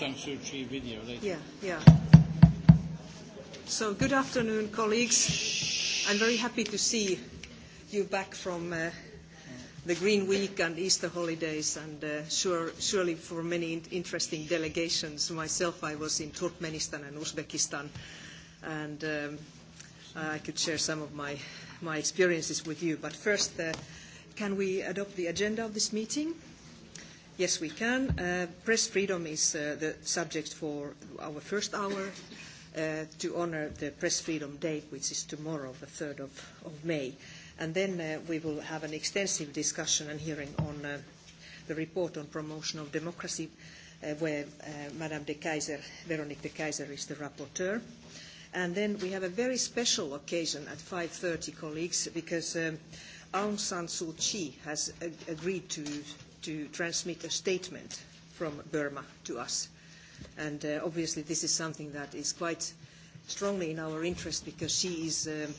Aung San Suu Kyi video later. Yeah, yeah. So good afternoon, colleagues. I'm very happy to see you back from uh, the Green Week and Easter holidays, and uh, sure, surely for many in- interesting delegations. Myself, I was in Turkmenistan and Uzbekistan, and um, I could share some of my, my experiences with you. But first, uh, can we adopt the agenda of this meeting? Yes, we can. Uh, press freedom is uh, the subject for our first hour uh, to honor the Press Freedom Day, which is tomorrow, the 3rd of, of May. And then uh, we will have an extensive discussion and hearing on uh, the report on promotion of democracy, uh, where uh, Madame de Kaiser, Veronique de Kaiser, is the rapporteur. And then we have a very special occasion at 5.30, colleagues, because um, Aung San Suu Kyi has ag agreed to to transmit a statement from Burma to us. And uh, obviously this is something that is quite strongly in our interest because she is um,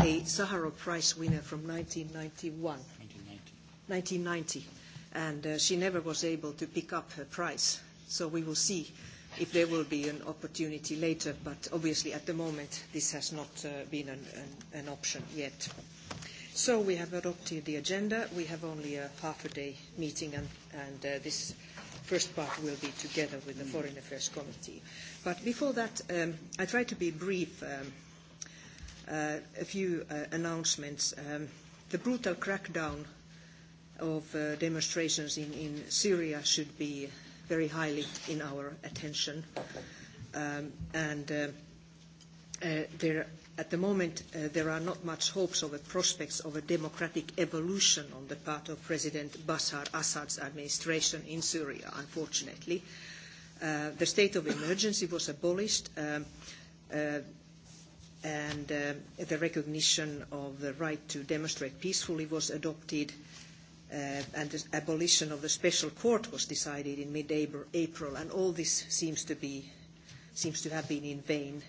a Sahara Prize winner from 1991. 1990. 1990. And uh, she never was able to pick up her prize. So we will see if there will be an opportunity later, but obviously at the moment this has not uh, been an, an, an option yet. So we have adopted the agenda. We have only a half a day meeting and, and uh, this first part will be together with the mm. Foreign Affairs Committee. But before that, um, I try to be brief. Um, uh, a few uh, announcements. Um, the brutal crackdown of uh, demonstrations in, in Syria should be very highly in our attention. Um, and uh, uh, there at the moment, uh, there are not much hopes or prospects of a democratic evolution on the part of President Bashar Assad's administration in Syria, unfortunately. Uh, the state of emergency was abolished, um, uh, and uh, the recognition of the right to demonstrate peacefully was adopted, uh, and the abolition of the special court was decided in mid-April, and all this seems to, be, seems to have been in vain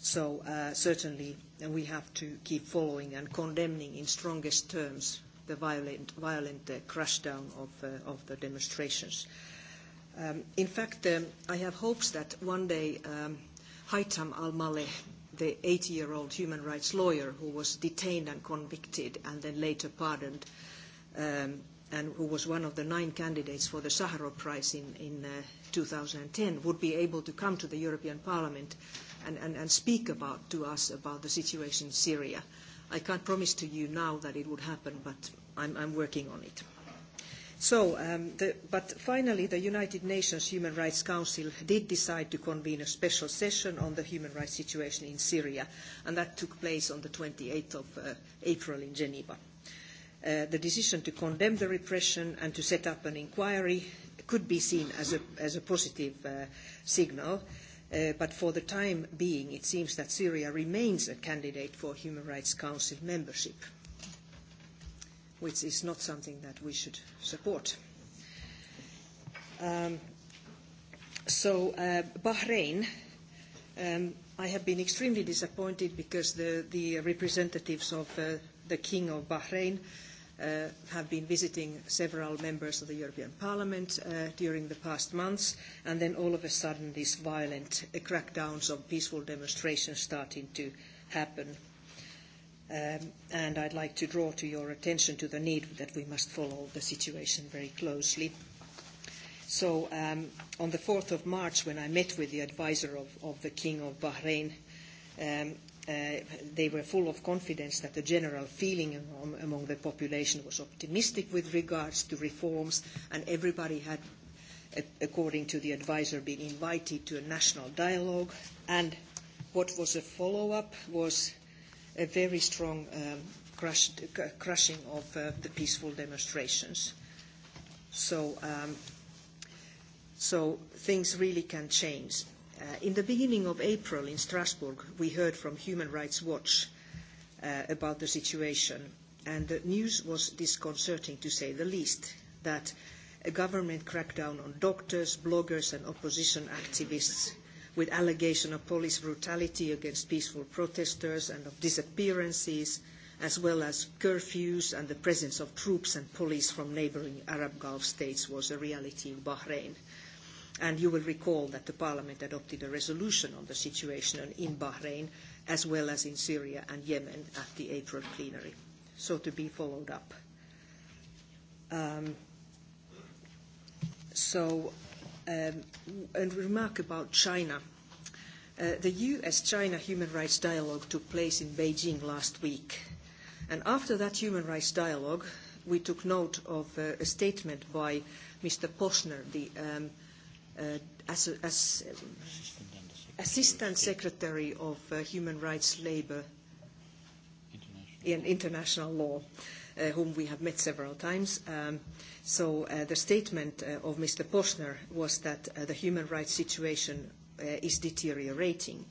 So uh, certainly uh, we have to keep following and condemning in strongest terms the violent, violent uh, crashdown of, uh, of the demonstrations. Um, in fact, um, I have hopes that one day um, Haitham al-Maleh, the 80-year-old human rights lawyer who was detained and convicted and then later pardoned, um, and who was one of the nine candidates for the Sakharov Prize in, in uh, 2010, would be able to come to the European Parliament and, and, and speak about to us about the situation in Syria. I can't promise to you now that it would happen, but I'm, I'm working on it. So, um, the, but finally, the United Nations Human Rights Council did decide to convene a special session on the human rights situation in Syria, and that took place on the 28th of uh, April in Geneva. Uh, the decision to condemn the repression and to set up an inquiry could be seen as a, as a positive uh, signal. Uh, Uh, but for the time being, it seems that Syria remains a candidate for Human Rights Council membership, which is not something that we should support. Um, so, uh, Bahrain, um, I have been extremely disappointed because the, the representatives of uh, the King of Bahrain uh, uh, have been visiting several members of the European Parliament uh, during the past months, and then all of a sudden these violent uh, crackdowns on peaceful demonstrations starting to happen. Um, and I'd like to draw to your attention to the need that we must follow the situation very closely. So um, on the 4th of March, when I met with the advisor of, of the King of Bahrain, um, Uh, they were full of confidence that the general feeling among, among the population was optimistic with regards to reforms, and everybody had, according to the advisor, been invited to a national dialogue. And what was a follow-up was a very strong um, crush, crushing of uh, the peaceful demonstrations. So, um, so things really can change. Uh, in the beginning of April in Strasbourg, we heard from Human Rights Watch uh, about the situation, and the news was disconcerting to say the least that a government crackdown on doctors, bloggers, and opposition activists with allegation of police brutality against peaceful protesters and of disappearances, as well as curfews and the presence of troops and police from neighbouring Arab Gulf states was a reality in Bahrain. And you will recall that the Parliament adopted a resolution on the situation in Bahrain as well as in Syria and Yemen at the April plenary. So to be followed up. Um, so um, a remark about China. Uh, the US-China human rights dialogue took place in Beijing last week. And after that human rights dialogue, we took note of uh, a statement by Mr. Posner, the um, Uh, as, Assistant Secretary of uh, Human Rights Labour in international law, uh, whom we have met several times. Um, so uh, the statement uh, of Mr. Posner was that uh, the human rights situation uh, is deteriorating.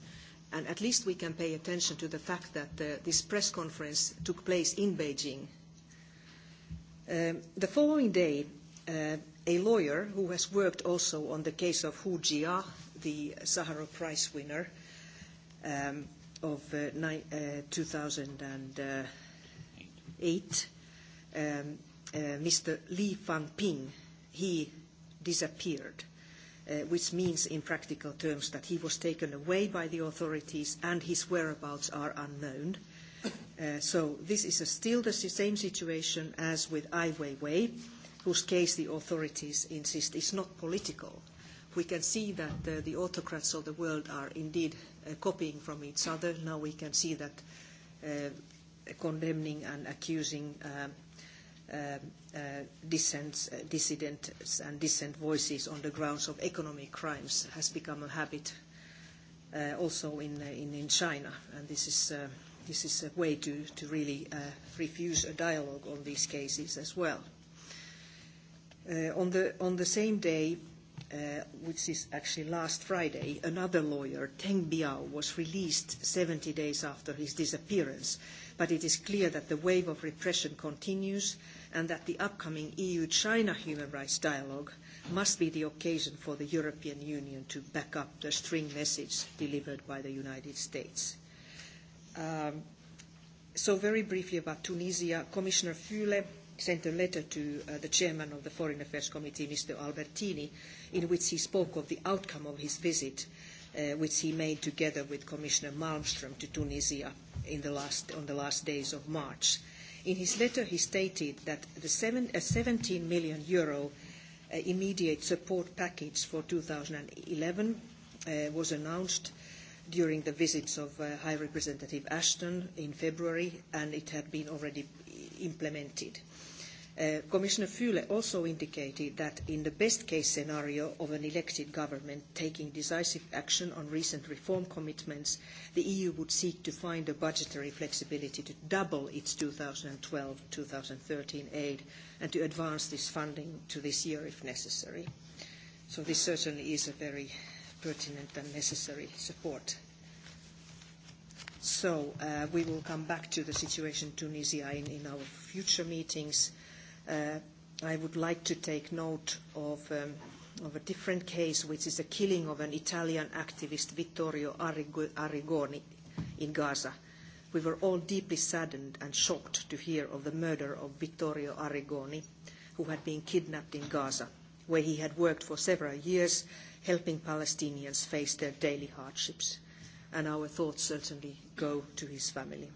And at least we can pay attention to the fact that uh, this press conference took place in Beijing. Um, the following day, uh, a lawyer who has worked also on the case of Hu Jia, the Sakharov Prize winner um, of uh, ni- uh, 2008, um, uh, Mr. Li Fangping, he disappeared, uh, which means in practical terms that he was taken away by the authorities and his whereabouts are unknown. Uh, so this is a still the same situation as with Ai Weiwei whose case the authorities insist is not political. We can see that uh, the autocrats of the world are indeed uh, copying from each other. Now we can see that uh, condemning and accusing uh, um, uh, uh, dissents, uh, dissidents and dissent voices on the grounds of economic crimes has become a habit uh, also in, uh, in, in, China. And this is, uh, this is a way to, to really uh, refuse a dialogue on these cases as well. Uh, on, the, on the same day, Uh, which is actually last Friday, another lawyer, Teng Biao, was released 70 days after his disappearance. But it is clear that the wave of repression continues and that the upcoming EU-China human rights dialogue must be the occasion for the European Union to back up the string message delivered by the United States. Um, so very briefly about Tunisia, Commissioner Fule sent a letter to uh, the chairman of the Foreign Affairs Committee, Mr. Albertini, in which he spoke of the outcome of his visit, uh, which he made together with Commissioner Malmström to Tunisia in the last, on the last days of March. In his letter, he stated that the seven, uh, 17 million euro uh, immediate support package for 2011 uh, was announced during the visits of uh, High Representative Ashton in February, and it had been already implemented. Uh, Commissioner Füle also indicated that in the best case scenario of an elected government taking decisive action on recent reform commitments, the EU would seek to find a budgetary flexibility to double its 2012-2013 aid and to advance this funding to this year if necessary. So this certainly is a very pertinent and necessary support So uh, we will come back to the situation in Tunisia in, in our future meetings. Uh, I would like to take note of, um, of a different case, which is the killing of an Italian activist, Vittorio Arrigoni, in Gaza. We were all deeply saddened and shocked to hear of the murder of Vittorio Arrigoni, who had been kidnapped in Gaza, where he had worked for several years, helping Palestinians face their daily hardships and our thoughts certainly go to his family.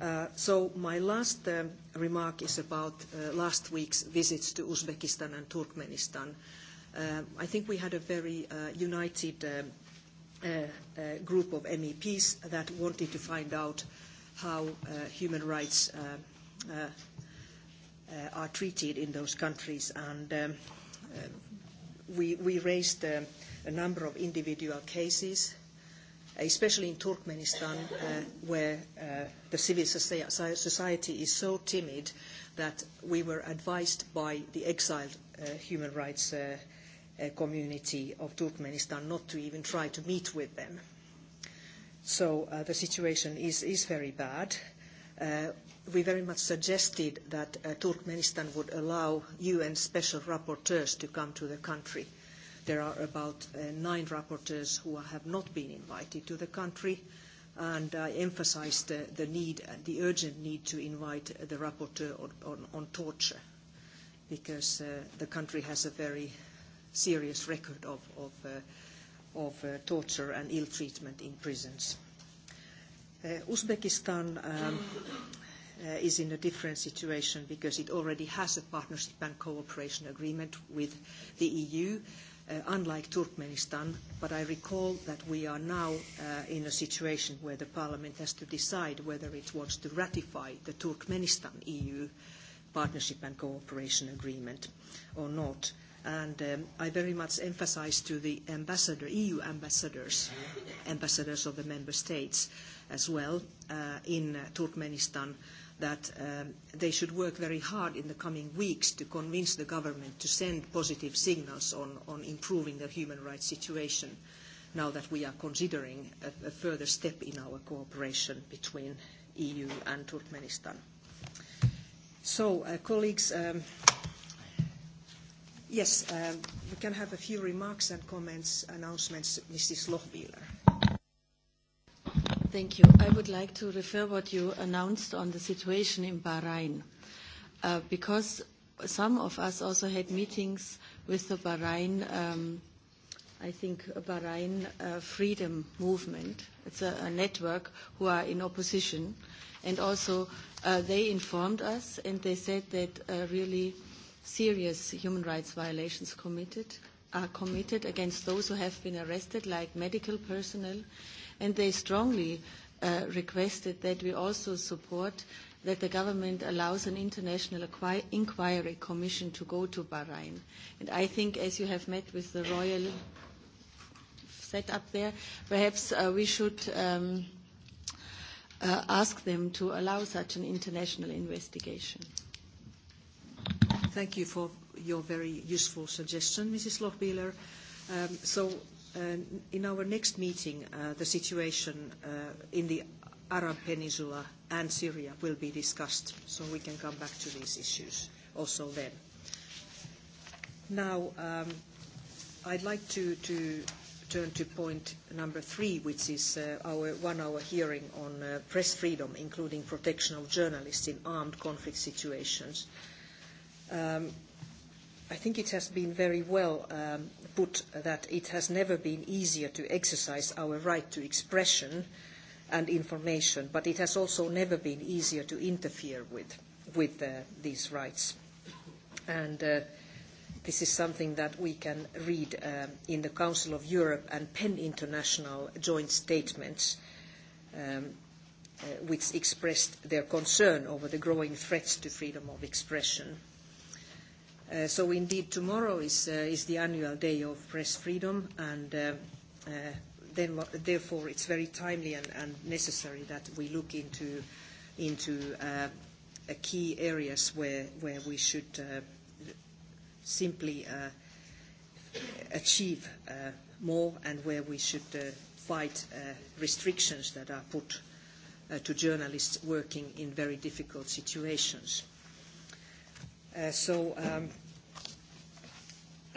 Uh, so my last um, remark is about uh, last week's visits to Uzbekistan and Turkmenistan. Uh, I think we had a very uh, united uh, group of MEPs that wanted to find out how human rights are treated in those countries. And um, we, we, raised um, a number of individual cases especially in Turkmenistan, uh, where uh, the civil society is so timid that we were advised by the exiled uh, human rights uh, uh, community of Turkmenistan not to even try to meet with them. So uh, the situation is, is very bad. Uh, we very much suggested that uh, Turkmenistan would allow UN special rapporteurs to come to the country uh, There are about uh, nine rapporteurs who have not been invited to the country, and I emphasized the, the need, the urgent need to invite the rapporteur on, on, on torture, because uh, the country has a very serious record of, of, uh, of uh, torture and ill treatment in prisons. Uh, Uzbekistan um, uh, is in a different situation because it already has a partnership and cooperation agreement with the EU. Uh, Uh, unlike Turkmenistan, but I recall that we are now uh, in a situation where the parliament has to decide whether it wants to ratify the Turkmenistan-EU partnership and cooperation agreement or not. And um, I very much emphasize to the ambassador, EU ambassadors, ambassadors of the member states as well uh, in Turkmenistan, uh, that um, they should work very hard in the coming weeks to convince the government to send positive signals on, on improving the human rights situation now that we are considering a, a further step in our cooperation between EU and Turkmenistan. So, uh, colleagues, um, yes, um, we can have a few remarks and comments, announcements, Mrs. Lochbieler. Thank you. I would like to refer what you announced on the situation in Bahrain, uh, because some of us also had meetings with the Bahrain, um, I think Bahrain uh, Freedom Movement. It's a, network who are in opposition, also uh, they informed us and they said that really serious human rights violations are committed against those who have been arrested, like medical personnel and they strongly uh, requested that we also support that the government allows an international inquiry commission to go to Bahrain. And I think, as you have met with the royal setup there, perhaps uh, we should um, uh, ask them to allow such an international investigation. Thank you for your very useful suggestion, Mrs. Lochbieler. Um, so uh, in our next meeting, uh, the situation uh, in the Arab Peninsula and Syria will be discussed, so we can come back to these issues also then. Now, um, I'd like to, to turn to point number three, which is uh, our one-hour hearing on uh, press freedom, including protection of journalists in armed conflict situations. Um, I think it has been very well um, put that it has never been easier to exercise our right to expression and information, but it has also never been easier to interfere with, with uh, these rights. And uh, this is something that we can read uh, in the Council of Europe and PEN International joint statements, um, uh, which expressed their concern over the growing threats to freedom of expression Uh, so indeed, tomorrow is, uh, is the annual day of press freedom, and uh, uh, then, therefore it's very timely and, and necessary that we look into, into uh, key areas where, where we should uh, simply uh, achieve uh, more and where we should uh, fight uh, restrictions that are put uh, to journalists working in very difficult situations. Uh, so um,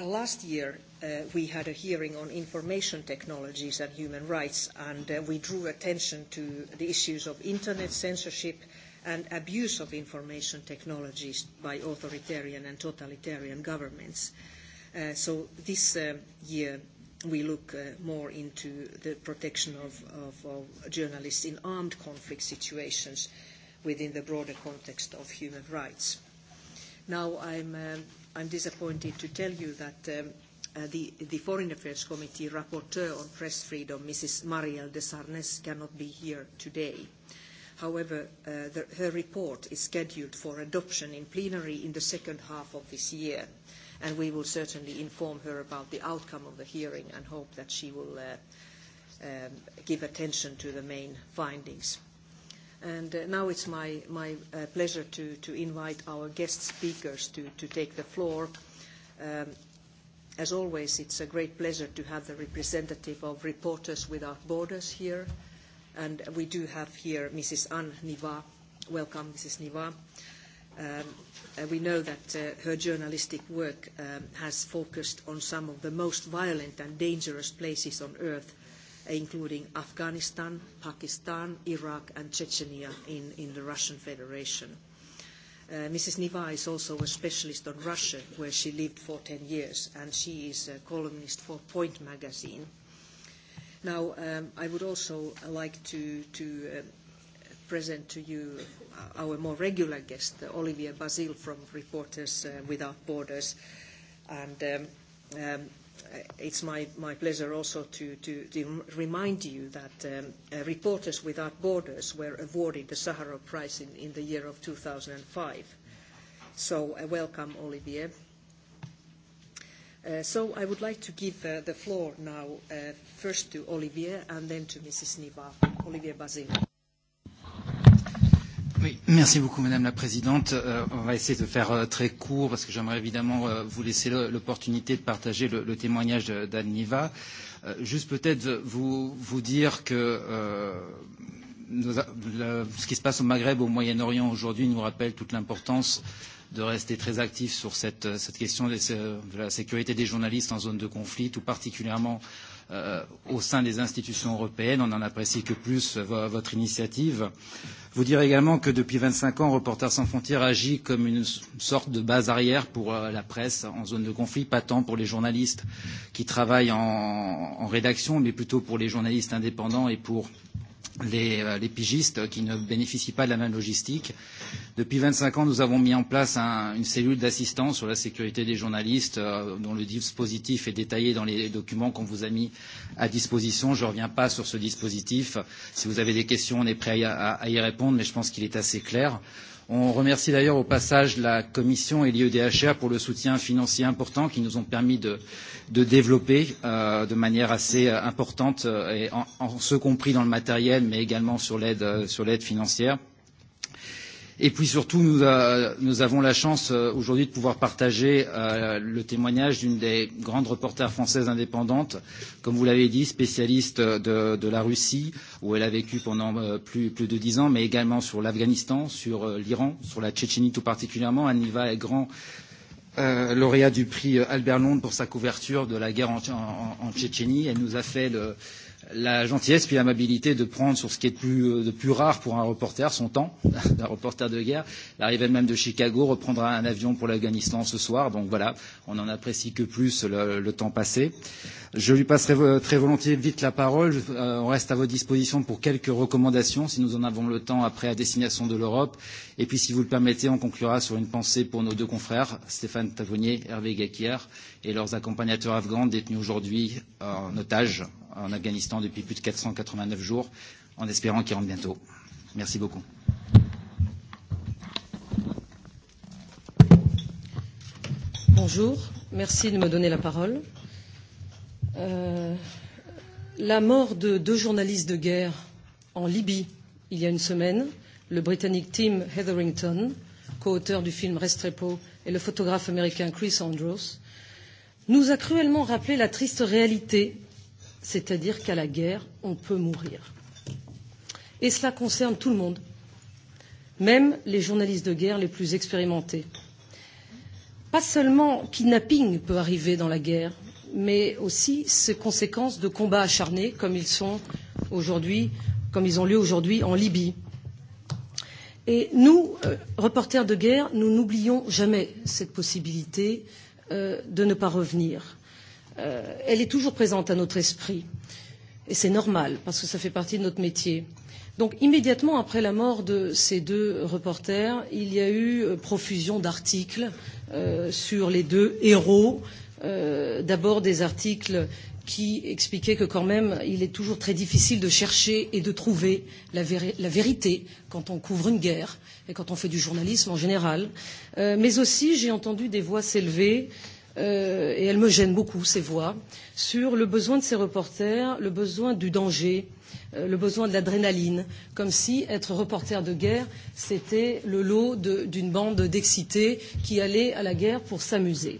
last year uh, we had a hearing on information technologies and human rights, and uh, we drew attention to the issues of internet censorship and abuse of information technologies by authoritarian and totalitarian governments. so this year we look more into the protection of, of, of journalists in armed conflict situations within the broader context of human rights. Now I'm, um, I'm disappointed to tell you that um, uh, the, the Foreign Affairs Committee rapporteur on press freedom, Mrs. Marielle de Sarnes, cannot be here today. However, uh, the, her report is scheduled for adoption in plenary in the second half of this year, and we will certainly inform her about the outcome of the hearing and hope that she will uh, um, give attention to the main findings. And uh, now it's my, my uh, pleasure to, to invite our guest speakers to, to take the floor. Um, as always, it's a great pleasure to have the representative of Reporters Without Borders here. And we do have here Mrs. Anne Niva. Welcome, Mrs. Niva. Um, uh, we know that uh, her journalistic work um, has focused on some of the most violent and dangerous places on earth – including Afghanistan, Pakistan, Iraq, and Chechnya in, in the Russian Federation. Uh, Mrs. Niva is also a specialist on Russia, where she lived for 10 years, and she is a columnist for Point magazine. Now, um, I would also like to, to uh, present to you uh, our more regular guest, Olivia Olivier Bazil from Reporters uh, Without Borders. And um, um, Uh, it's my, my pleasure also to, to, to remind you that um, uh, Reporters Without Borders were awarded the Sahara Prize in, in the year of 2005. So uh, welcome, Olivier. Uh, so I would like to give uh, the floor now uh, first to Olivier and then to Mrs. Niva. Olivier Bazin. Oui, merci beaucoup Madame la Présidente. Euh, on va essayer de faire euh, très court parce que j'aimerais évidemment euh, vous laisser l'opportunité de partager le, le témoignage d'Anne Niva. Euh, juste peut-être vous, vous dire que euh, nous, le, ce qui se passe au Maghreb, au Moyen-Orient aujourd'hui nous rappelle toute l'importance de rester très actif sur cette, cette question de, de la sécurité des journalistes en zone de conflit, tout particulièrement euh, au sein des institutions européennes. On en apprécie que plus euh, votre initiative. Euh, Vous dire également que depuis 25 ans, Reporters sans frontières agit comme une sorte de base arrière pour euh, la presse en zone de conflit, pas tant pour les journalistes qui travaillent en, en rédaction, mais plutôt pour les journalistes indépendants et pour les, euh, les pigistes qui ne bénéficient pas de la même logistique. Depuis 25 ans, nous avons mis en place un, une cellule d'assistance sur la sécurité des journalistes, euh, dont le dispositif est détaillé dans les documents qu'on vous a mis à disposition. Je ne reviens pas sur ce dispositif. Si vous avez des questions, on est prêt à, à, à y répondre, mais je pense qu'il est assez clair. Euh, On remercie d'ailleurs au passage la Commission et l'IEDHR pour le soutien financier important qui nous ont permis de, de développer euh, de manière assez euh, importante, euh, et en, en ce compris dans le matériel, mais également sur l'aide euh, financière. Euh, Et puis surtout, nous, euh, nous avons la chance euh, aujourd'hui de pouvoir partager euh, le témoignage d'une des grandes reporters françaises indépendantes, comme vous l'avez dit, spécialiste de, de la Russie, où elle a vécu pendant euh, plus, plus de dix ans, mais également sur l'Afghanistan, sur euh, l'Iran, sur la Tchétchénie tout particulièrement. Anniva est grand euh, lauréat du prix euh, Albert Londres pour sa couverture de la guerre en, en, en Tchétchénie. Elle nous a fait le, euh, la gentillesse puis l'amabilité de prendre sur ce qui est de plus, euh, de plus rare pour un reporter, son temps, d'un reporter de guerre. L'arrivée même de Chicago, reprendra un avion pour l'Afghanistan ce soir. Donc voilà, on en apprécie que plus le, le temps passé. Je lui passerai très volontiers vite la parole. Euh, on reste à votre disposition pour quelques recommandations, si nous en avons le temps après à destination de l'Europe. Et puis, si vous le permettez, on conclura sur une pensée pour nos deux confrères, Stéphane Tavonnier, Hervé Gakier, et leurs accompagnateurs afghans détenus aujourd'hui en otage en Afghanistan depuis plus de 489 jours, en espérant qu'il rentre bientôt. Merci beaucoup. Bonjour, merci de me donner la parole. Euh, la mort de deux journalistes de guerre en Libye il y a une semaine, le Britannique Tim Hetherington, co-auteur du film Restrepo, et le photographe américain Chris Andros, nous a cruellement rappelé la triste réalité c'est-à-dire qu'à la guerre, on peut mourir. Et cela concerne tout le monde, même les journalistes de guerre les plus expérimentés. Pas seulement kidnapping peut arriver dans la guerre, mais aussi ses conséquences de combats acharnés comme ils sont aujourd'hui, comme ils ont lieu aujourd'hui en Libye. Et nous, euh, reporters de guerre, nous n'oublions jamais cette possibilité euh, de ne pas revenir euh, elle est toujours présente à notre esprit. Et c'est normal, parce que ça fait partie de notre métier. Donc immédiatement après la mort de ces deux reporters, il y a eu euh, profusion d'articles euh, sur les deux héros. Euh, D'abord des articles qui expliquaient que quand même il est toujours très difficile de chercher et de trouver la, véri la vérité quand on couvre une guerre et quand on fait du journalisme en général. Euh, mais aussi j'ai entendu des voix s'élever euh, euh, et elle me gêne beaucoup, ces voix, sur le besoin de ces reporters, le besoin du danger, euh, le besoin de l'adrénaline, comme si être reporter de guerre, c'était le lot d'une bande d'excités qui allaient à la guerre pour s'amuser.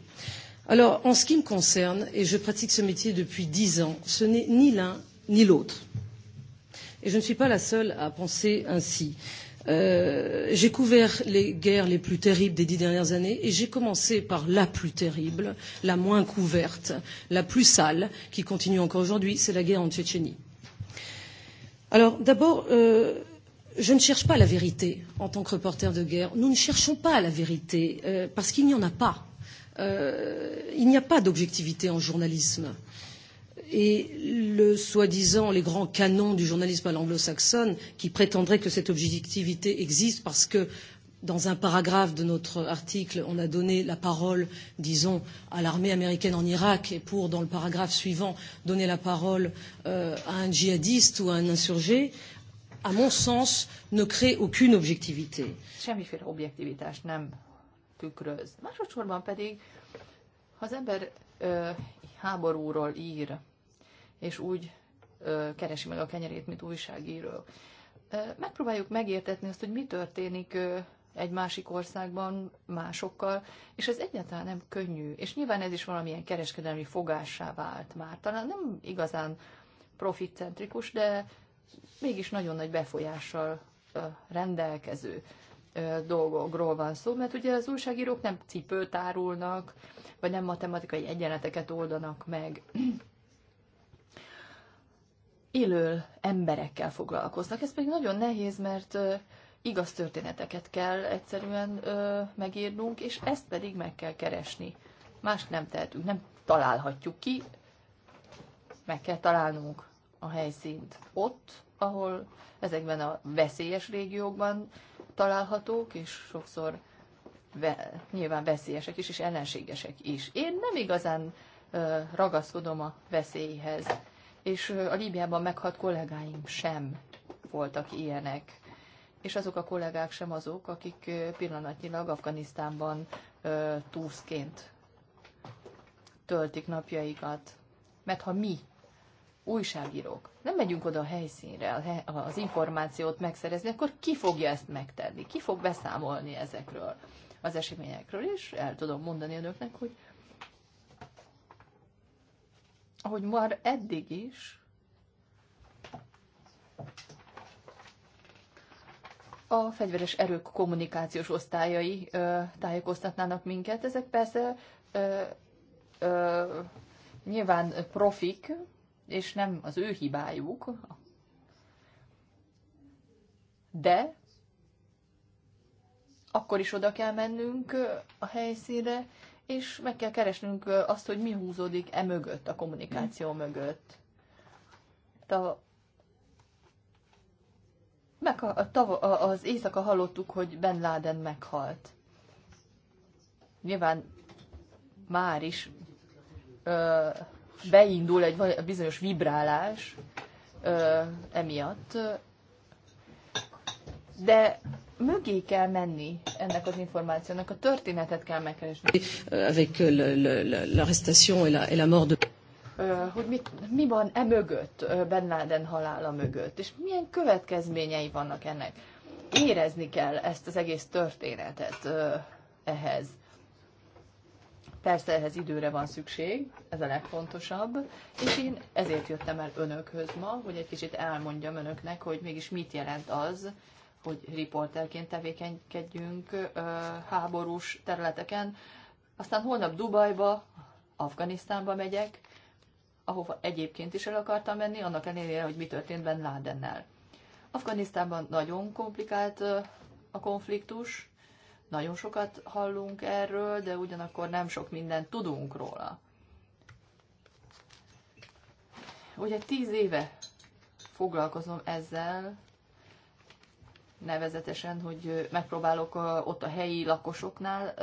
Alors, en ce qui me concerne, et je pratique ce métier depuis dix ans, ce n'est ni l'un ni l'autre. Et je ne suis pas la seule à penser ainsi. Euh, Euh, j'ai couvert les guerres les plus terribles des dix dernières années et j'ai commencé par la plus terrible, la moins couverte, la plus sale, qui continue encore aujourd'hui, c'est la guerre en Tchétchénie. Alors d'abord, euh, je ne cherche pas la vérité en tant que reporter de guerre. Nous ne cherchons pas la vérité euh, parce qu'il n'y en a pas. Euh, il n'y a pas d'objectivité en journalisme. Euh, et le soi-disant les grands canons du journalisme à l'anglo-saxonne qui prétendraient que cette objectivité existe parce que dans un paragraphe de notre article, on a donné la parole, disons, à l'armée américaine en Irak et pour, dans le paragraphe suivant, donner la parole euh, à un djihadiste ou à un insurgé, à mon sens, ne crée aucune objectivité. tükröz. Másodszorban pedig, ha az ember ö, háborúról ír, és úgy keresi meg a kenyerét, mint újságíró. Megpróbáljuk megértetni azt, hogy mi történik egy másik országban másokkal, és ez egyáltalán nem könnyű. És nyilván ez is valamilyen kereskedelmi fogássá vált már. Talán nem igazán profitcentrikus, de mégis nagyon nagy befolyással rendelkező dolgokról van szó, mert ugye az újságírók nem cipőt árulnak, vagy nem matematikai egyenleteket oldanak meg élő emberekkel foglalkoznak. Ez pedig nagyon nehéz, mert igaz történeteket kell egyszerűen megírnunk, és ezt pedig meg kell keresni. Mást nem tehetünk, nem találhatjuk ki, meg kell találnunk a helyszínt ott, ahol ezekben a veszélyes régiókban találhatók, és sokszor ve- nyilván veszélyesek is, és ellenségesek is. Én nem igazán ö, ragaszkodom a veszélyhez és a Líbiában meghalt kollégáim sem voltak ilyenek. És azok a kollégák sem azok, akik pillanatnyilag Afganisztánban túszként töltik napjaikat. Mert ha mi, újságírók, nem megyünk oda a helyszínre az információt megszerezni, akkor ki fogja ezt megtenni? Ki fog beszámolni ezekről az eseményekről? És el tudom mondani önöknek, hogy ahogy már eddig is, a fegyveres erők kommunikációs osztályai ö, tájékoztatnának minket. Ezek persze ö, ö, nyilván profik, és nem az ő hibájuk, de akkor is oda kell mennünk a helyszínre, és meg kell keresnünk azt, hogy mi húzódik e mögött, a kommunikáció mm. mögött. a meg a, a, az éjszaka hallottuk, hogy Ben Laden meghalt. Nyilván már is ö, beindul egy bizonyos vibrálás ö, emiatt, de mögé kell menni ennek az információnak, a történetet kell megkeresni. Avec euh, l'arrestation et, et la mort de... Hogy mit, mi van e mögött, Ben Laden halála mögött, és milyen következményei vannak ennek. Érezni kell ezt az egész történetet ehhez. Persze ehhez időre van szükség, ez a legfontosabb, és én ezért jöttem el önökhöz ma, hogy egy kicsit elmondjam önöknek, hogy mégis mit jelent az, hogy riporterként tevékenykedjünk háborús területeken. Aztán holnap Dubajba, Afganisztánba megyek, ahova egyébként is el akartam menni, annak ellenére, hogy mi történt Ben Ládennel. Afganisztánban nagyon komplikált a konfliktus, nagyon sokat hallunk erről, de ugyanakkor nem sok mindent tudunk róla. Ugye tíz éve foglalkozom ezzel, nevezetesen, hogy megpróbálok ott a helyi lakosoknál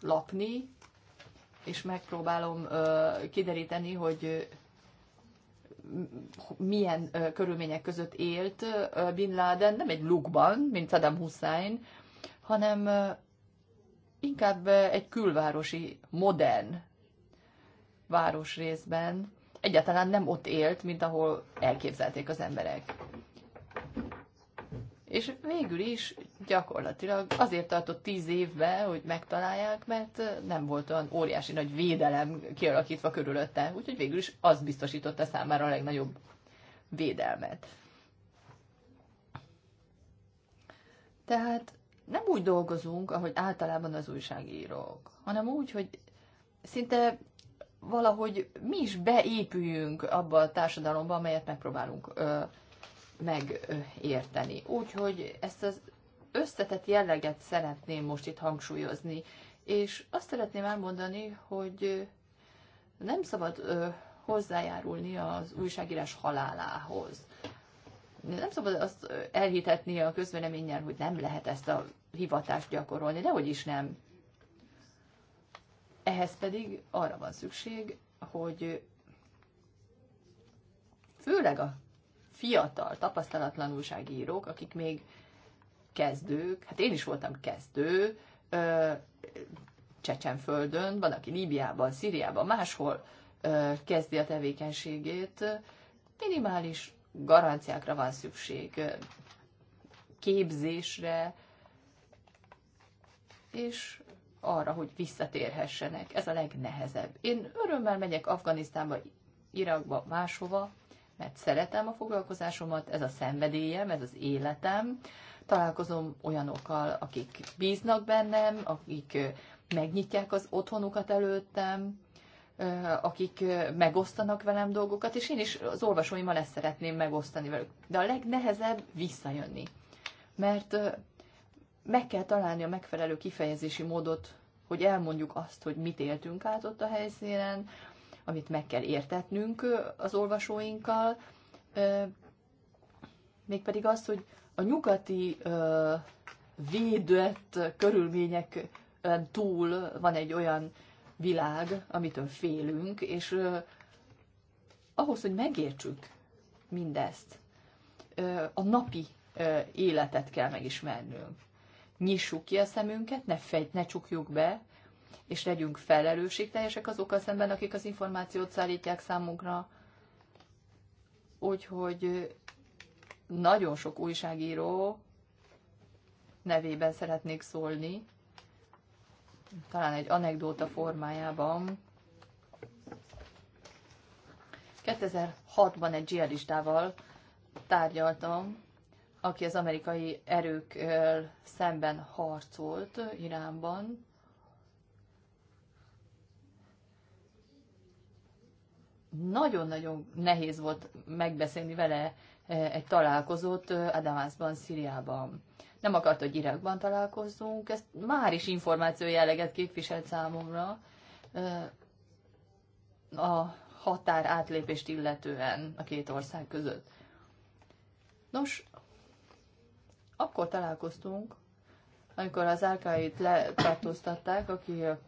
lakni, és megpróbálom kideríteni, hogy milyen körülmények között élt Bin Laden, nem egy lukban, mint Saddam Hussein, hanem inkább egy külvárosi, modern városrészben. Egyáltalán nem ott élt, mint ahol elképzelték az emberek. És végül is gyakorlatilag azért tartott tíz évbe, hogy megtalálják, mert nem volt olyan óriási nagy védelem kialakítva körülötte, úgyhogy végül is az biztosította számára a legnagyobb védelmet. Tehát nem úgy dolgozunk, ahogy általában az újságírók, hanem úgy, hogy szinte valahogy mi is beépüljünk abba a társadalomba, amelyet megpróbálunk ö, megérteni. Úgyhogy ezt az összetett jelleget szeretném most itt hangsúlyozni, és azt szeretném elmondani, hogy nem szabad hozzájárulni az újságírás halálához. Nem szabad azt elhitetni a közvéleménnyel, hogy nem lehet ezt a hivatást gyakorolni, de hogy is nem. Ehhez pedig arra van szükség, hogy főleg a fiatal, tapasztalatlan újságírók, akik még kezdők, hát én is voltam kezdő, ö, Csecsenföldön, van, aki Líbiában, Szíriában, máshol ö, kezdi a tevékenységét, minimális garanciákra van szükség, képzésre, és arra, hogy visszatérhessenek. Ez a legnehezebb. Én örömmel megyek Afganisztánba, Irakba, máshova, mert szeretem a foglalkozásomat, ez a szenvedélyem, ez az életem. Találkozom olyanokkal, akik bíznak bennem, akik megnyitják az otthonukat előttem, akik megosztanak velem dolgokat, és én is az olvasóimmal ezt szeretném megosztani velük. De a legnehezebb visszajönni, mert meg kell találni a megfelelő kifejezési módot, hogy elmondjuk azt, hogy mit éltünk át ott a helyszínen, amit meg kell értetnünk az olvasóinkkal, mégpedig az, hogy a nyugati védett körülmények túl van egy olyan világ, amitől félünk, és ahhoz, hogy megértsük mindezt, a napi életet kell megismernünk. Nyissuk ki a szemünket, ne, fegy, ne csukjuk be, és legyünk felelősségteljesek azokkal szemben, akik az információt szállítják számunkra. Úgyhogy nagyon sok újságíró nevében szeretnék szólni, talán egy anekdóta formájában. 2006-ban egy dzsihadistával tárgyaltam, aki az amerikai erőkkel szemben harcolt Iránban, nagyon-nagyon nehéz volt megbeszélni vele e, egy találkozót e, Adamászban, Szíriában. Nem akart, hogy Irakban találkozzunk, ezt már is információ jelleget képviselt számomra e, a határ átlépést illetően a két ország között. Nos, akkor találkoztunk, amikor az Árkáit letartóztatták, aki a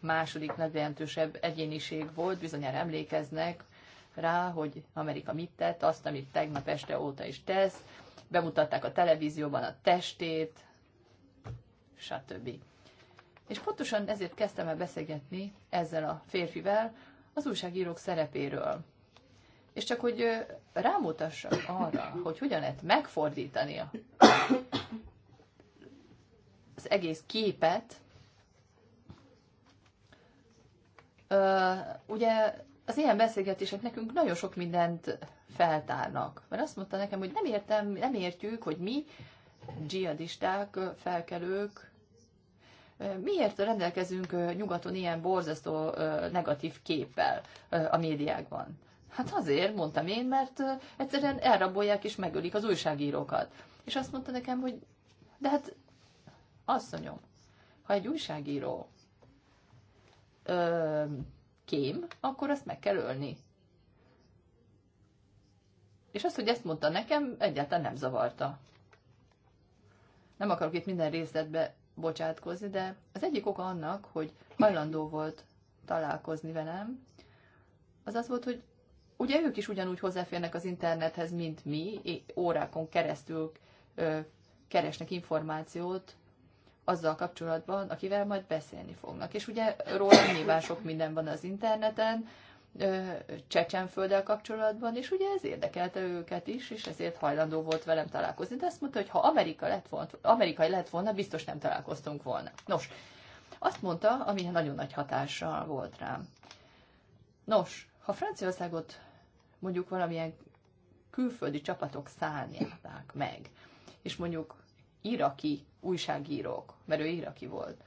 második legjelentősebb egyéniség volt, bizonyára emlékeznek rá, hogy Amerika mit tett, azt, amit tegnap este óta is tesz, bemutatták a televízióban a testét, stb. És pontosan ezért kezdtem el beszélgetni ezzel a férfivel az újságírók szerepéről. És csak hogy rámutassak arra, hogy hogyan lehet megfordítani az egész képet, ugye az ilyen beszélgetések nekünk nagyon sok mindent feltárnak. Mert azt mondta nekem, hogy nem értem, nem értjük, hogy mi, dzsihadisták, felkelők, miért rendelkezünk nyugaton ilyen borzasztó negatív képpel a médiákban. Hát azért, mondtam én, mert egyszerűen elrabolják és megölik az újságírókat. És azt mondta nekem, hogy de hát asszonyom, ha egy újságíró ö, kém, akkor azt meg kell ölni. És azt, hogy ezt mondta nekem, egyáltalán nem zavarta. Nem akarok itt minden részletbe bocsátkozni, de az egyik oka annak, hogy hajlandó volt találkozni velem, az az volt, hogy ugye ők is ugyanúgy hozzáférnek az internethez, mint mi, órákon keresztül keresnek információt azzal kapcsolatban, akivel majd beszélni fognak. És ugye róla nyilván sok minden van az interneten, Csecsenfölddel kapcsolatban, és ugye ez érdekelte őket is, és ezért hajlandó volt velem találkozni. De azt mondta, hogy ha Amerika lett volna, amerikai lett volna, biztos nem találkoztunk volna. Nos, azt mondta, ami nagyon nagy hatással volt rám. Nos, ha Franciaországot mondjuk valamilyen külföldi csapatok szállnyálták meg, és mondjuk iraki újságírók, mert ő iraki volt,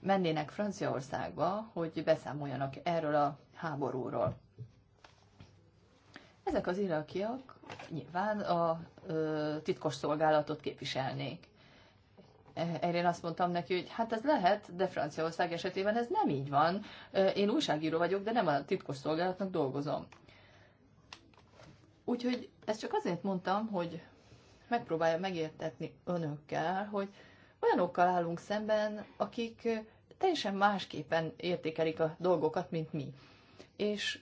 mennének Franciaországba, hogy beszámoljanak erről a háborúról. Ezek az irakiak nyilván a ö, titkos szolgálatot képviselnék. E, erre én azt mondtam neki, hogy hát ez lehet, de Franciaország esetében ez nem így van. Én újságíró vagyok, de nem a titkos szolgálatnak dolgozom. Úgyhogy ezt csak azért mondtam, hogy megpróbálja megértetni önökkel, hogy olyanokkal állunk szemben, akik teljesen másképpen értékelik a dolgokat, mint mi. És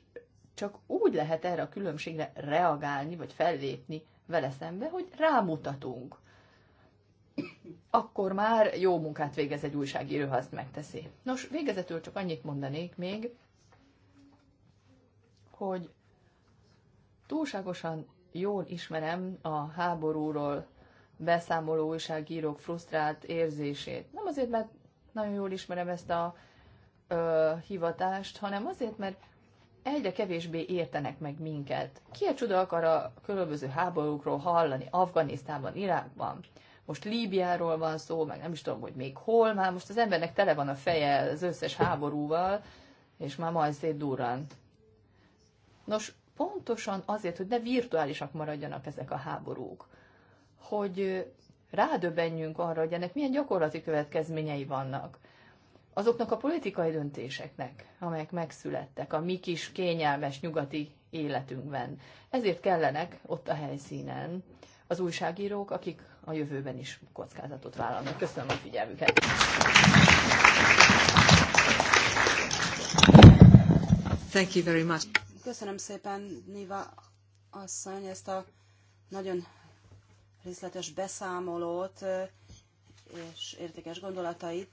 csak úgy lehet erre a különbségre reagálni, vagy fellépni vele szembe, hogy rámutatunk. Akkor már jó munkát végez egy újságíró, ha azt megteszi. Nos, végezetül csak annyit mondanék még, hogy túlságosan jól ismerem a háborúról beszámoló újságírók frusztrált érzését. Nem azért, mert nagyon jól ismerem ezt a ö, hivatást, hanem azért, mert egyre kevésbé értenek meg minket. Ki a csuda akar a különböző háborúkról hallani Afganisztánban, Irákban? Most Líbiáról van szó, meg nem is tudom, hogy még hol, már most az embernek tele van a feje az összes háborúval, és már majd szétdurran. Nos, pontosan azért, hogy ne virtuálisak maradjanak ezek a háborúk, hogy rádöbbenjünk arra, hogy ennek milyen gyakorlati következményei vannak. Azoknak a politikai döntéseknek, amelyek megszülettek a mi kis kényelmes nyugati életünkben. Ezért kellenek ott a helyszínen az újságírók, akik a jövőben is kockázatot vállalnak. Köszönöm a figyelmüket! Thank you very much. Köszönöm szépen, Niva asszony, ezt a nagyon részletes beszámolót és értékes gondolatait.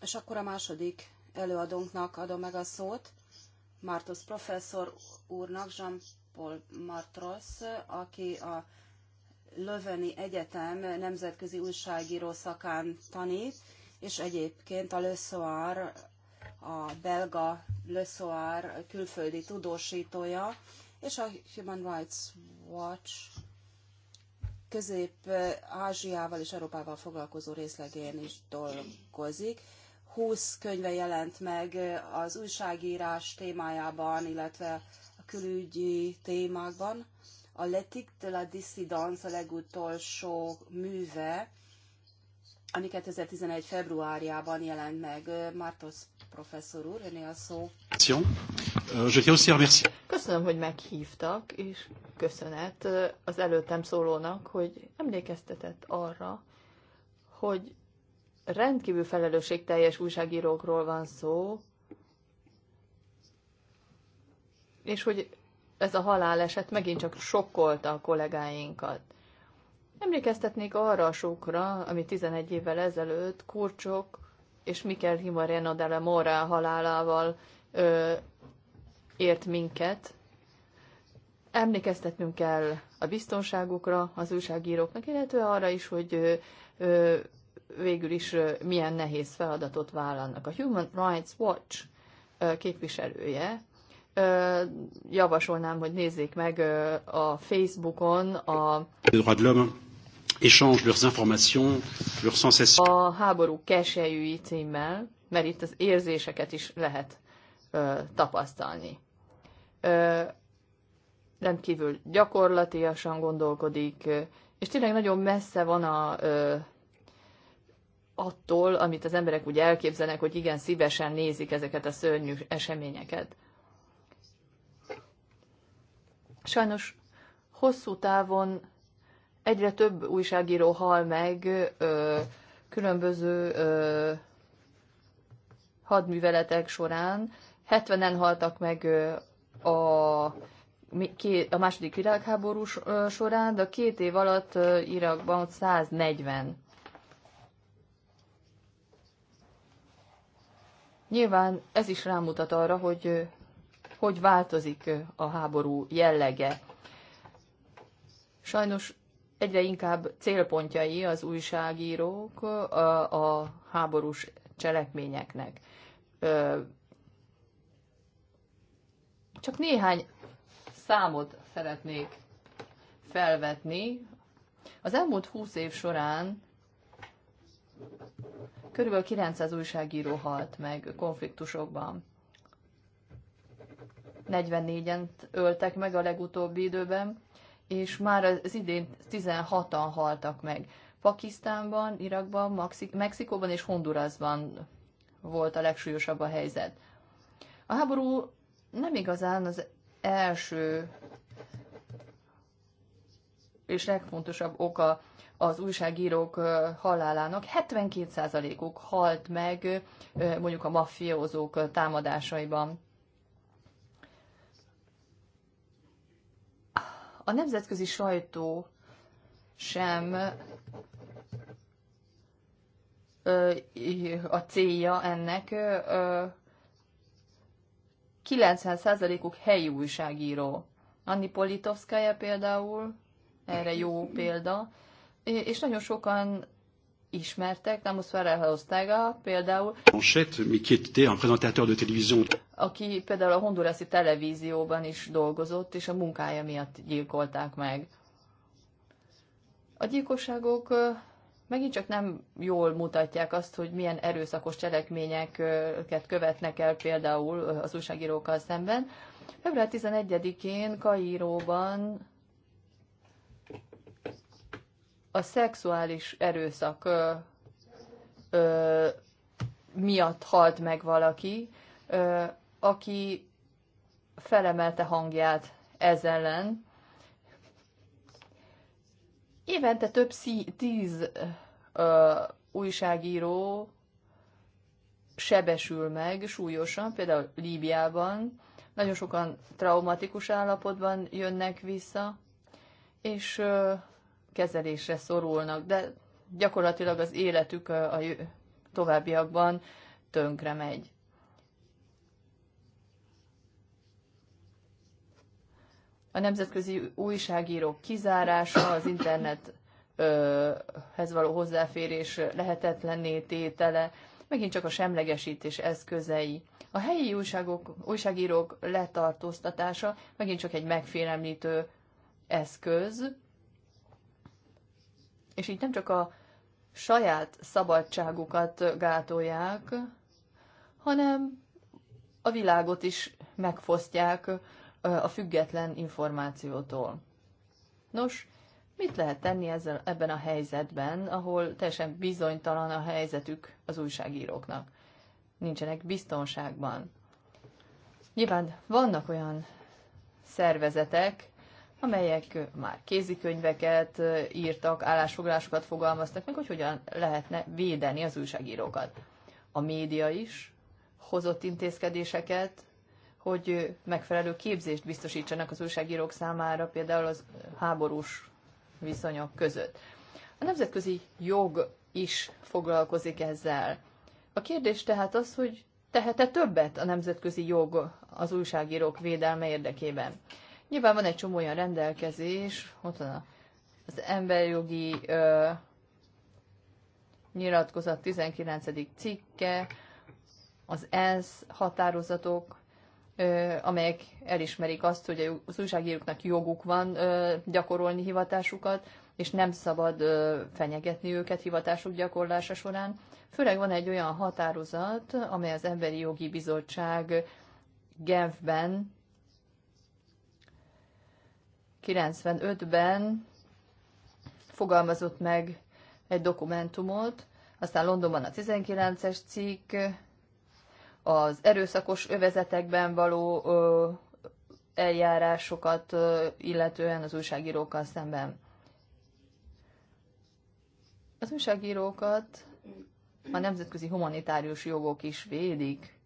És akkor a második előadónknak adom meg a szót, Martos professzor úrnak, Jean-Paul Martros, aki a Löveni Egyetem nemzetközi újságíró szakán tanít, és egyébként a Le Soir a belga Le Soir külföldi tudósítója, és a Human Rights Watch Közép-Ázsiával és Európával foglalkozó részlegén is dolgozik. 20 könyve jelent meg az újságírás témájában, illetve a külügyi témákban. A Letik de la Dissidence a legutolsó műve, ami 2011. februárjában jelent meg. Martos professzor úr, öné a szó. Euh, Köszönöm, hogy meghívtak, és köszönet az előttem szólónak, hogy emlékeztetett arra, hogy rendkívül felelősségteljes újságírókról van szó, és hogy ez a haláleset megint csak sokkolta a kollégáinkat. Emlékeztetnék arra a sokra, ami 11 évvel ezelőtt Kurcsok és Mikel Himarena de la Mora halálával ö, ért minket. Emlékeztetnünk kell a biztonságukra, az újságíróknak, illetve arra is, hogy ö, ö, végül is ö, milyen nehéz feladatot vállalnak. A Human Rights Watch ö, képviselője javasolnám, hogy nézzék meg a Facebookon a échangent leurs informations, leurs sensations. A háború keselyűi címmel, mert itt az érzéseket is lehet ö, tapasztalni. Ö, rendkívül gyakorlatiasan gondolkodik, és tényleg nagyon messze van a, ö, attól, amit az emberek úgy elképzelnek, hogy igen, szívesen nézik ezeket a szörnyű eseményeket. Sajnos hosszú távon egyre több újságíró hal meg ö, különböző ö, hadműveletek során. 70-en haltak meg a, a második világháború során, de két év alatt Irakban 140. Nyilván ez is rámutat arra, hogy hogy változik a háború jellege. Sajnos egyre inkább célpontjai az újságírók a, a háborús cselekményeknek. Csak néhány számot szeretnék felvetni. Az elmúlt 20 év során körülbelül 900 újságíró halt meg konfliktusokban. 44-en öltek meg a legutóbbi időben, és már az idén 16-an haltak meg. Pakisztánban, Irakban, Mexikóban és Hondurasban volt a legsúlyosabb a helyzet. A háború nem igazán az első és legfontosabb oka az újságírók halálának. 72%-uk halt meg mondjuk a maffiózók támadásaiban. a nemzetközi sajtó sem a célja ennek 90%-uk helyi újságíró. Anni Politovszkája például, erre jó példa, és nagyon sokan ismertek, Namus Varelhaosztága például, aki például a honduraszi televízióban is dolgozott, és a munkája miatt gyilkolták meg. A gyilkosságok megint csak nem jól mutatják azt, hogy milyen erőszakos cselekményeket követnek el például az újságírókkal szemben. Február 11-én Kairóban a szexuális erőszak ö, ö, miatt halt meg valaki, ö, aki felemelte hangját ez ellen. Évente több szí- tíz ö, újságíró sebesül meg súlyosan, például Líbiában. Nagyon sokan traumatikus állapotban jönnek vissza, és ö, kezelésre szorulnak, de gyakorlatilag az életük a továbbiakban tönkre megy. A nemzetközi újságírók kizárása, az internethez való hozzáférés lehetetlenné tétele, megint csak a semlegesítés eszközei. A helyi újságok, újságírók letartóztatása megint csak egy megfélemlítő eszköz, és így nem csak a saját szabadságukat gátolják, hanem a világot is megfosztják a független információtól. Nos, mit lehet tenni ezzel, ebben a helyzetben, ahol teljesen bizonytalan a helyzetük az újságíróknak? Nincsenek biztonságban. Nyilván vannak olyan szervezetek, amelyek már kézikönyveket írtak, állásfoglalásokat fogalmaztak meg, hogy hogyan lehetne védeni az újságírókat. A média is hozott intézkedéseket, hogy megfelelő képzést biztosítsanak az újságírók számára, például az háborús viszonyok között. A nemzetközi jog is foglalkozik ezzel. A kérdés tehát az, hogy tehet-e többet a nemzetközi jog az újságírók védelme érdekében. Nyilván van egy csomó olyan rendelkezés, ott van az emberjogi ö, nyilatkozat 19. cikke, az ENSZ határozatok, ö, amelyek elismerik azt, hogy az újságíróknak joguk van ö, gyakorolni hivatásukat, és nem szabad ö, fenyegetni őket hivatásuk gyakorlása során. Főleg van egy olyan határozat, amely az Emberi Jogi Bizottság Genfben 95-ben fogalmazott meg egy dokumentumot, aztán Londonban a 19-es cikk, az erőszakos övezetekben való ö, eljárásokat, ö, illetően az újságírókkal szemben. Az újságírókat a nemzetközi humanitárius jogok is védik.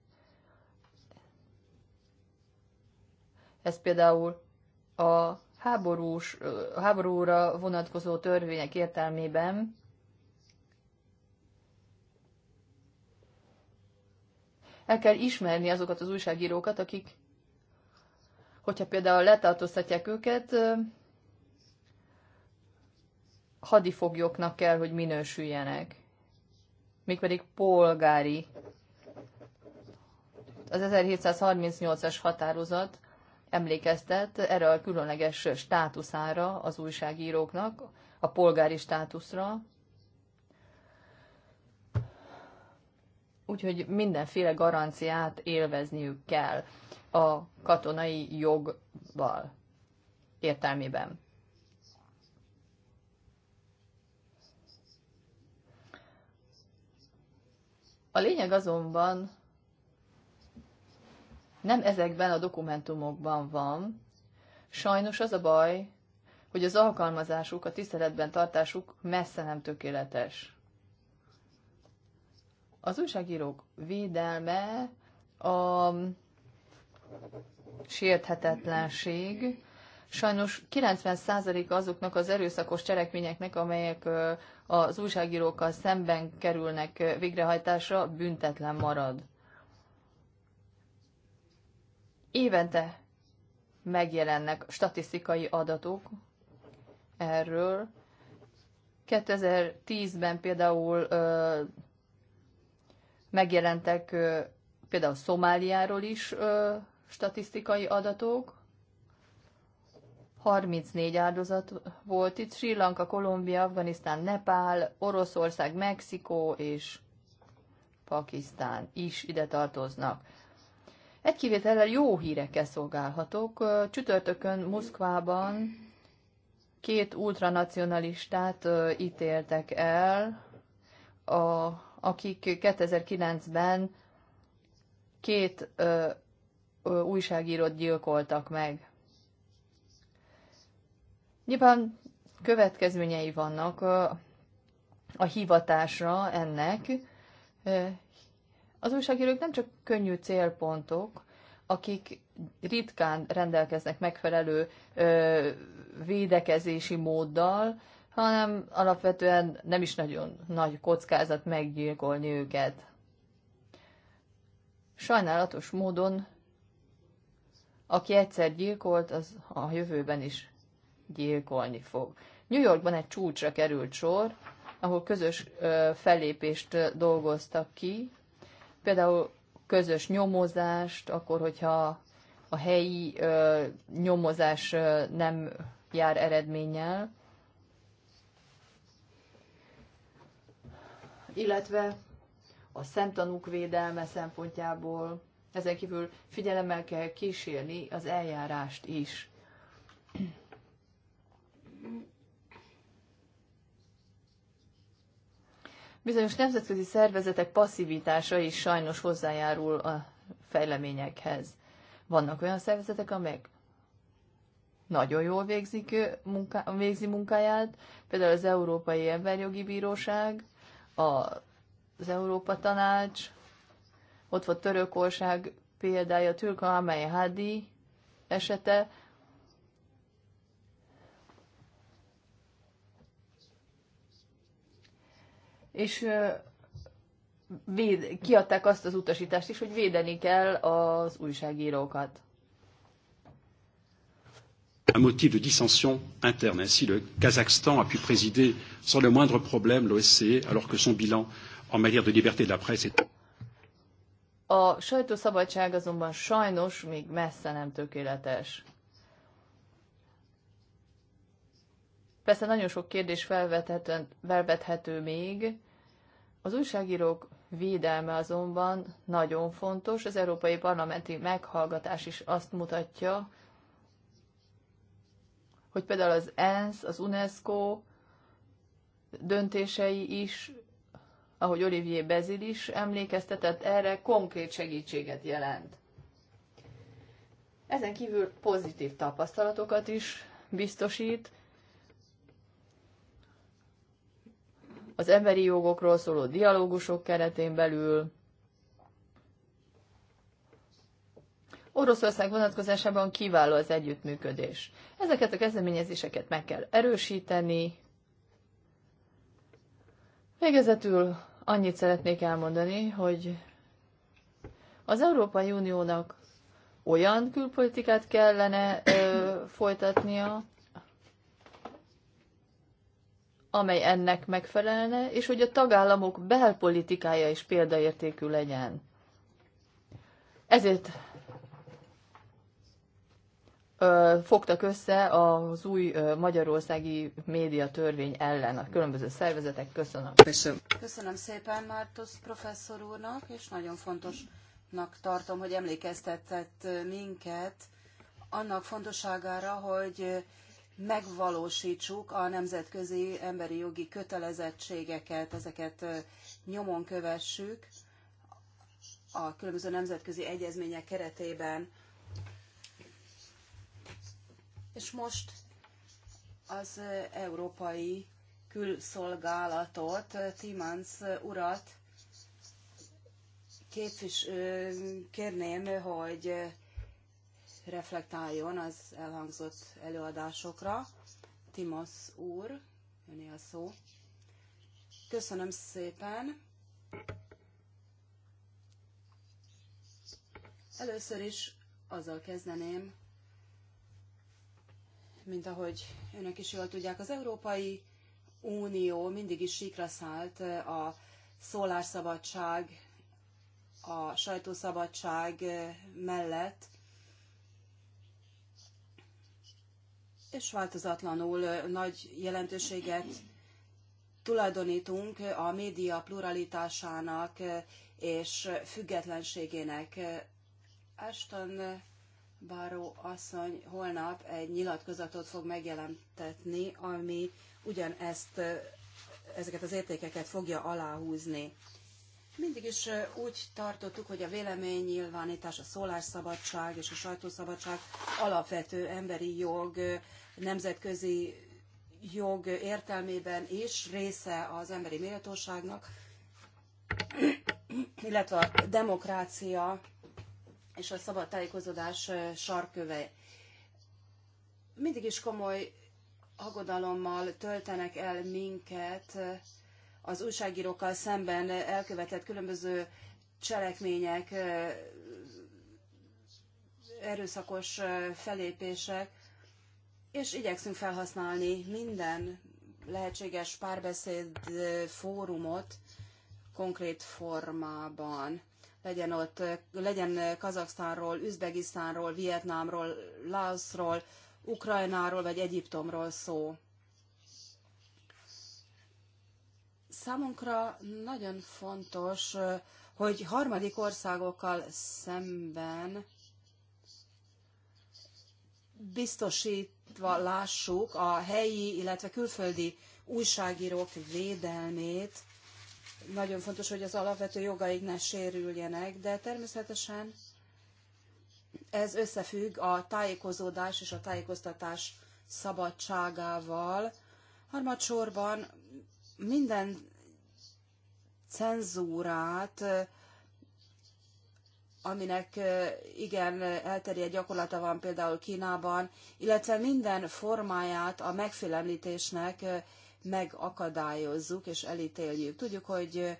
Ez például a háborús, háborúra vonatkozó törvények értelmében el kell ismerni azokat az újságírókat, akik, hogyha például letartóztatják őket, hadifoglyoknak kell, hogy minősüljenek. Mégpedig polgári. Az 1738-as határozat emlékeztet erre a különleges státuszára az újságíróknak, a polgári státuszra. Úgyhogy mindenféle garanciát élvezniük kell a katonai jogval értelmében. A lényeg azonban nem ezekben a dokumentumokban van. Sajnos az a baj, hogy az alkalmazásuk, a tiszteletben tartásuk messze nem tökéletes. Az újságírók védelme, a sérthetetlenség, sajnos 90% azoknak az erőszakos cselekményeknek, amelyek az újságírókkal szemben kerülnek végrehajtásra, büntetlen marad évente megjelennek statisztikai adatok erről. 2010-ben például ö, megjelentek ö, például Szomáliáról is ö, statisztikai adatok. 34 áldozat volt itt, Sri Lanka, Kolumbia, Afganisztán, Nepál, Oroszország, Mexikó és Pakisztán is ide tartoznak. Egy kivétellel jó hírekkel szolgálhatok. Csütörtökön Moszkvában két ultranacionalistát ítéltek el, a, akik 2009-ben két ö, ö, újságírót gyilkoltak meg. Nyilván következményei vannak a, a hivatásra ennek, az újságírók nem csak könnyű célpontok, akik ritkán rendelkeznek megfelelő ö, védekezési móddal, hanem alapvetően nem is nagyon nagy kockázat meggyilkolni őket. Sajnálatos módon, aki egyszer gyilkolt, az a jövőben is gyilkolni fog. New Yorkban egy csúcsra került sor, ahol közös fellépést dolgoztak ki, Például közös nyomozást, akkor, hogyha a helyi ö, nyomozás ö, nem jár eredménnyel, illetve a szemtanúk védelme szempontjából, ezen kívül figyelemmel kell kísérni az eljárást is. Bizonyos nemzetközi szervezetek passzivitása is sajnos hozzájárul a fejleményekhez. Vannak olyan szervezetek, amelyek nagyon jól végzik munká, végzi munkáját, például az Európai Emberjogi Bíróság, a, az Európa Tanács, ott volt Törökország példája, Türka Amely Hadi esete, és véd, kiadták azt az utasítást is, hogy védeni kell az újságírókat. Un motif de dissension interne. Ainsi, le Kazakhstan a pu présider sans le moindre problème l'OSCE, alors que son bilan en matière de liberté de la presse est... A sajtószabadság azonban sajnos még messze nem tökéletes. Persze nagyon sok kérdés felvethető, még. Az újságírók védelme azonban nagyon fontos. Az Európai Parlamenti meghallgatás is azt mutatja, hogy például az ENSZ, az UNESCO döntései is, ahogy Olivier Bezil is emlékeztetett, erre konkrét segítséget jelent. Ezen kívül pozitív tapasztalatokat is biztosít, az emberi jogokról szóló dialógusok keretén belül. Oroszország vonatkozásában kiváló az együttműködés. Ezeket a kezdeményezéseket meg kell erősíteni. Végezetül annyit szeretnék elmondani, hogy az Európai Uniónak olyan külpolitikát kellene ö, folytatnia, amely ennek megfelelne, és hogy a tagállamok belpolitikája is példaértékű legyen. Ezért ö, fogtak össze az új ö, magyarországi médiatörvény ellen a különböző szervezetek. Köszönöm. Köszönöm, Köszönöm szépen Mártos professzor úrnak, és nagyon fontosnak tartom, hogy emlékeztetett minket annak fontosságára, hogy megvalósítsuk a nemzetközi emberi jogi kötelezettségeket, ezeket nyomon kövessük a különböző nemzetközi egyezmények keretében. És most az európai külszolgálatot, Timans urat képvis, kérném, hogy reflektáljon az elhangzott előadásokra. Timosz úr, jönné a szó. Köszönöm szépen. Először is azzal kezdeném, mint ahogy önök is jól tudják, az Európai Unió mindig is sikra szállt a szólásszabadság, a sajtószabadság mellett, és változatlanul nagy jelentőséget tulajdonítunk a média pluralitásának és függetlenségének. Ashton Báró asszony holnap egy nyilatkozatot fog megjelentetni, ami ugyanezt, ezeket az értékeket fogja aláhúzni. Mindig is úgy tartottuk, hogy a véleménynyilvánítás, a szólásszabadság és a sajtószabadság alapvető emberi jog, nemzetközi jog értelmében is része az emberi méltóságnak, illetve a demokrácia és a szabad tájékozódás sarköve. Mindig is komoly aggodalommal töltenek el minket, az újságírókkal szemben elkövetett különböző cselekmények, erőszakos fellépések, és igyekszünk felhasználni minden lehetséges párbeszéd fórumot konkrét formában. Legyen ott, legyen Kazaksztánról, Üzbegisztánról, Vietnámról, Laosról, Ukrajnáról vagy Egyiptomról szó. Számunkra nagyon fontos, hogy harmadik országokkal szemben biztosítva lássuk a helyi, illetve külföldi újságírók védelmét. Nagyon fontos, hogy az alapvető jogaik ne sérüljenek, de természetesen ez összefügg a tájékozódás és a tájékoztatás szabadságával. Harmadsorban minden cenzúrát, aminek igen elterjedt gyakorlata van például Kínában, illetve minden formáját a megfélemlítésnek megakadályozzuk és elítéljük. Tudjuk, hogy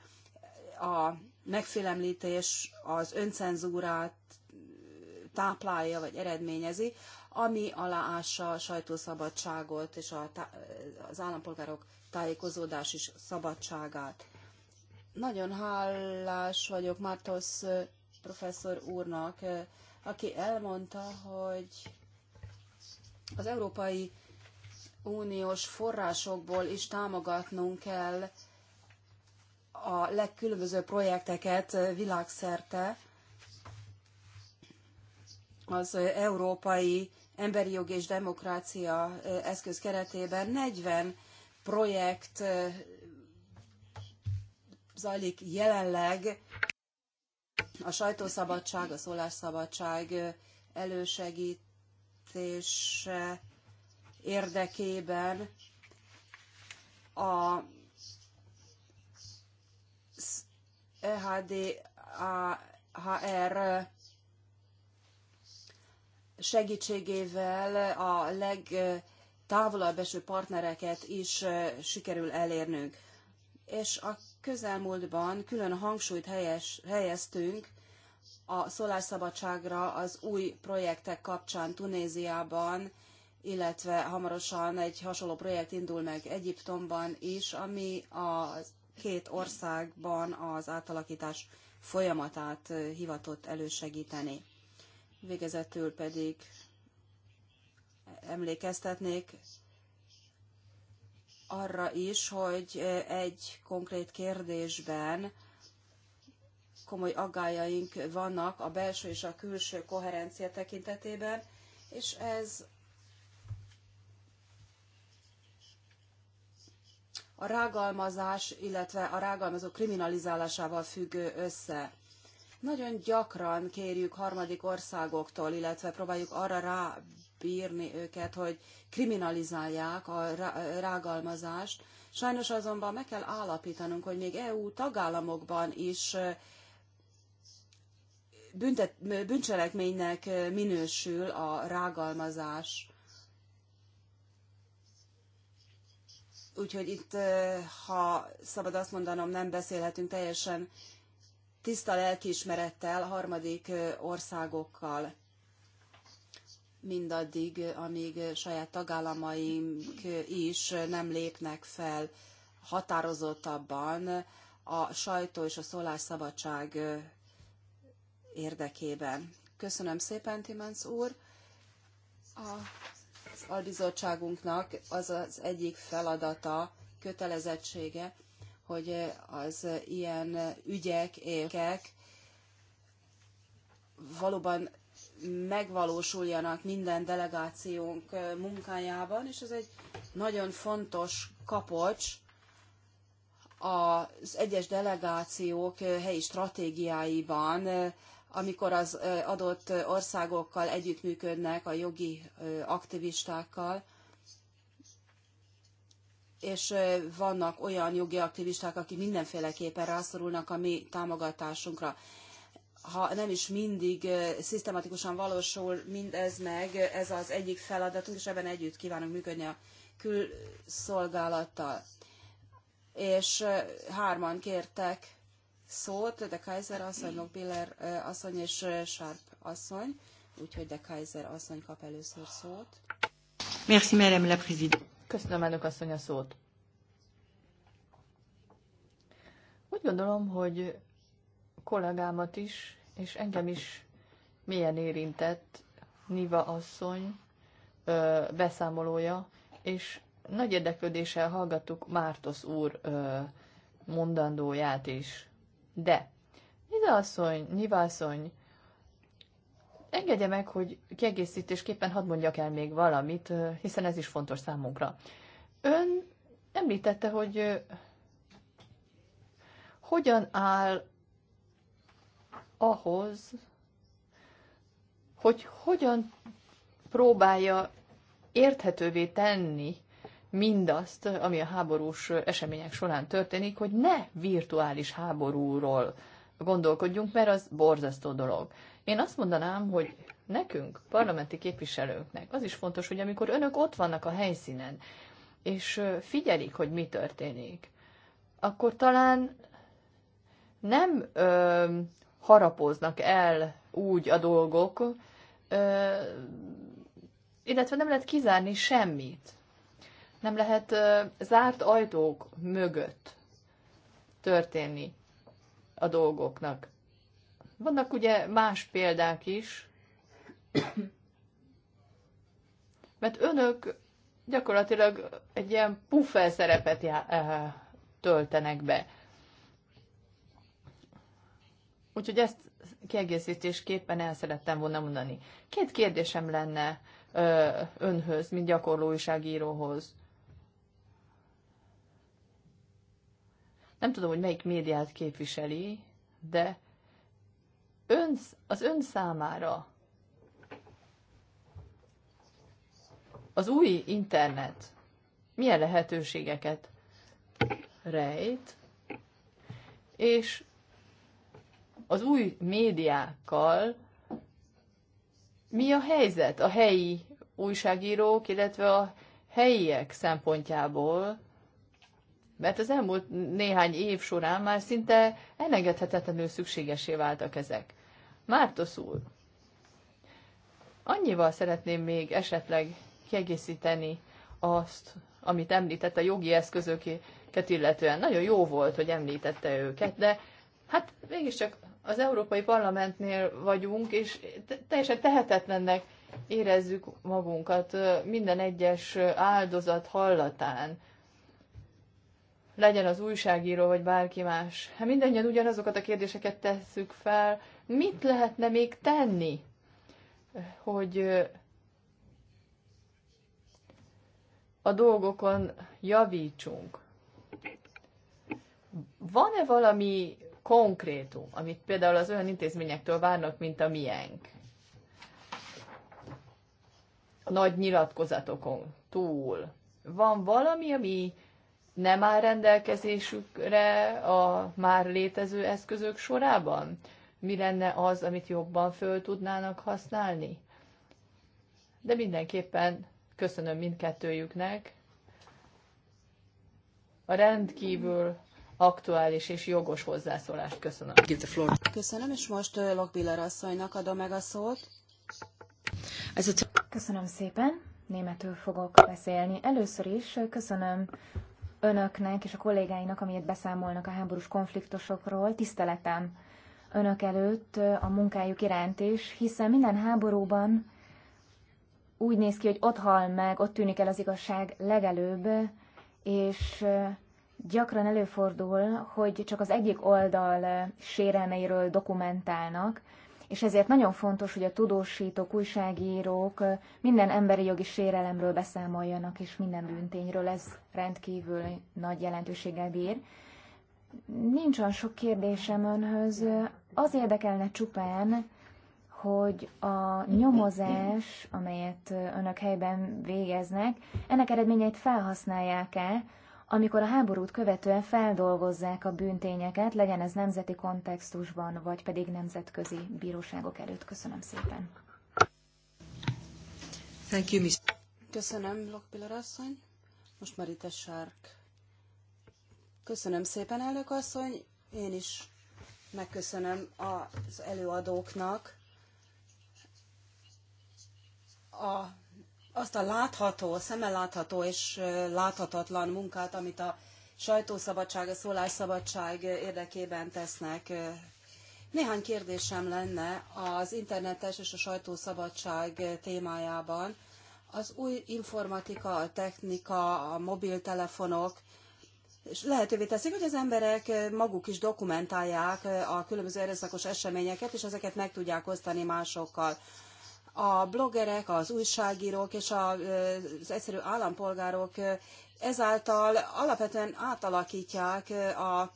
a megfélemlítés az öncenzúrát táplálja vagy eredményezi, ami aláássa a sajtószabadságot és a, az állampolgárok tájékozódási szabadságát. Nagyon hálás vagyok Martos professzor úrnak, aki elmondta, hogy az Európai Uniós forrásokból is támogatnunk kell a legkülönbözőbb projekteket világszerte az Európai Emberi Jog és Demokrácia eszköz keretében 40 projekt zajlik jelenleg a sajtószabadság, a szólásszabadság elősegítése érdekében a EHDHR segítségével a legtávolabb eső partnereket is eh, sikerül elérnünk. És a közelmúltban külön hangsúlyt helyes, helyeztünk a szólásszabadságra az új projektek kapcsán Tunéziában, illetve hamarosan egy hasonló projekt indul meg Egyiptomban is, ami a két országban az átalakítás folyamatát hivatott elősegíteni. Végezetül pedig emlékeztetnék arra is, hogy eh, egy konkrét kérdésben komoly aggájaink vannak a belső és a külső koherencia tekintetében, és ez a rágalmazás, illetve a rágalmazó kriminalizálásával függ össze. Nagyon gyakran kérjük harmadik országoktól, illetve próbáljuk arra bírni őket, hogy kriminalizálják a rágalmazást. Sajnos azonban meg kell állapítanunk, hogy még EU tagállamokban is büntet, bűncselekménynek minősül a rágalmazás. Úgyhogy itt, ha szabad azt mondanom, nem beszélhetünk teljesen tiszta lelkiismerettel, harmadik országokkal mindaddig, amíg saját tagállamaink is nem lépnek fel határozottabban a sajtó és a szólásszabadság érdekében. Köszönöm szépen, Timenc úr! Az albizottságunknak az az egyik feladata, kötelezettsége, hogy az ilyen ügyek, ékek valóban megvalósuljanak minden delegációnk munkájában, és ez egy nagyon fontos kapocs az egyes delegációk helyi stratégiáiban, amikor az adott országokkal együttműködnek a jogi aktivistákkal, és vannak olyan jogi aktivisták, akik mindenféleképpen rászorulnak a mi támogatásunkra ha nem is mindig eh, szisztematikusan valósul mindez meg, ez az egyik feladatunk, és ebben együtt kívánunk működni a külszolgálattal. És eh, hárman kértek szót, de Kaiser asszony, Lockbiller eh, asszony és Sharp asszony, úgyhogy de Kaiser asszony kap először szót. Merci, Madame la Présidente. Köszönöm, elnök asszony, a szót. Úgy gondolom, hogy kollégámat is, és engem is milyen érintett Niva asszony ö, beszámolója, és nagy érdeklődéssel hallgattuk Mártosz úr ö, mondandóját is. De, Niva asszony, Niva asszony, engedje meg, hogy kiegészítésképpen hadd mondjak el még valamit, ö, hiszen ez is fontos számunkra. Ön említette, hogy ö, hogyan áll ahhoz, hogy hogyan próbálja érthetővé tenni mindazt, ami a háborús események során történik, hogy ne virtuális háborúról gondolkodjunk, mert az borzasztó dolog. Én azt mondanám, hogy nekünk, parlamenti képviselőknek az is fontos, hogy amikor önök ott vannak a helyszínen, és figyelik, hogy mi történik, akkor talán nem ö, harapóznak el úgy a dolgok, illetve nem lehet kizárni semmit. Nem lehet zárt ajtók mögött történni a dolgoknak. Vannak ugye más példák is, mert önök gyakorlatilag egy ilyen puffel szerepet já- töltenek be. Úgyhogy ezt kiegészítésképpen el szerettem volna mondani. Két kérdésem lenne ö, önhöz, mint gyakorló újságíróhoz. Nem tudom, hogy melyik médiát képviseli, de ön, az ön számára az új internet milyen lehetőségeket rejt, és az új médiákkal mi a helyzet a helyi újságírók, illetve a helyiek szempontjából, mert az elmúlt néhány év során már szinte elengedhetetlenül szükségesé váltak ezek. Mártosz úr, annyival szeretném még esetleg kiegészíteni azt, amit említett a jogi eszközöket illetően. Nagyon jó volt, hogy említette őket, de Hát mégiscsak az Európai Parlamentnél vagyunk, és teljesen tehetetlennek érezzük magunkat minden egyes áldozat hallatán. Legyen az újságíró, vagy bárki más. Hát mindannyian ugyanazokat a kérdéseket tesszük fel. Mit lehetne még tenni, hogy a dolgokon javítsunk? Van-e valami konkrétum, amit például az olyan intézményektől várnak, mint a miénk. A nagy nyilatkozatokon túl. Van valami, ami nem áll rendelkezésükre a már létező eszközök sorában? Mi lenne az, amit jobban föl tudnának használni? De mindenképpen köszönöm mindkettőjüknek a rendkívül aktuális és jogos hozzászólást. Köszönöm. Köszönöm, és most Lokbiller asszonynak adom meg a szót. Köszönöm szépen. Németül fogok beszélni. Először is köszönöm önöknek és a kollégáinak, amiért beszámolnak a háborús konfliktusokról. Tiszteletem önök előtt a munkájuk iránt is, hiszen minden háborúban úgy néz ki, hogy ott hal meg, ott tűnik el az igazság legelőbb, és Gyakran előfordul, hogy csak az egyik oldal eh, sérelmeiről dokumentálnak, és ezért nagyon fontos, hogy a tudósítók, újságírók eh, minden emberi jogi sérelemről beszámoljanak, és minden bűntényről. Ez rendkívül nagy jelentőséggel bír. Nincs olyan sok kérdésem önhöz. Az érdekelne csupán, hogy a nyomozás, amelyet eh, önök helyben végeznek, ennek eredményeit felhasználják-e amikor a háborút követően feldolgozzák a bűntényeket, legyen ez nemzeti kontextusban, vagy pedig nemzetközi bíróságok előtt. Köszönöm szépen. Thank you, Miss. Köszönöm, Lokpiller asszony. Most már itt a sárk. Köszönöm szépen, elnök asszony. Én is megköszönöm az előadóknak a azt a látható, szemmel látható és láthatatlan munkát, amit a sajtószabadság, a szólásszabadság érdekében tesznek. Néhány kérdésem lenne az internetes és a sajtószabadság témájában. Az új informatika, a technika, a mobiltelefonok és lehetővé teszik, hogy az emberek maguk is dokumentálják a különböző erőszakos eseményeket, és ezeket meg tudják osztani másokkal a bloggerek, az újságírók és az egyszerű állampolgárok ezáltal alapvetően átalakítják a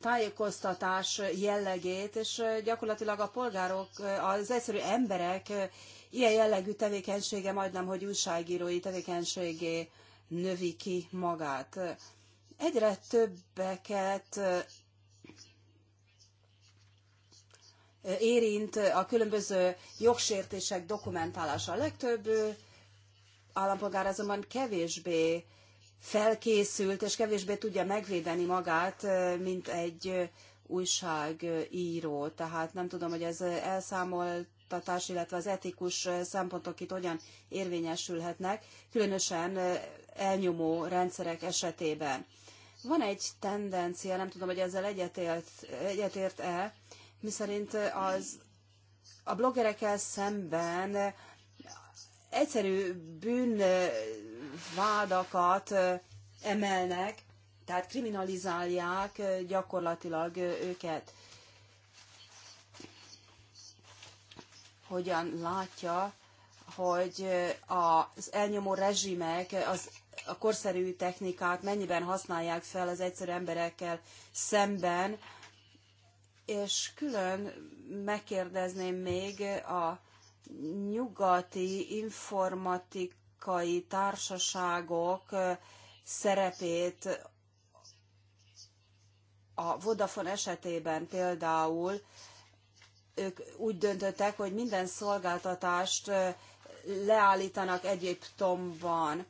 tájékoztatás jellegét, és gyakorlatilag a polgárok, az egyszerű emberek ilyen jellegű tevékenysége majdnem, hogy újságírói tevékenységé növi ki magát. Egyre többeket érint a különböző jogsértések dokumentálása. A legtöbb állampolgár azonban kevésbé felkészült, és kevésbé tudja megvédeni magát, mint egy újságíró. Tehát nem tudom, hogy ez elszámoltatás, illetve az etikus szempontok itt hogyan érvényesülhetnek, különösen elnyomó rendszerek esetében. Van egy tendencia, nem tudom, hogy ezzel egyetért-e, miszerint az a bloggerekkel szemben egyszerű bűnvádakat emelnek, tehát kriminalizálják gyakorlatilag őket. Hogyan látja, hogy az elnyomó rezsimek az, a korszerű technikát mennyiben használják fel az egyszerű emberekkel szemben, és külön megkérdezném még a nyugati informatikai társaságok szerepét a Vodafone esetében például ők úgy döntöttek, hogy minden szolgáltatást leállítanak Egyiptomban.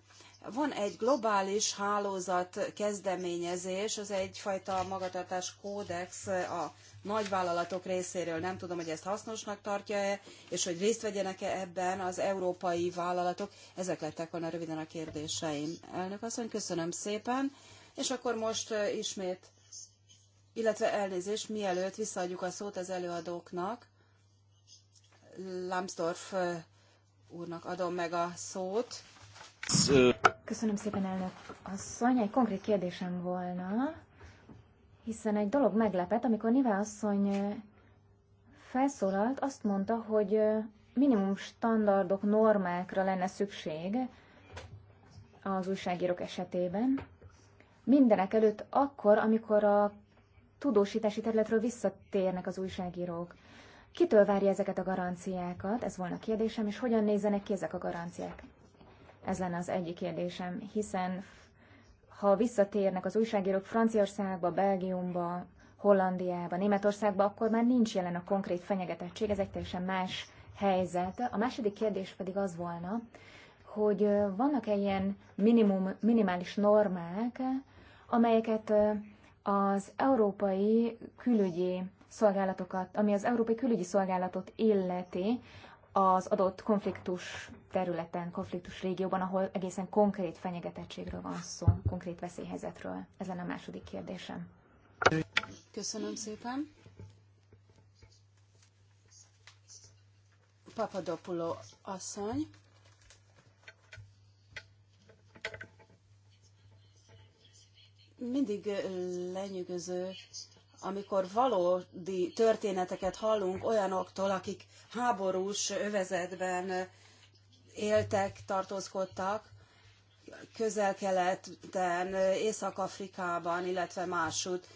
Van egy globális hálózat kezdeményezés, az egyfajta magatartás kódex a nagyvállalatok részéről. Nem tudom, hogy ezt hasznosnak tartja-e, és hogy részt vegyenek-e ebben az európai vállalatok. Ezek lettek volna röviden a kérdéseim. Elnök asszony, köszönöm szépen. És akkor most ismét, illetve elnézést, mielőtt visszaadjuk a szót az előadóknak, Lambsdorff úrnak adom meg a szót. Köszönöm szépen, elnök asszony. Egy konkrét kérdésem volna, hiszen egy dolog meglepet, amikor Nive asszony felszólalt, azt mondta, hogy minimum standardok, normákra lenne szükség az újságírók esetében. Mindenek előtt akkor, amikor a tudósítási területről visszatérnek az újságírók. Kitől várja ezeket a garanciákat? Ez volna a kérdésem, és hogyan nézzenek ki ezek a garanciák? Ez lenne az egyik kérdésem, hiszen ha visszatérnek az újságírók Franciaországba, Belgiumba, Hollandiába, Németországba, akkor már nincs jelen a konkrét fenyegetettség, ez egy teljesen más helyzet. A második kérdés pedig az volna, hogy vannak-e ilyen minimum, minimális normák, amelyeket az európai külügyi szolgálatokat, ami az európai külügyi szolgálatot illeti, az adott konfliktus területen, konfliktus régióban, ahol egészen konkrét fenyegetettségről van szó, konkrét veszélyhelyzetről. Ez lenne a második kérdésem. Köszönöm szépen. Papadopulo asszony. Mindig lenyűgöző amikor valódi történeteket hallunk olyanoktól, akik háborús övezetben éltek, tartózkodtak, közel-keleten, Észak-Afrikában, illetve másút.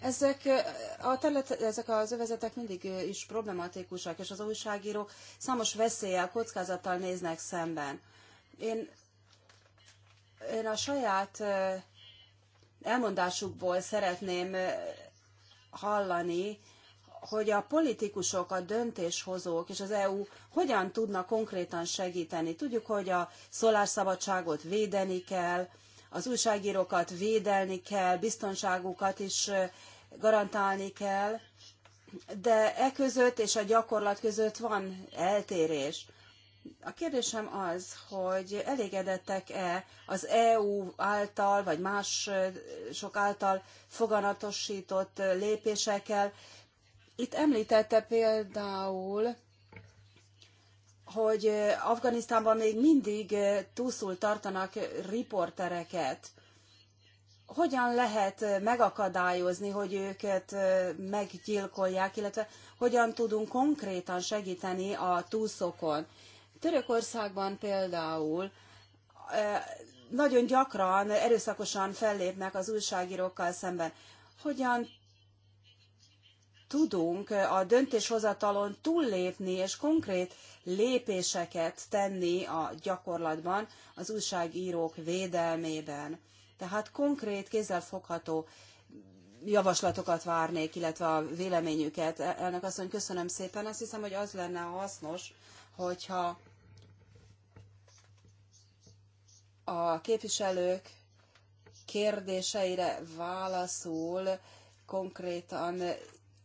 Ezek, a terület, ezek az övezetek mindig is problematikusak, és az újságírók számos veszéllyel, kockázattal néznek szemben. Én, én a saját eh, elmondásukból szeretném eh, hallani, hogy a politikusok, a döntéshozók és az EU hogyan tudna konkrétan segíteni. Tudjuk, hogy a szólásszabadságot védeni kell, az újságírókat védelni kell, biztonságukat is garantálni kell, de e között és a gyakorlat között van eltérés. A kérdésem az, hogy elégedettek-e az EU által, vagy más sok által foganatosított lépésekkel. Itt említette például, hogy Afganisztánban még mindig túszul tartanak riportereket. Hogyan lehet megakadályozni, hogy őket meggyilkolják, illetve hogyan tudunk konkrétan segíteni a túszokon? Törökországban például e, nagyon gyakran erőszakosan fellépnek az újságírókkal szemben. Hogyan tudunk a döntéshozatalon túllépni és konkrét lépéseket tenni a gyakorlatban az újságírók védelmében. Tehát konkrét, kézzelfogható javaslatokat várnék, illetve a véleményüket. E, elnök asszony, köszönöm szépen. Azt hiszem, hogy az lenne hasznos, hogyha a képviselők kérdéseire válaszul konkrétan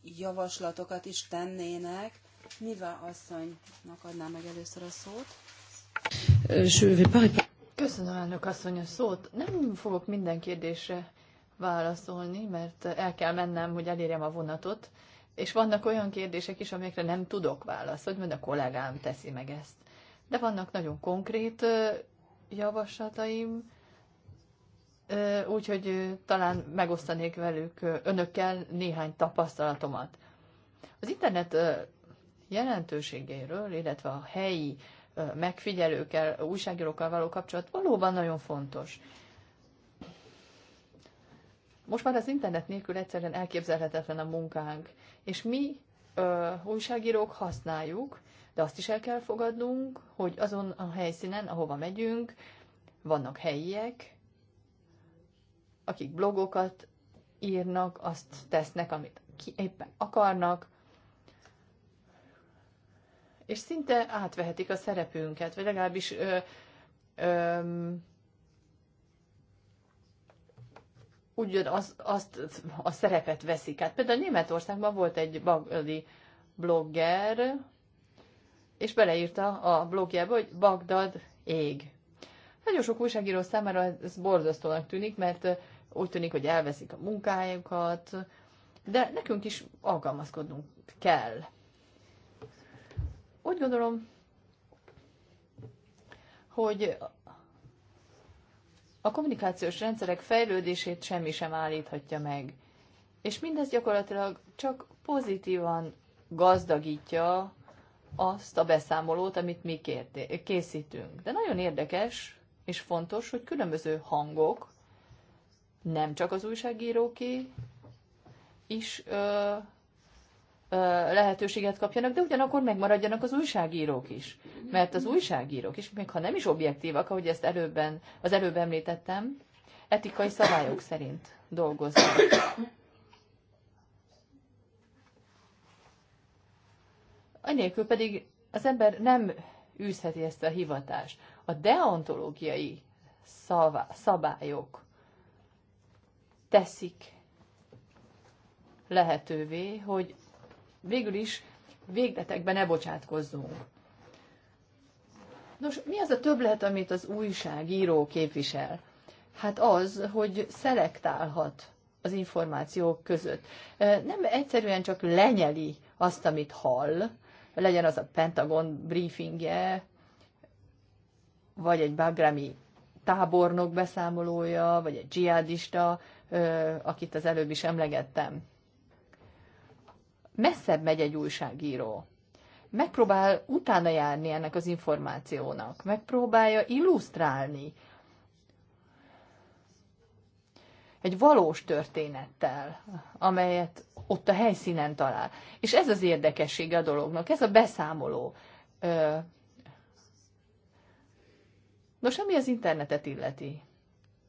javaslatokat is tennének. Mivel asszonynak adnám meg először a szót? Köszönöm elnök asszony a szót. Nem fogok minden kérdésre válaszolni, mert el kell mennem, hogy elérjem a vonatot, és vannak olyan kérdések is, amikre nem tudok válaszolni, mert a kollégám teszi meg ezt. De vannak nagyon konkrét javaslataim, úgyhogy talán megosztanék velük önökkel néhány tapasztalatomat. Az internet jelentőségéről, illetve a helyi megfigyelőkkel, újságírókkal való kapcsolat valóban nagyon fontos. Most már az internet nélkül egyszerűen elképzelhetetlen a munkánk, és mi ö, újságírók használjuk, de azt is el kell fogadnunk, hogy azon a helyszínen, ahova megyünk, vannak helyiek, akik blogokat írnak, azt tesznek, amit ki éppen akarnak, és szinte átvehetik a szerepünket, vagy legalábbis ö, ö, úgy az, azt a szerepet veszik. Hát például Németországban volt egy bagli blogger, és beleírta a blogjába, hogy Bagdad ég. Nagyon sok újságíró számára ez borzasztónak tűnik, mert úgy tűnik, hogy elveszik a munkájukat, de nekünk is alkalmazkodnunk kell. Úgy gondolom, hogy a kommunikációs rendszerek fejlődését semmi sem állíthatja meg. És mindez gyakorlatilag csak pozitívan gazdagítja azt a beszámolót, amit mi készítünk. De nagyon érdekes és fontos, hogy különböző hangok, nem csak az újságíróké is ö, ö, lehetőséget kapjanak, de ugyanakkor megmaradjanak az újságírók is. Mert az újságírók is, még ha nem is objektívak, ahogy ezt előbben, az előbb említettem, etikai szabályok szerint dolgoznak. anélkül pedig az ember nem űzheti ezt a hivatást. A deontológiai szabályok teszik lehetővé, hogy végül is végletekben ne bocsátkozzunk. Nos, mi az a többlet, amit az újságíró képvisel? Hát az, hogy szelektálhat az információk között. Nem egyszerűen csak lenyeli azt, amit hall, legyen az a Pentagon briefingje, vagy egy bagrami tábornok beszámolója, vagy egy dzsihadista, akit az előbb is emlegettem. Messzebb megy egy újságíró. Megpróbál utána járni ennek az információnak, megpróbálja illusztrálni egy valós történettel, amelyet ott a helyszínen talál. És ez az érdekessége a dolognak, ez a beszámoló. Nos, ami az internetet illeti,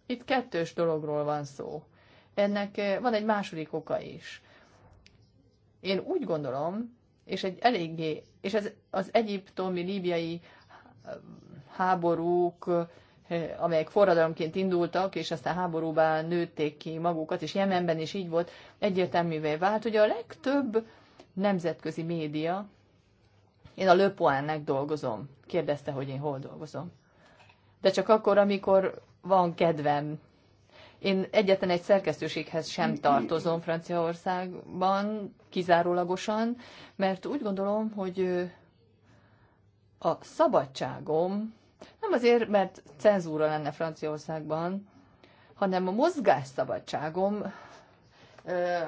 itt kettős dologról van szó. Ennek van egy második oka is. Én úgy gondolom, és egy eléggé, és ez az egyiptomi, líbiai háborúk, Eh, amelyek forradalomként indultak, és aztán háborúban nőtték ki magukat, és Jemenben is így volt, egyértelművé vált, hogy a legtöbb nemzetközi média, én a Le dolgozom, kérdezte, hogy én hol dolgozom. De csak akkor, amikor van kedvem. Én egyetlen egy szerkesztőséghez sem tartozom Franciaországban, kizárólagosan, mert úgy gondolom, hogy a szabadságom nem azért, mert cenzúra lenne Franciaországban, hanem a mozgásszabadságom ö,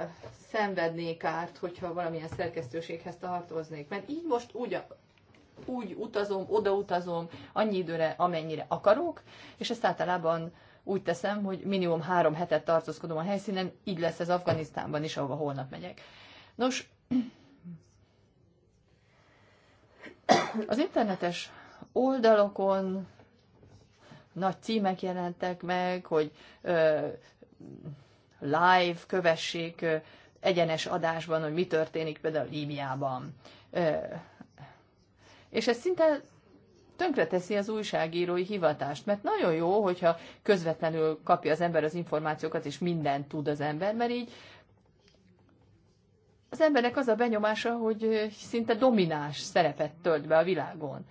szenvednék át, hogyha valamilyen szerkesztőséghez tartoznék. Mert így most úgy, úgy utazom, oda utazom, annyi időre, amennyire akarok, és ezt általában úgy teszem, hogy minimum három hetet tartózkodom a helyszínen, így lesz ez Afganisztánban is, ahova holnap megyek. Nos, az internetes oldalokon nagy címek jelentek meg, hogy ö, live kövessék ö, egyenes adásban, hogy mi történik például Líbiában. Ö, és ez szinte tönkreteszi az újságírói hivatást, mert nagyon jó, hogyha közvetlenül kapja az ember az információkat, és mindent tud az ember, mert így az embernek az a benyomása, hogy szinte domináns szerepet tölt be a világon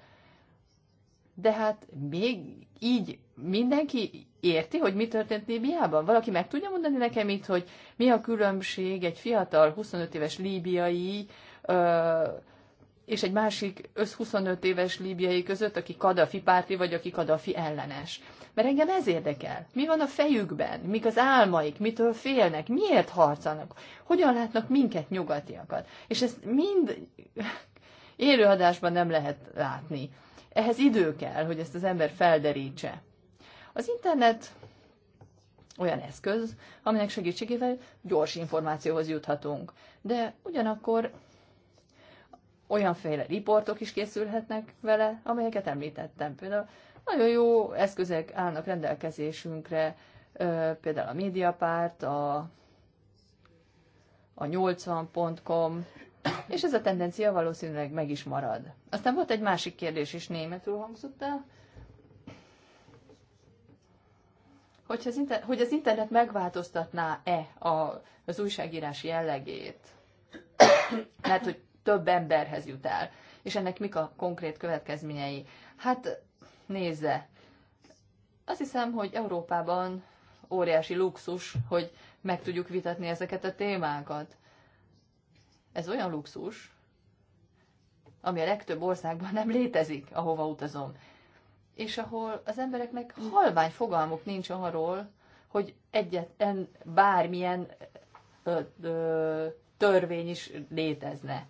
de hát még így mindenki érti, hogy mi történt Líbiában? Valaki meg tudja mondani nekem itt, hogy mi a különbség egy fiatal 25 éves líbiai ö, és egy másik össz 25 éves líbiai között, aki Kadafi párti, vagy aki Kadafi ellenes. Mert engem ez érdekel. Mi van a fejükben? Mik az álmaik? Mitől félnek? Miért harcolnak? Hogyan látnak minket nyugatiakat? És ezt mind élőadásban nem lehet látni. Ehhez idő kell, hogy ezt az ember felderítse. Az internet olyan eszköz, aminek segítségével gyors információhoz juthatunk. De ugyanakkor olyanféle riportok is készülhetnek vele, amelyeket említettem. Például nagyon jó eszközek állnak rendelkezésünkre, például a médiapárt, a, a 80.com, és ez a tendencia valószínűleg meg is marad. Aztán volt egy másik kérdés is, németül hangzott el, Hogy az inter- hogy az internet megváltoztatná-e a, az újságírás jellegét, mert hogy több emberhez jut el, és ennek mik a konkrét következményei. Hát nézze, azt hiszem, hogy Európában óriási luxus, hogy meg tudjuk vitatni ezeket a témákat. Ez olyan luxus, ami a legtöbb országban nem létezik, ahova utazom. És ahol az embereknek halvány fogalmuk nincs arról, hogy egyetlen bármilyen ö, ö, törvény is létezne.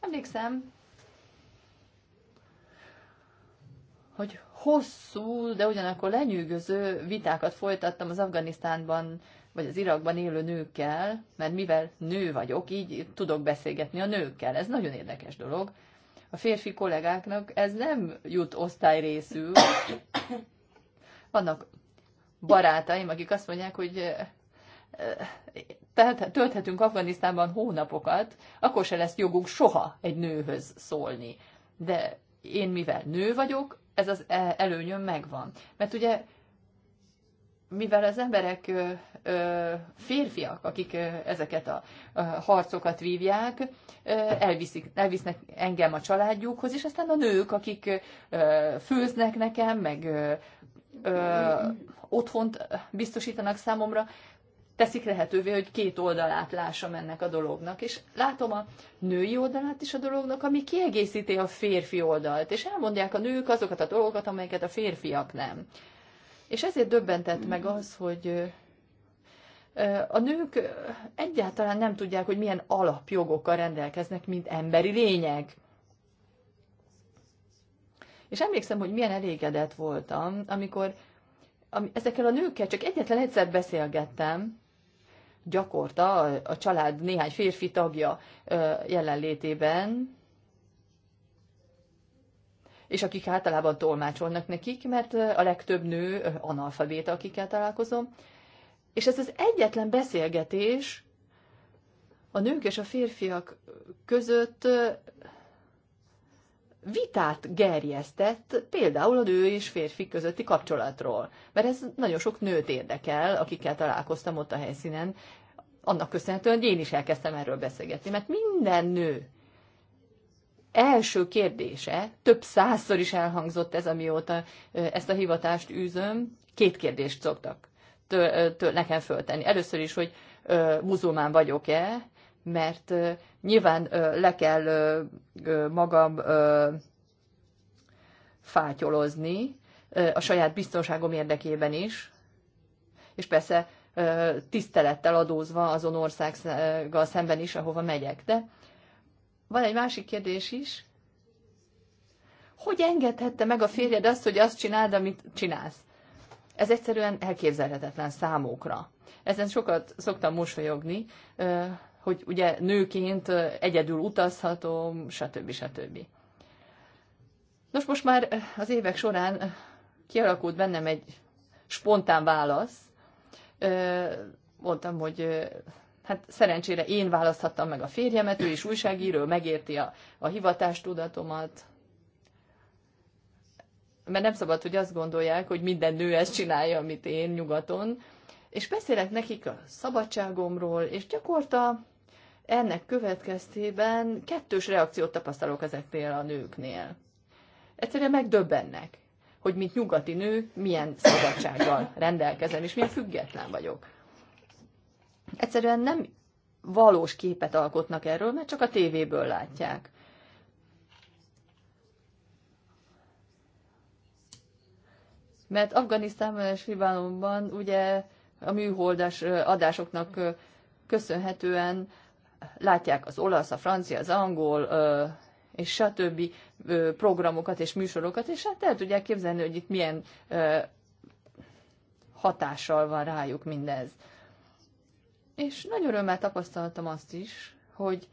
Emlékszem, hogy hosszú, de ugyanakkor lenyűgöző vitákat folytattam az Afganisztánban vagy az Irakban élő nőkkel, mert mivel nő vagyok, így tudok beszélgetni a nőkkel. Ez nagyon érdekes dolog. A férfi kollégáknak ez nem jut osztályrészül. Vannak barátaim, akik azt mondják, hogy eh, tölthetünk Afganisztánban hónapokat, akkor se lesz jogunk soha egy nőhöz szólni. De én mivel nő vagyok, ez az e-, előnyöm megvan. Mert ugye mivel az emberek férfiak, akik ezeket a harcokat vívják, elviszik, elvisznek engem a családjukhoz, és aztán a nők, akik főznek nekem, meg otthont biztosítanak számomra, teszik lehetővé, hogy két oldalát lássam ennek a dolognak. És látom a női oldalát is a dolognak, ami kiegészíti a férfi oldalt. És elmondják a nők azokat a dolgokat, amelyeket a férfiak nem. És ezért döbbentett meg az, hogy a nők egyáltalán nem tudják, hogy milyen alapjogokkal rendelkeznek, mint emberi lények. És emlékszem, hogy milyen elégedett voltam, amikor ezekkel a nőkkel csak egyetlen egyszer beszélgettem, gyakorta a, család néhány férfi tagja jelenlétében, és akik általában tolmácsolnak nekik, mert a legtöbb nő analfabéta, akikkel találkozom. És ez az egyetlen beszélgetés a nők és a férfiak között vitát gerjesztett például a nő és férfi közötti kapcsolatról. Mert ez nagyon sok nőt érdekel, akikkel találkoztam ott a helyszínen, annak köszönhetően, hogy én is elkezdtem erről beszélgetni, mert minden nő első kérdése, több százszor is elhangzott ez, amióta ezt a hivatást űzöm, két kérdést szoktak tő, tő, nekem föltenni. Először is, hogy muzulmán vagyok-e, mert nyilván le kell magam fátyolozni, a saját biztonságom érdekében is, és persze tisztelettel adózva azon országgal szemben is, ahova megyek. De van egy másik kérdés is. Hogy engedhette meg a férjed azt, hogy azt csináld, amit csinálsz? Ez egyszerűen elképzelhetetlen számokra. Ezen sokat szoktam mosolyogni, hogy ugye nőként egyedül utazhatom, stb. stb. Nos, most már az évek során kialakult bennem egy spontán válasz. Mondtam, hogy Hát szerencsére én választhattam meg a férjemet, ő is újságíró, megérti a, a hivatástudatomat. Mert nem szabad, hogy azt gondolják, hogy minden nő ezt csinálja, amit én nyugaton. És beszélek nekik a szabadságomról, és gyakorta ennek következtében kettős reakciót tapasztalok ezeknél a nőknél. Egyszerűen megdöbbennek, hogy mint nyugati nő milyen szabadsággal rendelkezem, és milyen független vagyok egyszerűen nem valós képet alkotnak erről, mert csak a tévéből látják. Mert Afganisztánban és Libanonban ugye a műholdas adásoknak köszönhetően látják az olasz, a francia, az angol, és stb. programokat és műsorokat, és hát el tudják képzelni, hogy itt milyen hatással van rájuk mindez. És nagy örömmel tapasztaltam azt is, hogy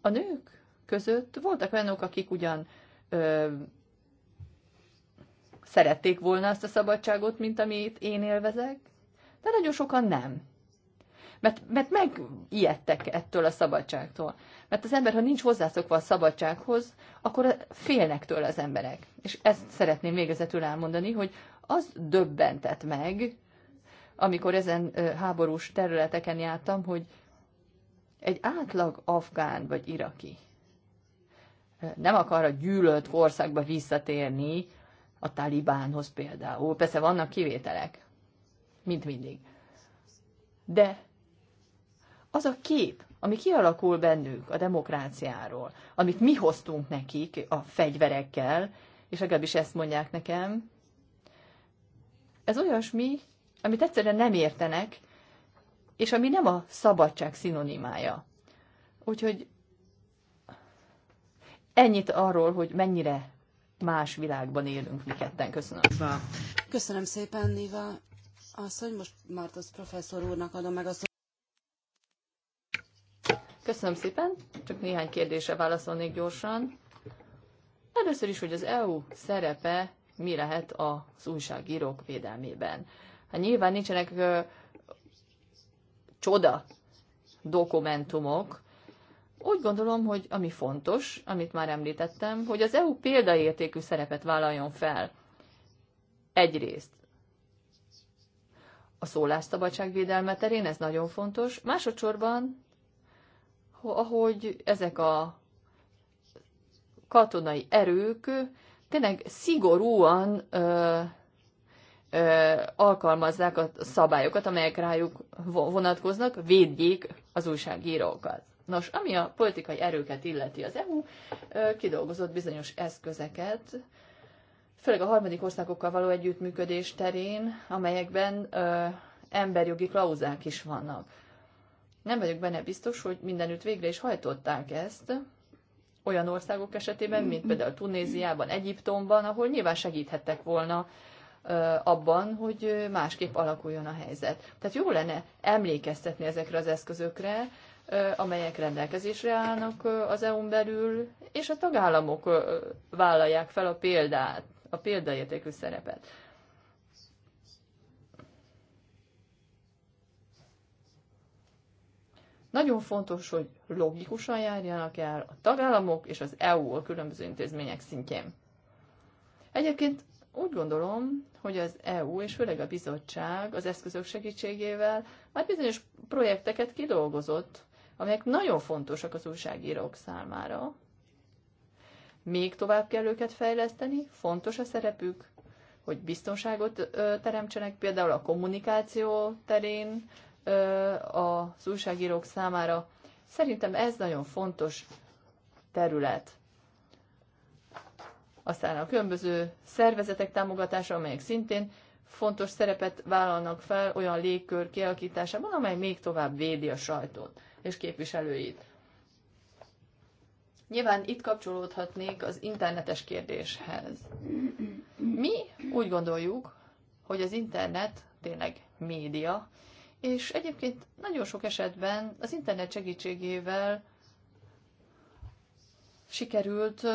a nők között voltak olyanok, akik ugyan ö, szerették volna azt a szabadságot, mint amit én élvezek, de nagyon sokan nem. Mert, mert megijedtek ettől a szabadságtól. Mert az ember, ha nincs hozzászokva a szabadsághoz, akkor félnek tőle az emberek. És ezt szeretném végezetül elmondani, hogy az döbbentett meg, amikor ezen háborús területeken jártam, hogy egy átlag afgán vagy iraki nem akar a gyűlölt országba visszatérni, a talibánhoz például. Persze vannak kivételek, mint mindig. De az a kép, ami kialakul bennük a demokráciáról, amit mi hoztunk nekik a fegyverekkel, és legalábbis ezt mondják nekem, ez olyasmi, amit egyszerűen nem értenek, és ami nem a szabadság szinonimája. Úgyhogy ennyit arról, hogy mennyire más világban élünk mi ketten. Köszönöm. Köszönöm szépen, Niva. Azt, hogy most Martos professzor úrnak adom meg azt, Köszönöm szépen, csak néhány kérdésre válaszolnék gyorsan. Először is, hogy az EU szerepe mi lehet az újságírók védelmében. Hát nyilván nincsenek ö, csoda dokumentumok. Úgy gondolom, hogy ami fontos, amit már említettem, hogy az EU példaértékű szerepet vállaljon fel. Egyrészt a szólásszabadság védelme terén, ez nagyon fontos. Másodszorban, ahogy ezek a katonai erők tényleg szigorúan ö, alkalmazzák a szabályokat, amelyek rájuk vonatkoznak, védjék az újságírókat. Nos, ami a politikai erőket illeti, az EU kidolgozott bizonyos eszközeket, főleg a harmadik országokkal való együttműködés terén, amelyekben ö, emberjogi klauzák is vannak. Nem vagyok benne biztos, hogy mindenütt végre is hajtották ezt, olyan országok esetében, mint például Tunéziában, Egyiptomban, ahol nyilván segíthettek volna abban, hogy másképp alakuljon a helyzet. Tehát jó lenne emlékeztetni ezekre az eszközökre, amelyek rendelkezésre állnak az EU-n belül, és a tagállamok vállalják fel a példát, a példaértékű szerepet. Nagyon fontos, hogy logikusan járjanak el a tagállamok és az EU a különböző intézmények szintjén. Egyébként úgy gondolom, hogy az EU és főleg a bizottság az eszközök segítségével már bizonyos projekteket kidolgozott, amelyek nagyon fontosak az újságírók számára. Még tovább kell őket fejleszteni, fontos a szerepük, hogy biztonságot ö, teremtsenek például a kommunikáció terén ö, az újságírók számára. Szerintem ez nagyon fontos terület. Aztán a különböző szervezetek támogatása, amelyek szintén fontos szerepet vállalnak fel olyan légkör kialakításában, amely még tovább védi a sajtót és képviselőit. Nyilván itt kapcsolódhatnék az internetes kérdéshez. Mi úgy gondoljuk, hogy az internet tényleg média, és egyébként nagyon sok esetben az internet segítségével sikerült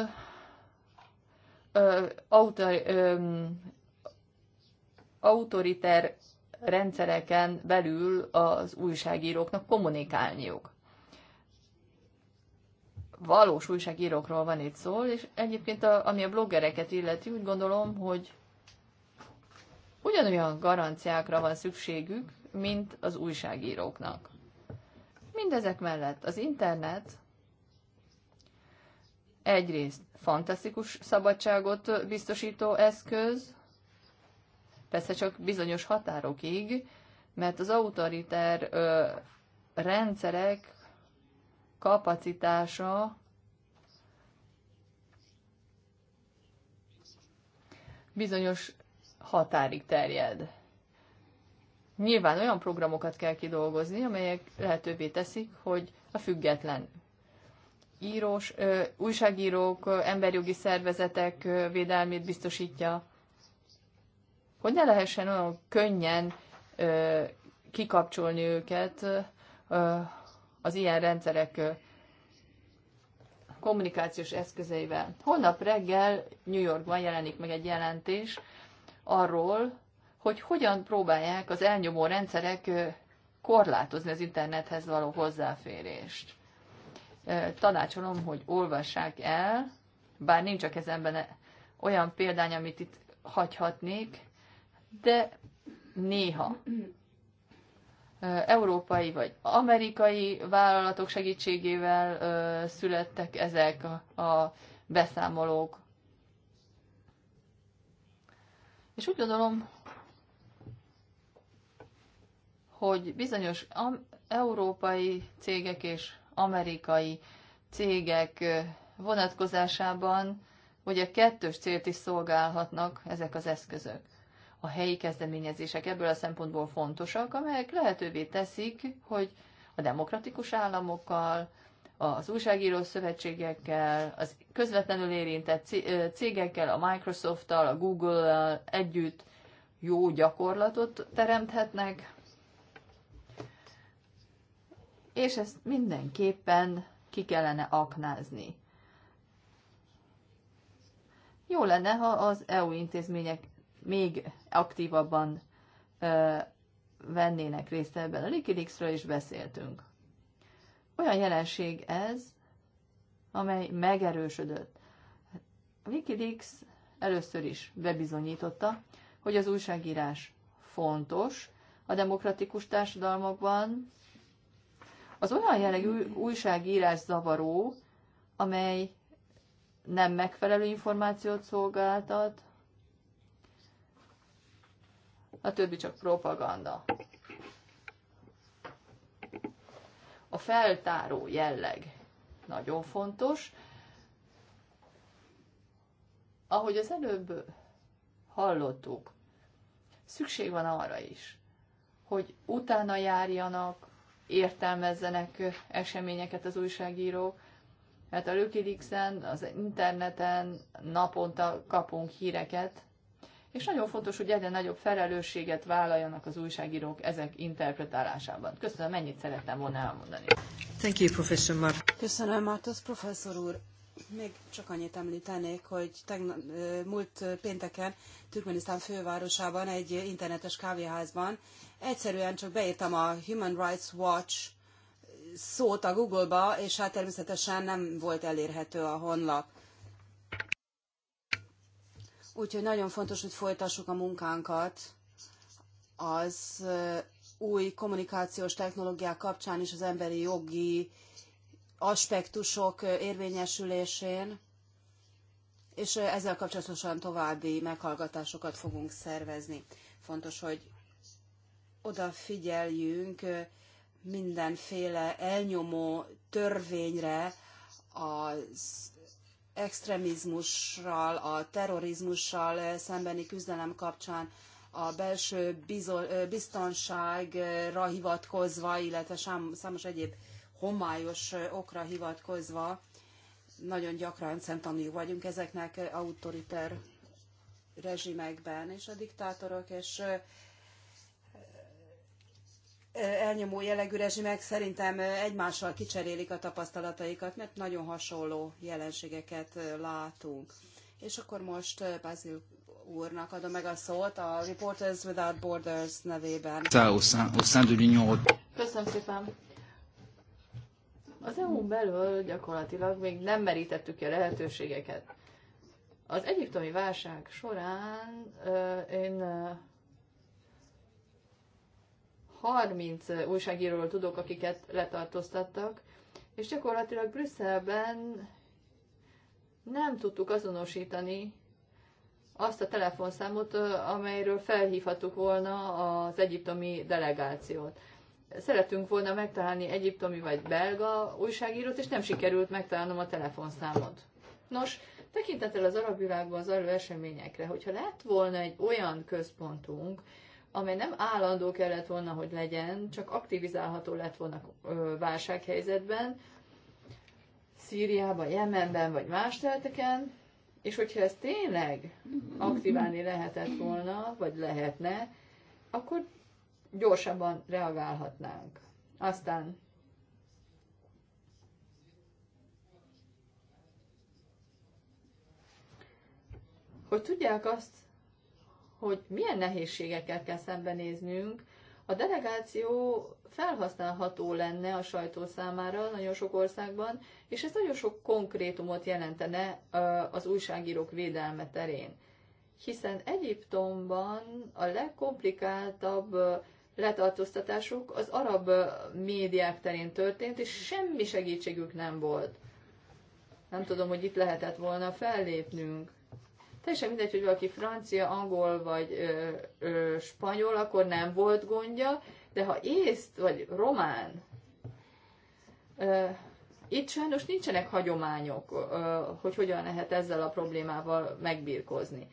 autoriter rendszereken belül az újságíróknak kommunikálniuk. Valós újságírókról van itt szó, és egyébként a, ami a bloggereket illeti, úgy gondolom, hogy ugyanolyan garanciákra van szükségük, mint az újságíróknak. Mindezek mellett az internet egyrészt fantasztikus szabadságot biztosító eszköz, persze csak bizonyos határokig, mert az autoriter ö, rendszerek kapacitása bizonyos határig terjed. Nyilván olyan programokat kell kidolgozni, amelyek lehetővé teszik, hogy a független írós, újságírók, emberjogi szervezetek védelmét biztosítja. Hogy ne lehessen olyan könnyen kikapcsolni őket az ilyen rendszerek kommunikációs eszközeivel. Holnap reggel New Yorkban jelenik meg egy jelentés arról, hogy hogyan próbálják az elnyomó rendszerek korlátozni az internethez való hozzáférést tanácsolom, hogy olvassák el, bár nincs a kezemben olyan példány, amit itt hagyhatnék, de néha európai vagy amerikai vállalatok segítségével születtek ezek a beszámolók. És úgy gondolom, hogy bizonyos európai cégek és amerikai cégek vonatkozásában hogy a kettős célt is szolgálhatnak ezek az eszközök. A helyi kezdeményezések ebből a szempontból fontosak, amelyek lehetővé teszik, hogy a demokratikus államokkal, az újságíró szövetségekkel, az közvetlenül érintett cégekkel, a Microsoft-tal, a Google-tal együtt jó gyakorlatot teremthetnek, és ezt mindenképpen ki kellene aknázni. Jó lenne, ha az EU intézmények még aktívabban ö, vennének részt ebben. A Wikileaksről is beszéltünk. Olyan jelenség ez, amely megerősödött. A Wikileaks először is bebizonyította, hogy az újságírás fontos a demokratikus társadalmakban, az olyan jellegű újságírás zavaró, amely nem megfelelő információt szolgáltat, a többi csak propaganda. A feltáró jelleg nagyon fontos. Ahogy az előbb hallottuk, szükség van arra is, hogy utána járjanak, értelmezzenek eseményeket az újságírók. Hát a wikileaks az interneten naponta kapunk híreket, és nagyon fontos, hogy egyre nagyobb felelősséget vállaljanak az újságírók ezek interpretálásában. Köszönöm, mennyit szerettem volna elmondani. Thank you, Professor Mar. Köszönöm, Martos professzor úr. Még csak annyit említenék, hogy tegnap, múlt pénteken Türkmenisztán fővárosában egy internetes kávéházban egyszerűen csak beírtam a Human Rights Watch szót a Google-ba, és hát természetesen nem volt elérhető a honlap. Úgyhogy nagyon fontos, hogy folytassuk a munkánkat az új kommunikációs technológiák kapcsán is az emberi jogi aspektusok érvényesülésén, és ezzel kapcsolatosan további meghallgatásokat fogunk szervezni. Fontos, hogy odafigyeljünk mindenféle elnyomó törvényre, az extremizmussal, a terrorizmussal szembeni küzdelem kapcsán, a belső biztonságra hivatkozva, illetve számos egyéb homályos okra hivatkozva nagyon gyakran szemtanú vagyunk ezeknek autoriter rezsimekben, és a diktátorok és elnyomó jellegű rezsimek szerintem egymással kicserélik a tapasztalataikat, mert nagyon hasonló jelenségeket látunk. És akkor most Basil úrnak adom meg a szót a Reporters Without Borders nevében. Köszönöm szépen. Az EU-n belül gyakorlatilag még nem merítettük ki a lehetőségeket. Az egyiptomi válság során uh, én uh, 30 újságíróról tudok, akiket letartóztattak, és gyakorlatilag Brüsszelben nem tudtuk azonosítani azt a telefonszámot, amelyről felhívhattuk volna az egyiptomi delegációt szeretünk volna megtalálni egyiptomi vagy belga újságírót, és nem sikerült megtalálnom a telefonszámot. Nos, tekintettel az arab világban zajló eseményekre, hogyha lett volna egy olyan központunk, amely nem állandó kellett volna, hogy legyen, csak aktivizálható lett volna válsághelyzetben, Szíriában, Jemenben vagy más területeken, és hogyha ez tényleg aktiválni lehetett volna, vagy lehetne, akkor gyorsabban reagálhatnánk. Aztán hogy tudják azt, hogy milyen nehézségekkel kell szembenéznünk, a delegáció felhasználható lenne a sajtó számára nagyon sok országban, és ez nagyon sok konkrétumot jelentene az újságírók védelme terén. Hiszen Egyiptomban a legkomplikáltabb letartóztatásuk az arab médiák terén történt, és semmi segítségük nem volt. Nem tudom, hogy itt lehetett volna fellépnünk. Teljesen mindegy, hogy valaki francia, angol vagy ö, ö, spanyol, akkor nem volt gondja, de ha észt vagy román, ö, itt sajnos nincsenek hagyományok, ö, hogy hogyan lehet ezzel a problémával megbírkozni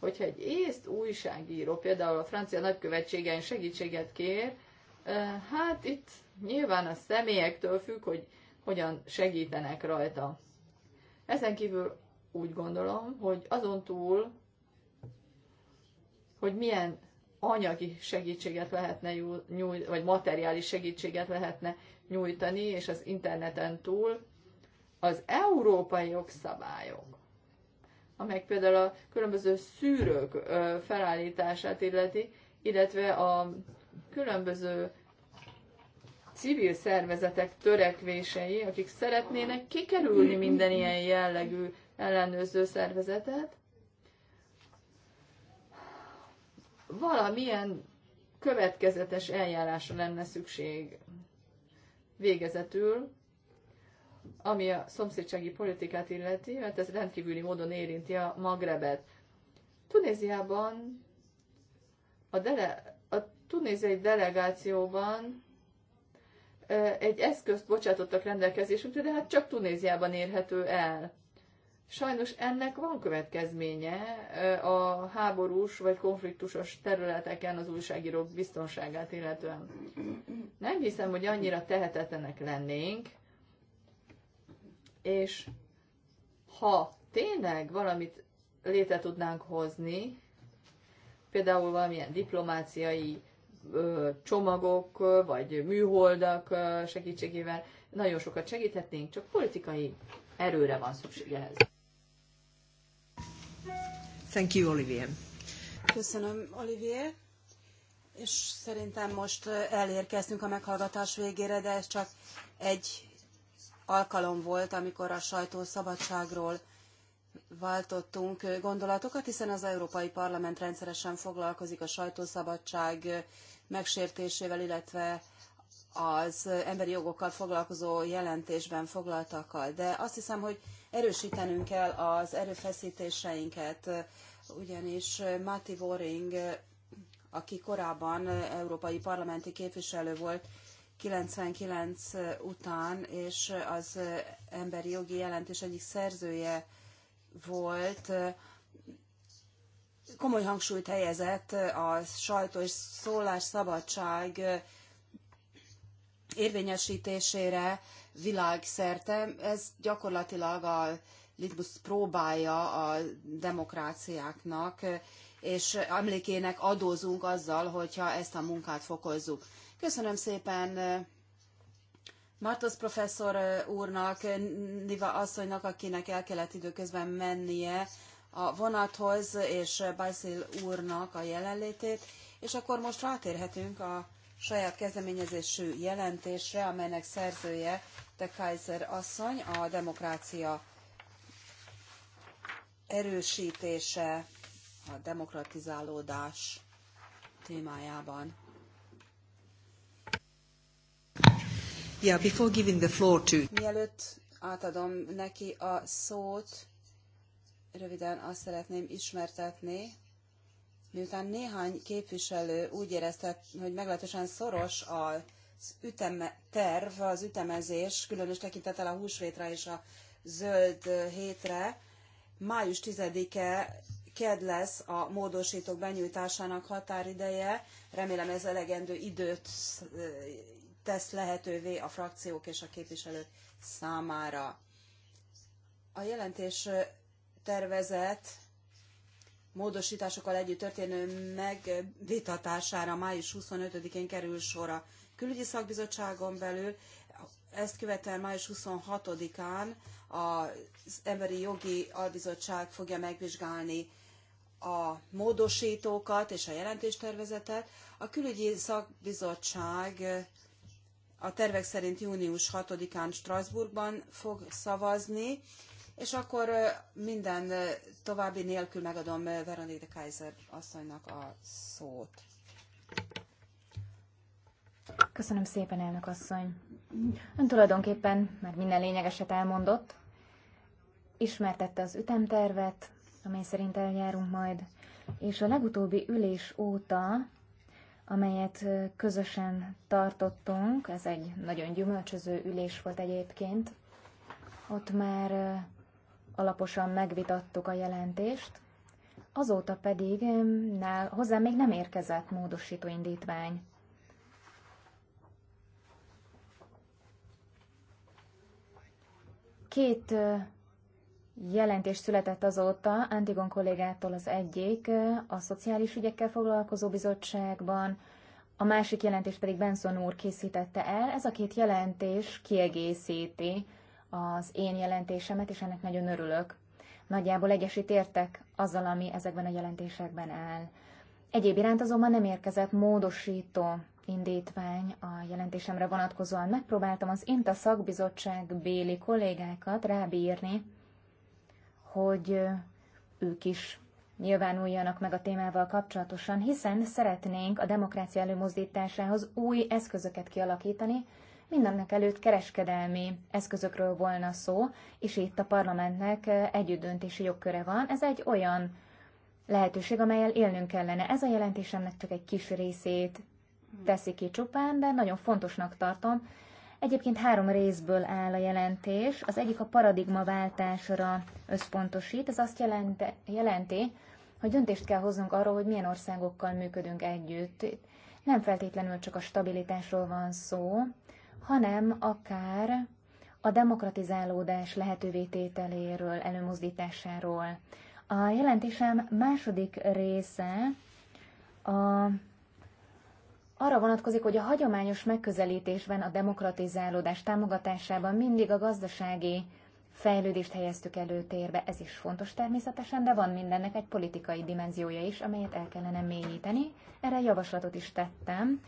hogyha egy észt újságíró például a francia nagykövetségen segítséget kér, hát itt nyilván a személyektől függ, hogy hogyan segítenek rajta. Ezen kívül úgy gondolom, hogy azon túl, hogy milyen anyagi segítséget lehetne nyújtani, vagy materiális segítséget lehetne nyújtani, és az interneten túl, az európai jogszabályok amelyek például a különböző szűrők felállítását illeti, illetve a különböző civil szervezetek törekvései, akik szeretnének kikerülni minden ilyen jellegű ellenőrző szervezetet, valamilyen következetes eljárásra lenne szükség végezetül ami a szomszédsági politikát illeti, mert ez rendkívüli módon érinti a Magrebet. Tunéziában a, dele, a tunéziai delegációban egy eszközt bocsátottak rendelkezésünkre, de hát csak Tunéziában érhető el. Sajnos ennek van következménye a háborús vagy konfliktusos területeken az újságírók biztonságát illetően. Nem hiszem, hogy annyira tehetetlenek lennénk, és ha tényleg valamit létre tudnánk hozni, például valamilyen diplomáciai csomagok, vagy műholdak segítségével nagyon sokat segíthetnénk, csak politikai erőre van szükség ehhez. Thank you, Olivier. Köszönöm, Olivier. És szerintem most elérkeztünk a meghallgatás végére, de ez csak egy alkalom volt, amikor a sajtó szabadságról váltottunk gondolatokat, hiszen az Európai Parlament rendszeresen foglalkozik a sajtószabadság megsértésével, illetve az emberi jogokkal foglalkozó jelentésben foglaltakkal. De azt hiszem, hogy erősítenünk kell az erőfeszítéseinket, ugyanis Matti Voring, aki korábban európai parlamenti képviselő volt, 99 után, és az emberi jogi jelentés egyik szerzője volt, komoly hangsúlyt helyezett a sajtó és szólásszabadság érvényesítésére világszerte. Ez gyakorlatilag a litmus próbája a demokráciáknak, és emlékének adózunk azzal, hogyha ezt a munkát fokozzuk. Köszönöm szépen Martos professzor úrnak, Niva asszonynak, akinek el kellett időközben mennie a vonathoz, és Bajszil úrnak a jelenlétét, és akkor most rátérhetünk a saját kezdeményezésű jelentésre, amelynek szerzője de Kaiser asszony, a demokrácia erősítése, a demokratizálódás témájában. Yeah, before giving the floor to... Mielőtt átadom neki a szót, röviden azt szeretném ismertetni, miután néhány képviselő úgy érezte, hogy meglehetősen szoros az üteme, terv, az ütemezés, különös tekintettel a húsvétre és a zöld hétre, május 10-e KED lesz a módosítók benyújtásának határideje. Remélem ez elegendő időt tesz lehetővé a frakciók és a képviselők számára. A jelentés tervezett módosításokkal együtt történő megvitatására május 25-én kerül sor a külügyi szakbizottságon belül. Ezt követően május 26-án az Emberi Jogi Albizottság fogja megvizsgálni a módosítókat és a jelentéstervezetet. A külügyi szakbizottság a tervek szerint június 6-án Strasbourgban fog szavazni, és akkor minden további nélkül megadom Veronique de Kaiser asszonynak a szót. Köszönöm szépen, elnök asszony. Ön tulajdonképpen már minden lényegeset elmondott. Ismertette az ütemtervet, amely szerint eljárunk majd, és a legutóbbi ülés óta amelyet közösen tartottunk. Ez egy nagyon gyümölcsöző ülés volt egyébként. Ott már alaposan megvitattuk a jelentést, azóta pedig nál, hozzá még nem érkezett módosító indítvány. Két Jelentés született azóta Antigon kollégától az egyik a Szociális Ügyekkel Foglalkozó Bizottságban, a másik jelentést pedig Benson úr készítette el. Ez a két jelentés kiegészíti az én jelentésemet, és ennek nagyon örülök. Nagyjából egyesít értek azzal, ami ezekben a jelentésekben áll. Egyéb iránt azonban nem érkezett módosító indítvány a jelentésemre vonatkozóan. Megpróbáltam az INTA szakbizottság béli kollégákat rábírni, hogy ők is nyilvánuljanak meg a témával kapcsolatosan, hiszen szeretnénk a demokrácia előmozdításához új eszközöket kialakítani, mindennek előtt kereskedelmi eszközökről volna szó, és itt a parlamentnek együttdöntési jogköre van. Ez egy olyan lehetőség, amelyel élnünk kellene. Ez a jelentésemnek csak egy kis részét teszi ki csupán, de nagyon fontosnak tartom, Egyébként három részből áll a jelentés. Az egyik a paradigmaváltásra összpontosít. Ez azt jelente, jelenti, hogy döntést kell hoznunk arról, hogy milyen országokkal működünk együtt. Nem feltétlenül csak a stabilitásról van szó, hanem akár a demokratizálódás lehetővé tételéről, előmozdításáról. A jelentésem második része a arra vonatkozik, hogy a hagyományos megközelítésben a demokratizálódás támogatásában mindig a gazdasági fejlődést helyeztük előtérbe. Ez is fontos természetesen, de van mindennek egy politikai dimenziója is, amelyet el kellene mélyíteni. Erre javaslatot is tettem,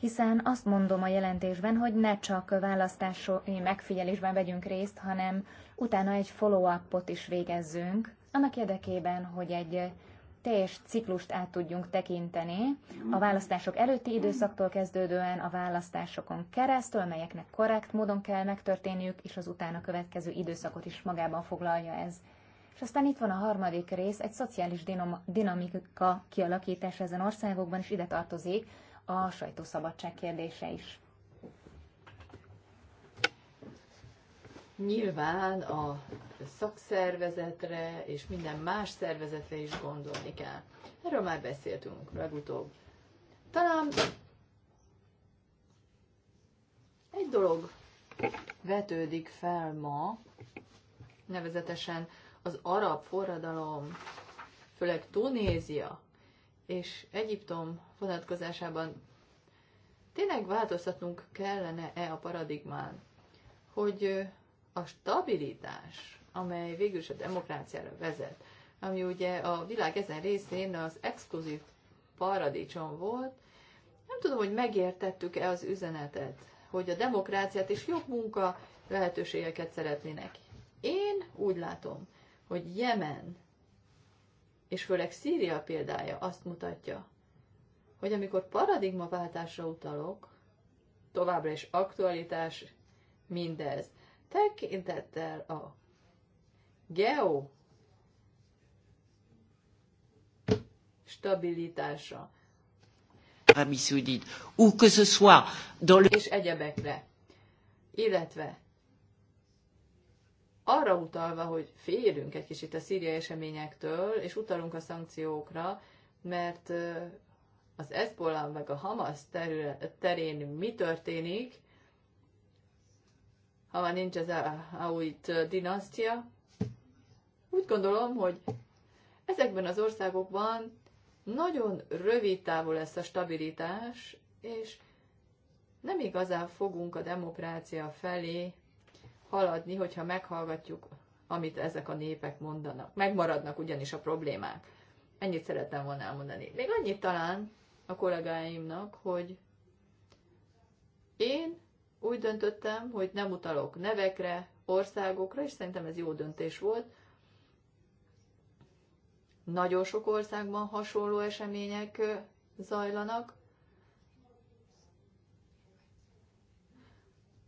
hiszen azt mondom a jelentésben, hogy ne csak választási megfigyelésben vegyünk részt, hanem utána egy follow-upot is végezzünk, annak érdekében, hogy egy teljes ciklust át tudjunk tekinteni, a választások előtti időszaktól kezdődően a választásokon keresztül, melyeknek korrekt módon kell megtörténniük, és az utána következő időszakot is magában foglalja ez. És aztán itt van a harmadik rész, egy szociális dinamika kialakítása ezen országokban, és ide tartozik a sajtószabadság kérdése is. nyilván a szakszervezetre és minden más szervezetre is gondolni kell. Erről már beszéltünk legutóbb. Talán egy dolog vetődik fel ma, nevezetesen az arab forradalom, főleg Tunézia és Egyiptom vonatkozásában tényleg változtatnunk kellene-e a paradigmán, hogy a stabilitás, amely végül is a demokráciára vezet, ami ugye a világ ezen részén az exkluzív paradicsom volt, nem tudom, hogy megértettük-e az üzenetet, hogy a demokráciát és jobb munka lehetőségeket szeretnének. Én úgy látom, hogy Jemen, és főleg Szíria példája azt mutatja, hogy amikor paradigmaváltásra utalok, továbbra is aktualitás mindez tekintettel a geo stabilitásra. ami ah, ou que ce soit dans le... És egyebekre. Illetve arra utalva, hogy félünk egy kicsit a szíriai eseményektől, és utalunk a szankciókra, mert az Ezbollah meg a Hamas terén mi történik, ha már nincs az Auit dinasztia. Úgy gondolom, hogy ezekben az országokban nagyon rövid távú lesz a stabilitás, és nem igazán fogunk a demokrácia felé haladni, hogyha meghallgatjuk, amit ezek a népek mondanak. Megmaradnak ugyanis a problémák. Ennyit szerettem volna elmondani. Még annyit talán a kollégáimnak, hogy én úgy döntöttem, hogy nem utalok nevekre, országokra, és szerintem ez jó döntés volt. Nagyon sok országban hasonló események zajlanak.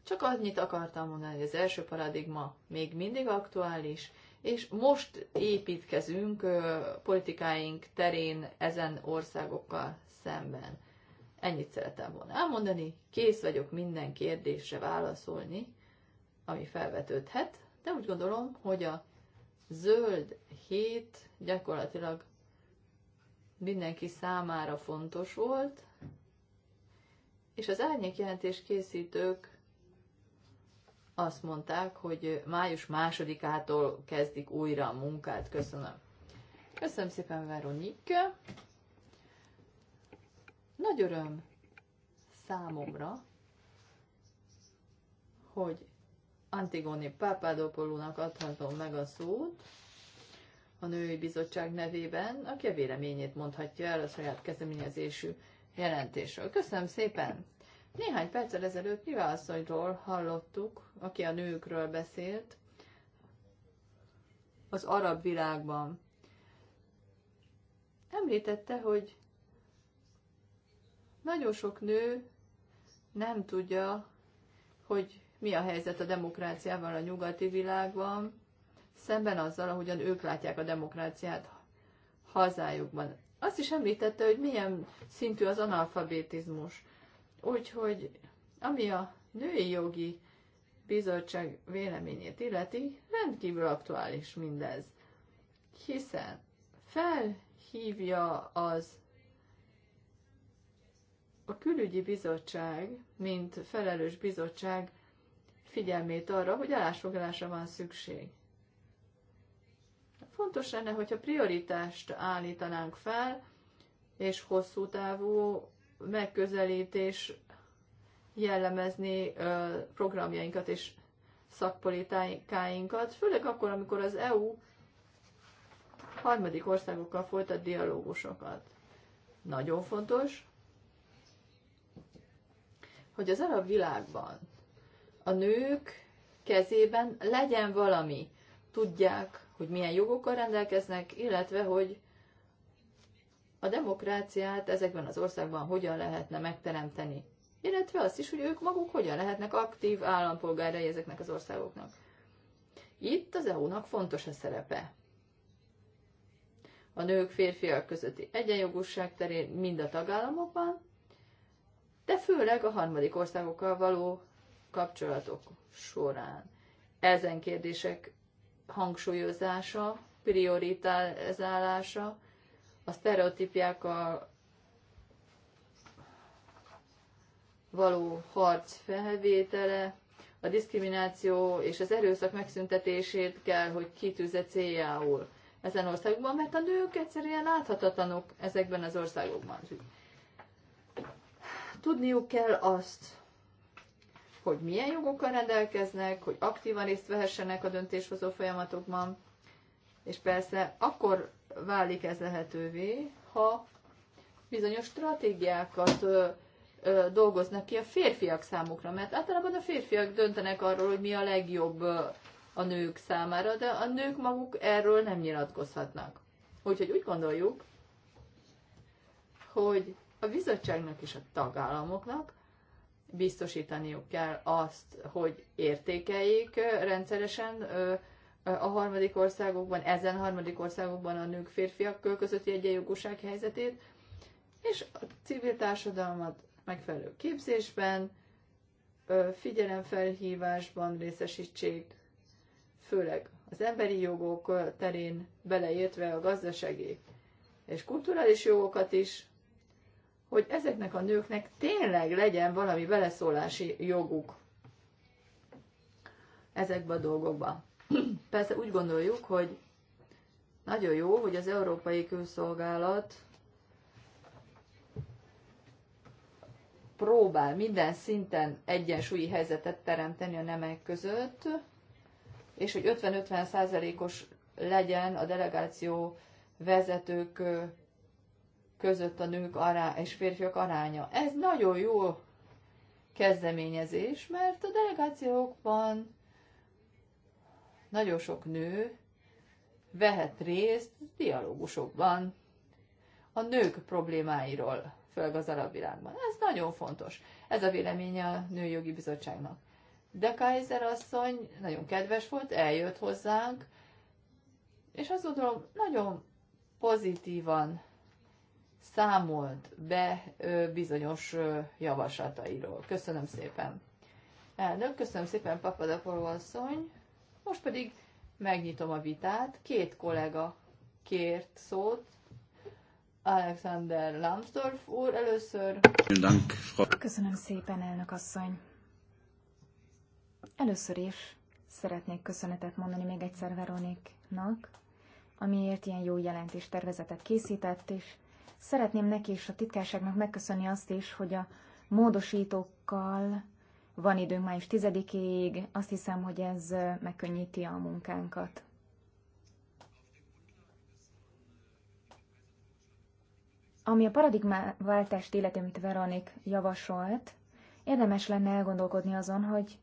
Csak annyit akartam mondani, hogy az első paradigma még mindig aktuális, és most építkezünk politikáink terén ezen országokkal szemben. Ennyit szeretem volna elmondani, kész vagyok minden kérdésre válaszolni, ami felvetődhet, de úgy gondolom, hogy a zöld hét gyakorlatilag mindenki számára fontos volt, és az árnyékjelentés készítők azt mondták, hogy május másodikától kezdik újra a munkát. Köszönöm. Köszönöm szépen, Veronika. Nagy öröm számomra, hogy Antigoni Pápádopolónak adhatom meg a szót a Női Bizottság nevében, aki a véleményét mondhatja el a saját kezdeményezésű jelentésről. Köszönöm szépen! Néhány perccel ezelőtt Nyilvá asszonyról hallottuk, aki a nőkről beszélt, az arab világban. Említette, hogy nagyon sok nő nem tudja, hogy mi a helyzet a demokráciával a nyugati világban, szemben azzal, ahogyan ők látják a demokráciát hazájukban. Azt is említette, hogy milyen szintű az analfabetizmus. Úgyhogy ami a női jogi bizottság véleményét illeti, rendkívül aktuális mindez. Hiszen felhívja az a külügyi bizottság, mint felelős bizottság figyelmét arra, hogy állásfoglalásra van szükség. Fontos lenne, hogyha prioritást állítanánk fel, és hosszú távú megközelítés jellemezni programjainkat és szakpolitikáinkat, főleg akkor, amikor az EU harmadik országokkal folytat dialógusokat. Nagyon fontos, hogy az arab világban a nők kezében legyen valami. Tudják, hogy milyen jogokkal rendelkeznek, illetve hogy a demokráciát ezekben az országban hogyan lehetne megteremteni. Illetve azt is, hogy ők maguk hogyan lehetnek aktív állampolgárai ezeknek az országoknak. Itt az EU-nak fontos a szerepe. A nők férfiak közötti egyenjogúság terén mind a tagállamokban, de főleg a harmadik országokkal való kapcsolatok során. Ezen kérdések hangsúlyozása, prioritálása, a sztereotípiákkal való harc felvétele, a diszkrimináció és az erőszak megszüntetését kell, hogy kitűzze céljául ezen országokban, mert a nők egyszerűen láthatatlanok ezekben az országokban. Tudniuk kell azt, hogy milyen jogokkal rendelkeznek, hogy aktívan részt vehessenek a döntéshozó folyamatokban, és persze akkor válik ez lehetővé, ha bizonyos stratégiákat ö, ö, dolgoznak ki a férfiak számukra, mert általában a férfiak döntenek arról, hogy mi a legjobb ö, a nők számára, de a nők maguk erről nem nyilatkozhatnak. Úgyhogy úgy gondoljuk, hogy a bizottságnak és a tagállamoknak biztosítaniuk kell azt, hogy értékeljék rendszeresen a harmadik országokban, ezen harmadik országokban a nők férfiak közötti egyenjogúság helyzetét, és a civil társadalmat megfelelő képzésben, figyelemfelhívásban részesítsék, főleg az emberi jogok terén beleértve a gazdasági és kulturális jogokat is, hogy ezeknek a nőknek tényleg legyen valami beleszólási joguk ezekbe a dolgokba. Persze úgy gondoljuk, hogy nagyon jó, hogy az Európai Külszolgálat próbál minden szinten egyensúlyi helyzetet teremteni a nemek között, és hogy 50-50 százalékos -50 legyen a delegáció vezetők között a nők ará és férfiak aránya. Ez nagyon jó kezdeményezés, mert a delegációkban nagyon sok nő vehet részt dialógusokban a nők problémáiról, főleg az arab világban. Ez nagyon fontos. Ez a véleménye a Nőjogi Bizottságnak. De Kaiser asszony nagyon kedves volt, eljött hozzánk, és azt gondolom, nagyon pozitívan számolt be bizonyos javaslatairól. Köszönöm szépen. Elnök, köszönöm szépen, Papadaporú asszony. Most pedig megnyitom a vitát. Két kollega kért szót. Alexander Lambsdorff úr először. Köszönöm szépen, elnök asszony. Először is szeretnék köszönetet mondani még egyszer Veroniknak, amiért ilyen jó jelentés tervezetet készített, és Szeretném neki és a titkárságnak megköszönni azt is, hogy a módosítókkal van időnk május 10-ig, azt hiszem, hogy ez megkönnyíti a munkánkat. Ami a paradigmaváltást illeti, amit Veronik javasolt, érdemes lenne elgondolkodni azon, hogy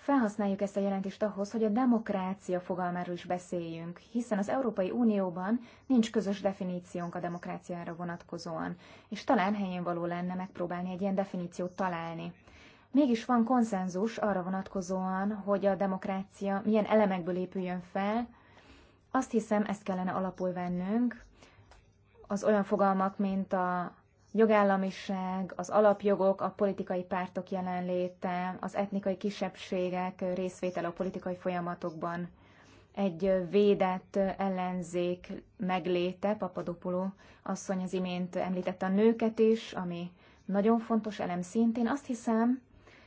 felhasználjuk ezt a jelentést ahhoz, hogy a demokrácia fogalmáról is beszéljünk, hiszen az Európai Unióban nincs közös definíciónk a demokráciára vonatkozóan, és talán helyén való lenne megpróbálni egy ilyen definíciót találni. Mégis van konszenzus arra vonatkozóan, hogy a demokrácia milyen elemekből épüljön fel. Azt hiszem, ezt kellene alapul vennünk. Az olyan fogalmak, mint a jogállamiság, az alapjogok, a politikai pártok jelenléte, az etnikai kisebbségek részvétele a politikai folyamatokban, egy védett ellenzék megléte, Papadopuló asszony az imént említette a nőket is, ami nagyon fontos elem szintén. Azt hiszem,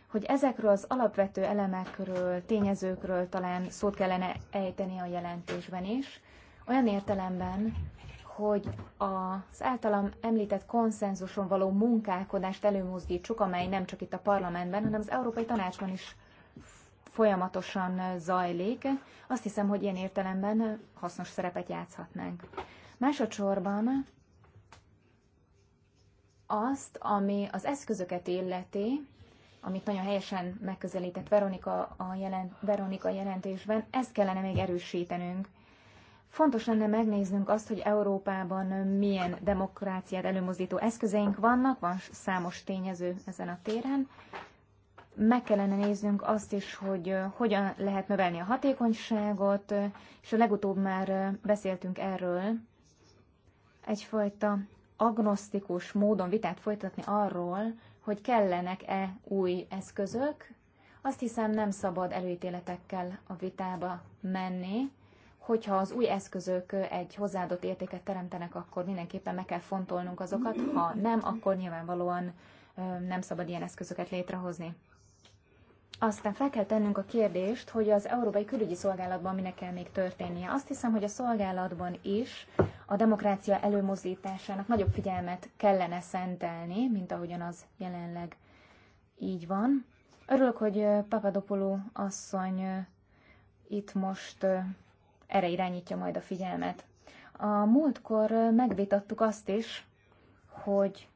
hogy ezekről az alapvető elemekről, tényezőkről talán szót kellene ejteni a jelentésben is, olyan értelemben, hogy az általam említett konszenzuson való munkálkodást előmozdítsuk, amely nem csak itt a parlamentben, hanem az Európai Tanácsban is folyamatosan zajlik. Azt hiszem, hogy ilyen értelemben hasznos szerepet játszhatnánk. Másodszorban azt, ami az eszközöket illeti, amit nagyon helyesen megközelített Veronika, a jelen Veronika jelentésben, ezt kellene még erősítenünk. Fontos lenne megnéznünk azt, hogy Európában milyen demokráciát előmozdító eszközeink vannak, van számos tényező ezen a téren. Meg kellene néznünk azt is, hogy hogyan lehet növelni a hatékonyságot, és a legutóbb már beszéltünk erről, egyfajta agnosztikus módon vitát folytatni arról, hogy kellenek-e új eszközök. Azt hiszem nem szabad előítéletekkel a vitába menni, hogyha az új eszközök egy hozzáadott értéket teremtenek, akkor mindenképpen meg kell fontolnunk azokat, ha nem, akkor nyilvánvalóan nem szabad ilyen eszközöket létrehozni. Aztán fel kell tennünk a kérdést, hogy az Európai Külügyi Szolgálatban minek kell még történnie. Azt hiszem, hogy a szolgálatban is a demokrácia előmozdításának nagyobb figyelmet kellene szentelni, mint ahogyan az jelenleg így van. Örülök, hogy Papadopoulou asszony itt most erre irányítja majd a figyelmet. A múltkor megvitattuk azt is, hogy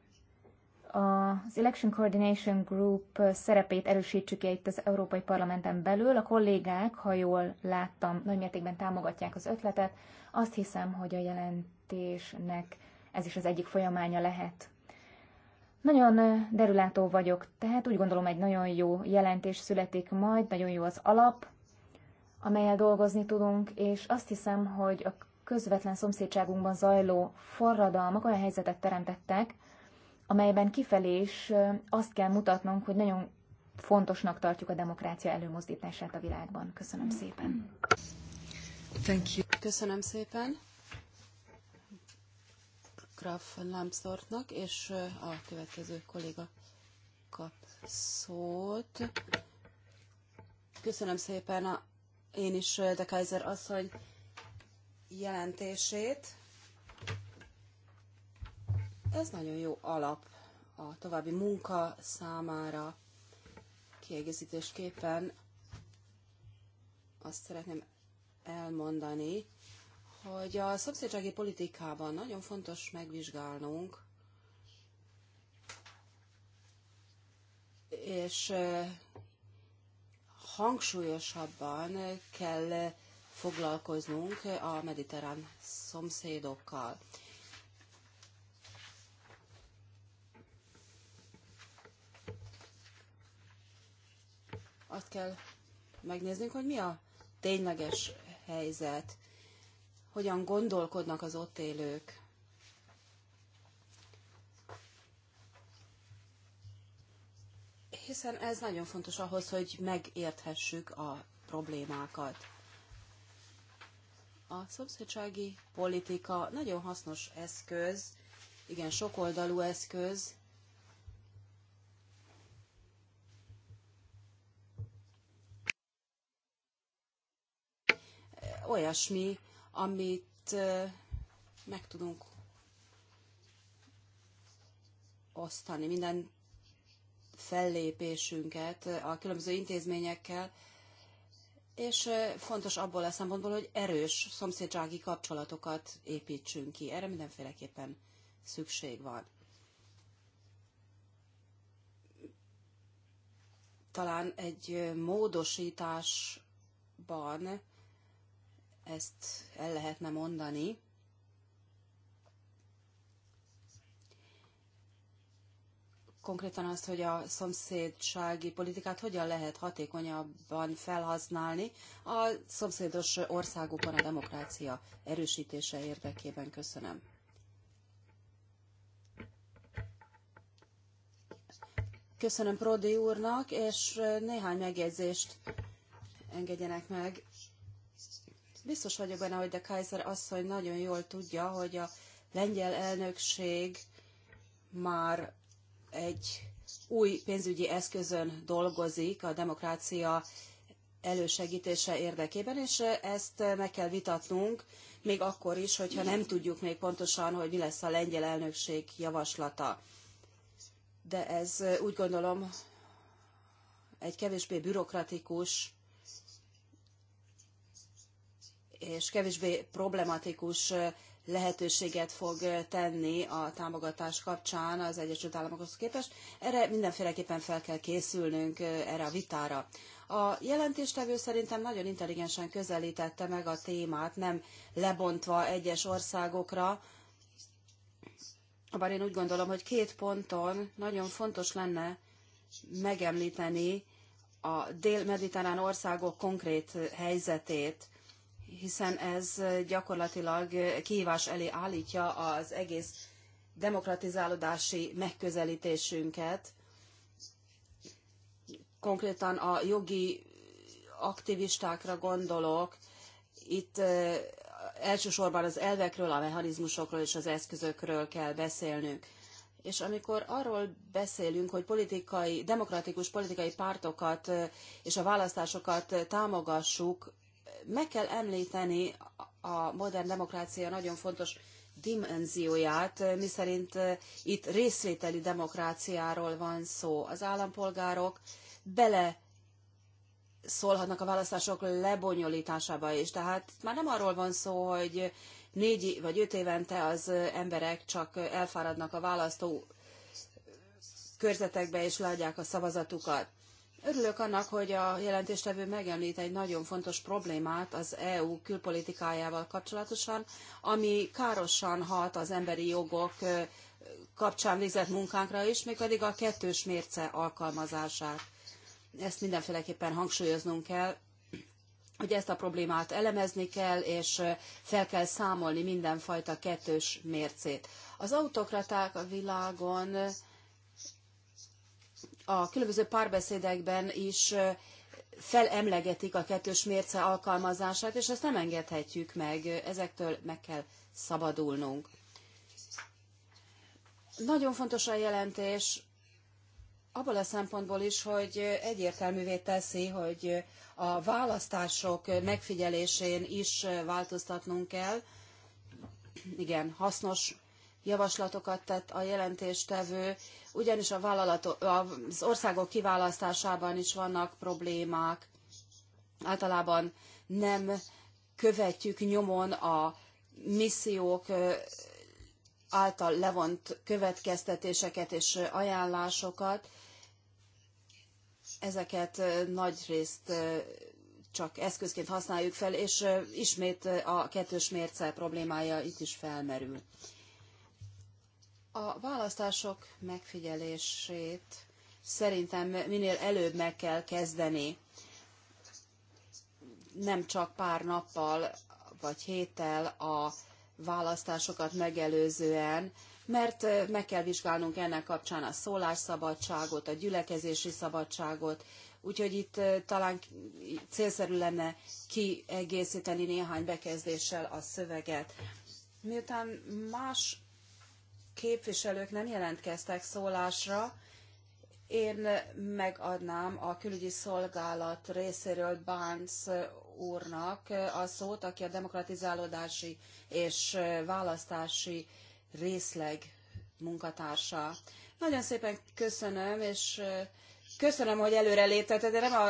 az Election Coordination Group szerepét erősítsük -e itt az Európai Parlamenten belül. A kollégák, ha jól láttam, nagymértékben támogatják az ötletet. Azt hiszem, hogy a jelentésnek ez is az egyik folyamánya lehet. Nagyon derülátó vagyok, tehát úgy gondolom egy nagyon jó jelentés születik majd, nagyon jó az alap, amelyel dolgozni tudunk, és azt hiszem, hogy a közvetlen szomszédságunkban zajló forradalmak olyan helyzetet teremtettek, amelyben kifelé is azt kell mutatnunk, hogy nagyon fontosnak tartjuk a demokrácia előmozdítását a világban. Köszönöm szépen. Thank you. Köszönöm szépen Graf Lambsdorffnak, és a következő kolléga kap szót. Köszönöm szépen a én is de Kaiser asszony jelentését. Ez nagyon jó alap a további munka számára kiegészítésképpen. Azt szeretném elmondani, hogy a szomszédsági politikában nagyon fontos megvizsgálnunk, és hangsúlyosabban kell foglalkoznunk a mediterrán szomszédokkal. Azt kell megnéznünk, hogy mi a tényleges helyzet, hogyan gondolkodnak az ott élők. hiszen ez nagyon fontos ahhoz, hogy megérthessük a problémákat. A szomszédsági politika nagyon hasznos eszköz, igen, sokoldalú eszköz, olyasmi, amit meg tudunk osztani. Minden fellépésünket a különböző intézményekkel, és fontos abból a szempontból, hogy erős szomszédsági kapcsolatokat építsünk ki. Erre mindenféleképpen szükség van. Talán egy módosításban ezt el lehetne mondani, konkrétan azt, hogy a szomszédsági politikát hogyan lehet hatékonyabban felhasználni a szomszédos országokon a demokrácia erősítése érdekében. Köszönöm. Köszönöm Prodi úrnak, és néhány megjegyzést engedjenek meg. Biztos vagyok benne, hogy de Kaiser asszony nagyon jól tudja, hogy a lengyel elnökség már egy új pénzügyi eszközön dolgozik a demokrácia elősegítése érdekében, és ezt meg kell vitatnunk, még akkor is, hogyha nem tudjuk még pontosan, hogy mi lesz a lengyel elnökség javaslata. De ez eh, úgy gondolom egy kevésbé bürokratikus és kevésbé problematikus eh, lehetőséget fog tenni a támogatás kapcsán az Egyesült Államokhoz képest. Erre mindenféleképpen fel kell készülnünk erre a vitára. A jelentéstevő szerintem nagyon intelligensen közelítette meg a témát, nem lebontva egyes országokra, bár én úgy gondolom, hogy két ponton nagyon fontos lenne megemlíteni a dél-mediterrán országok konkrét helyzetét, hiszen ez gyakorlatilag kihívás elé állítja az egész demokratizálódási megközelítésünket, konkrétan a jogi aktivistákra gondolok, itt elsősorban az elvekről, a mechanizmusokról és az eszközökről kell beszélnünk. És amikor arról beszélünk, hogy politikai, demokratikus politikai pártokat és a választásokat támogassuk, meg kell említeni a modern demokrácia nagyon fontos dimenzióját, miszerint eh, itt részvételi demokráciáról van szó. Az állampolgárok bele szólhatnak a választások lebonyolításába is. Tehát már nem arról van szó, hogy négy vagy öt évente az emberek csak elfáradnak a választó körzetekbe és leadják a szavazatukat. Örülök annak, hogy a jelentéstevő megemlít egy nagyon fontos problémát az EU külpolitikájával kapcsolatosan, ami károsan hat az emberi jogok kapcsán végzett munkánkra is, mégpedig a kettős mérce alkalmazását. Ezt mindenféleképpen hangsúlyoznunk kell, hogy ezt a problémát elemezni kell, és fel kell számolni mindenfajta kettős mércét. Az autokraták a világon a különböző párbeszédekben is felemlegetik a kettős mérce alkalmazását, és ezt nem engedhetjük meg, ezektől meg kell szabadulnunk. Nagyon fontos a jelentés abból a szempontból is, hogy egyértelművé teszi, hogy a választások megfigyelésén is változtatnunk kell. Igen, hasznos javaslatokat tett a jelentéstevő, ugyanis a az országok kiválasztásában is vannak problémák. Általában nem követjük nyomon a missziók által levont következtetéseket és ajánlásokat. Ezeket nagyrészt csak eszközként használjuk fel, és ismét a kettős mérce problémája itt is felmerül. A választások megfigyelését szerintem minél előbb meg kell kezdeni. Nem csak pár nappal vagy héttel a választásokat megelőzően, mert meg kell vizsgálnunk ennek kapcsán a szólásszabadságot, a gyülekezési szabadságot, úgyhogy itt eh, talán célszerű lenne kiegészíteni néhány bekezdéssel a szöveget. Miután más képviselők nem jelentkeztek szólásra, én megadnám a külügyi szolgálat részéről Barnes úrnak a szót, aki a demokratizálódási és választási részleg munkatársa. Nagyon szépen köszönöm, és köszönöm, hogy előre léptetek, de nem a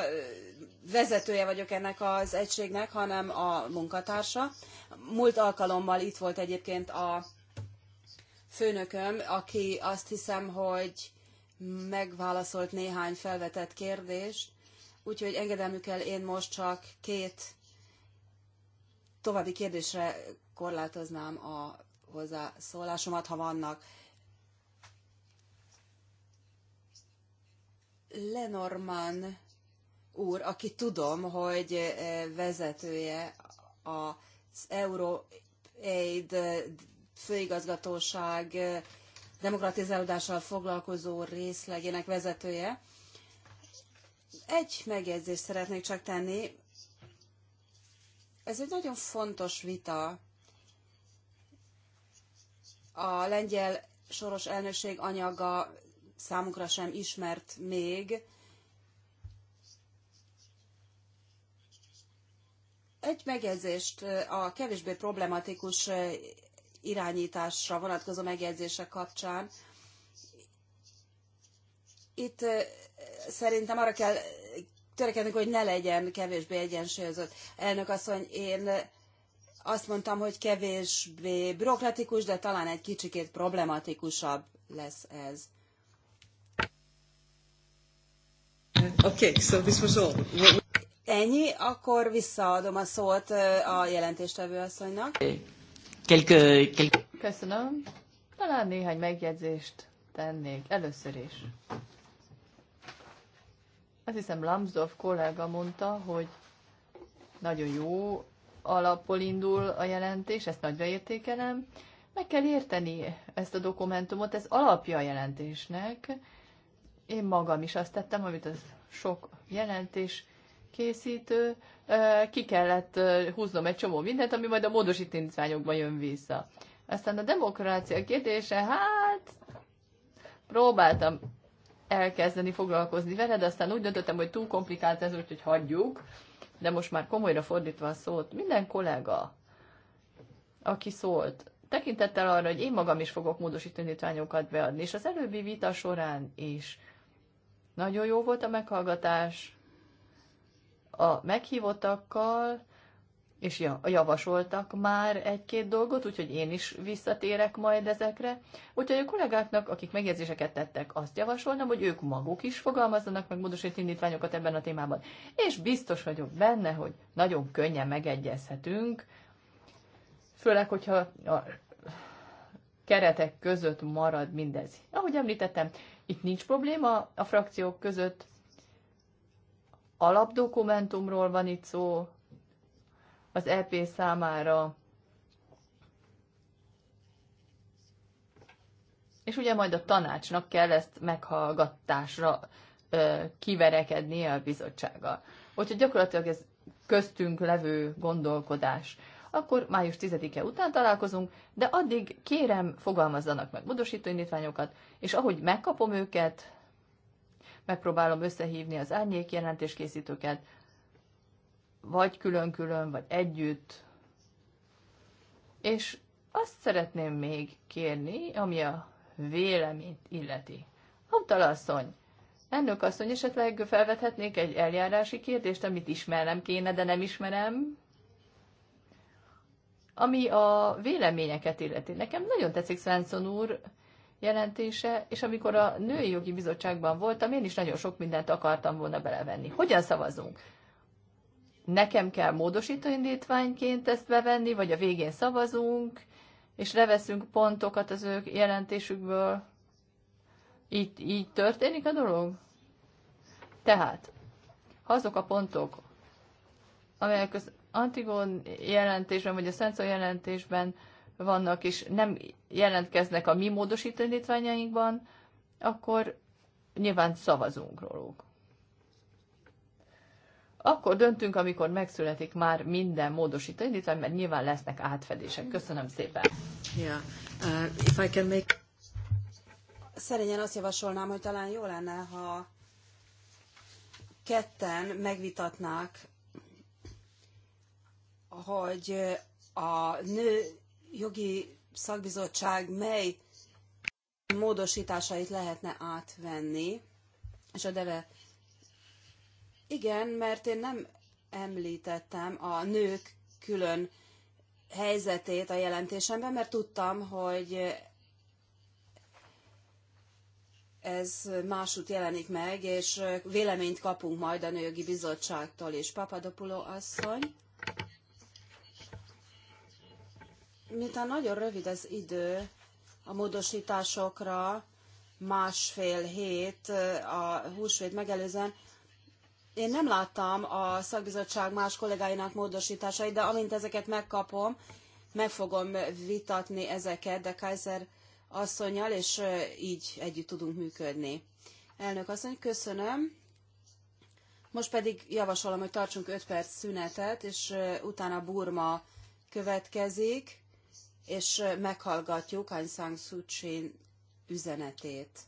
vezetője vagyok ennek az egységnek, hanem a munkatársa. Múlt alkalommal itt volt egyébként a főnököm, aki azt hiszem, hogy megválaszolt néhány felvetett kérdést, úgyhogy engedelmükkel én most csak két további kérdésre korlátoznám a hozzászólásomat, ha vannak. Lenorman úr, aki tudom, hogy eh, vezetője az EuroAid főigazgatóság eh, demokratizálódással foglalkozó részlegének vezetője. Egy megjegyzést szeretnék csak tenni. Ez egy nagyon fontos vita. A lengyel soros elnökség anyaga számukra sem ismert még. Egy megjegyzést eh, a kevésbé problematikus eh, irányításra vonatkozó megjegyzése kapcsán. Itt szerintem arra kell törekednünk, hogy ne legyen kevésbé egyensúlyozott. Elnök asszony, én azt mondtam, hogy kevésbé bürokratikus, de talán egy kicsikét problematikusabb lesz ez. Okay, so this was all. Ennyi, akkor visszaadom a szót a jelentéstevő asszonynak. Okay. Quelque, quelque... Köszönöm. Talán néhány megjegyzést tennék. Először is. Azt hiszem Lambsdorff kollega mondta, hogy nagyon jó alapból indul a jelentés, ezt nagyra értékelem. Meg kell érteni ezt a dokumentumot, ez alapja a jelentésnek. Én magam is azt tettem, amit az sok jelentés készítő, ki kellett húznom egy csomó mindent, ami majd a módosítványokban jön vissza. Aztán a demokrácia kérdése, hát próbáltam elkezdeni foglalkozni vele, de aztán úgy döntöttem, hogy túl komplikált ez, úgyhogy hagyjuk. De most már komolyra fordítva a szót, minden kollega, aki szólt, tekintettel arra, hogy én magam is fogok módosítanítványokat beadni, és az előbbi vita során is nagyon jó volt a meghallgatás, a meghívottakkal, és javasoltak már egy-két dolgot, úgyhogy én is visszatérek majd ezekre. Úgyhogy a kollégáknak, akik megjegyzéseket tettek, azt javasolnám, hogy ők maguk is fogalmazzanak meg módosít indítványokat ebben a témában. És biztos vagyok benne, hogy nagyon könnyen megegyezhetünk, főleg, hogyha a keretek között marad mindez. Ahogy említettem, itt nincs probléma a frakciók között, alapdokumentumról van itt szó az EP számára. És ugye majd a tanácsnak kell ezt meghallgatásra ö, kiverekedni a bizottsággal. Úgyhogy gyakorlatilag ez köztünk levő gondolkodás. Akkor május 10-e után találkozunk, de addig kérem, fogalmazzanak meg módosító indítványokat, és ahogy megkapom őket, megpróbálom összehívni az árnyék jelentéskészítőket, vagy külön-külön, vagy együtt. És azt szeretném még kérni, ami a véleményt illeti. asszony, ennök asszony, esetleg felvethetnék egy eljárási kérdést, amit ismernem kéne, de nem ismerem, ami a véleményeket illeti. Nekem nagyon tetszik Svensson úr jelentése, és amikor a Női Jogi Bizottságban voltam, én is nagyon sok mindent akartam volna belevenni. Hogyan szavazunk? Nekem kell módosító indítványként ezt bevenni, vagy a végén szavazunk, és leveszünk pontokat az ők jelentésükből. Így, így történik a dolog? Tehát, ha azok a pontok, amelyek az Antigon jelentésben, vagy a Szentszó jelentésben vannak, és nem jelentkeznek a mi módosító indítványainkban, akkor nyilván szavazunk róluk. Akkor döntünk, amikor megszületik már minden módosító indítvány, mert nyilván lesznek átfedések. Köszönöm szépen. Yeah. Uh, if I can make... Szerényen azt javasolnám, hogy talán jó lenne, ha ketten megvitatnák, hogy a nő jogi szakbizottság mely módosításait lehetne átvenni, és a deve igen, mert én nem említettem a nők külön helyzetét a jelentésemben, mert tudtam, hogy ez másút jelenik meg, és véleményt kapunk majd a Nőjogi Bizottságtól is. Papadopulo asszony. miután nagyon rövid az idő a módosításokra, másfél hét eh, a húsvét megelőzően, én nem láttam a szakbizottság más kollégáinak módosításait, de amint ezeket megkapom, meg fogom vitatni ezeket, de Kaiser asszonyjal, és eh, így együtt tudunk működni. Elnök asszony, köszönöm. Most pedig javasolom, hogy tartsunk 5 perc szünetet, és eh, utána Burma következik és meghallgatjuk Aung San Suu Kyi üzenetét.